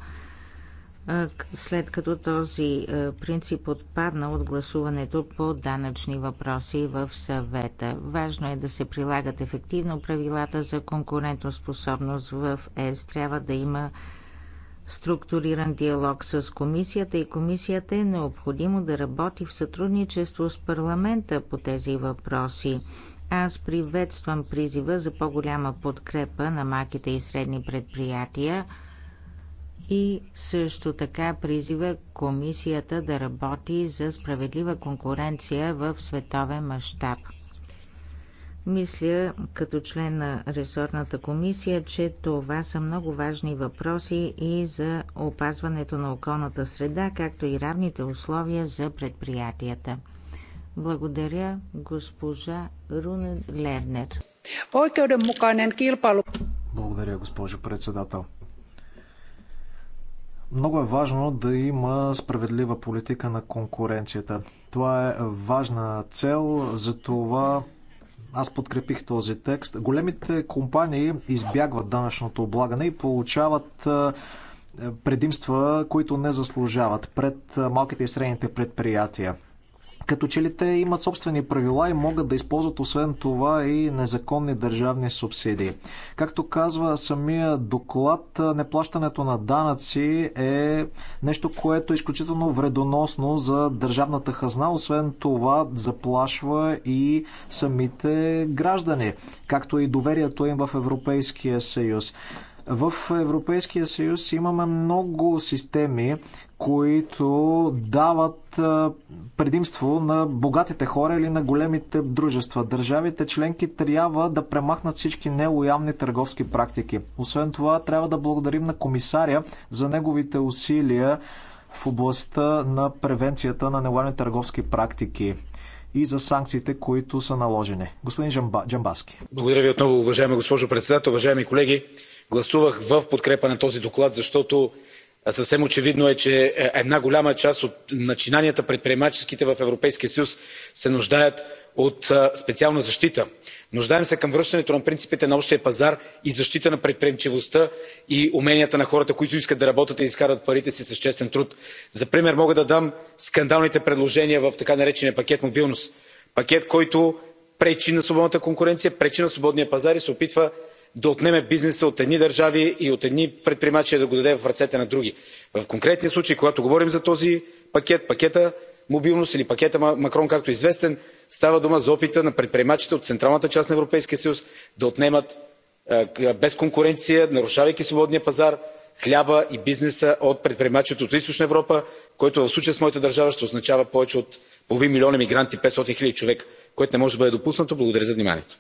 след като този принцип отпадна от гласуването по данъчни въпроси в съвета. Важно е да се прилагат ефективно правилата за конкурентоспособност в ЕС. Трябва да има структуриран диалог с комисията и комисията е необходимо да работи в сътрудничество с парламента по тези въпроси. Аз приветствам призива за по-голяма подкрепа на маките и средни предприятия и също така призива комисията да работи за справедлива конкуренция в световен мащаб. Мисля, като член на ресорната комисия, че това са много важни въпроси и за опазването на околната среда, както и равните условия за предприятията. Благодаря, госпожа Рунен Лернер. Благодаря, госпожо председател. Много е важно да има справедлива политика на конкуренцията. Това е важна цел, за това аз подкрепих този текст. Големите компании избягват данъчното облагане и получават е, предимства, които не заслужават пред е, малките и средните предприятия като че ли те имат собствени правила и могат да използват освен това и незаконни държавни субсидии. Както казва самия доклад, неплащането на данъци е нещо, което е изключително вредоносно за държавната хазна, освен това заплашва и самите граждани, както и доверието им в Европейския съюз. В Европейския съюз имаме много системи, които дават предимство на богатите хора или на големите дружества. Държавите членки трябва да премахнат всички нелоялни търговски практики. Освен това, трябва да благодарим на комисаря за неговите усилия в областта на превенцията на нелоялни търговски практики и за санкциите, които са наложени. Господин Джамба, Джамбаски. Благодаря ви отново, уважаема госпожо председател, уважаеми колеги. Гласувах в подкрепа на този доклад, защото съвсем очевидно е че е, една голяма част от начинанията предприемаческите в европейския съюз се нуждаят от специална защита. нуждаем се към връщането на принципите на общия пазар и защита на предприемчивостта и уменията на хората които искат да работят и да изкарват парите си с честен труд. за пример мога да дам скандалните предложения в така наречения пакет мобилност пакет който пречи на свободната конкуренция пречи на свободния пазар и се опитва да отнеме бизнеса от едни държави и от едни предприемачи и да го даде в ръцете на други. В конкретния случай, когато говорим за този пакет, пакета мобилност или пакета Макрон, както е известен, става дума за опита на предприемачите от централната част на Европейския съюз да отнемат без конкуренция, нарушавайки свободния пазар, хляба и бизнеса от предприемачите от Източна Европа, който в случая с моята държава ще означава повече от половин милион емигранти, 500 хиляди човека, което не може да бъде допуснато. Благодаря за вниманието.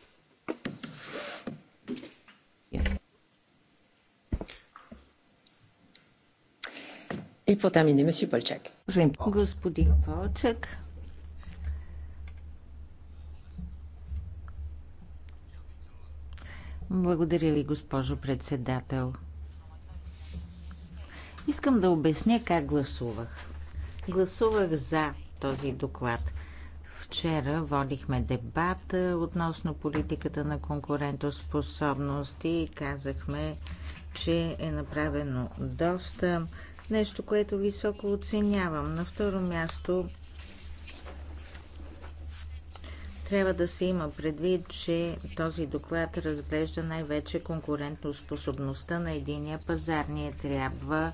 И по тамине, месье Полчак. Господин Полчак. Благодаря ви, госпожо председател. Искам да обясня как гласувах. Гласувах за този доклад. Вчера водихме дебат е, относно политиката на конкурентоспособност и казахме, че е направено доста нещо, което високо оценявам. На второ място трябва да се има предвид, че този доклад разглежда най-вече конкурентоспособността на единия пазар. Ние трябва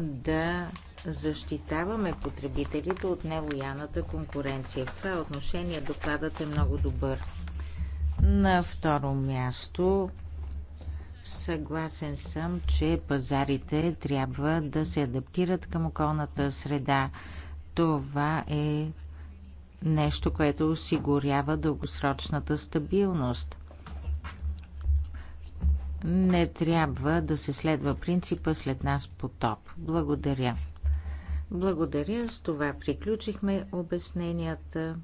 да защитаваме потребителите от нелояната конкуренция. В това отношение докладът е много добър. На второ място Съгласен съм, че пазарите трябва да се адаптират към околната среда. Това е нещо, което осигурява дългосрочната стабилност. Не трябва да се следва принципа след нас потоп. Благодаря. Благодаря. С това приключихме обясненията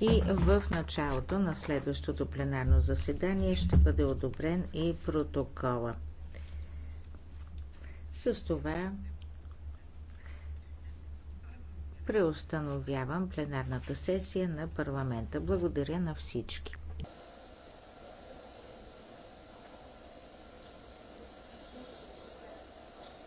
и в началото на следващото пленарно заседание ще бъде одобрен и протокола. С това преустановявам пленарната сесия на парламента. Благодаря на всички.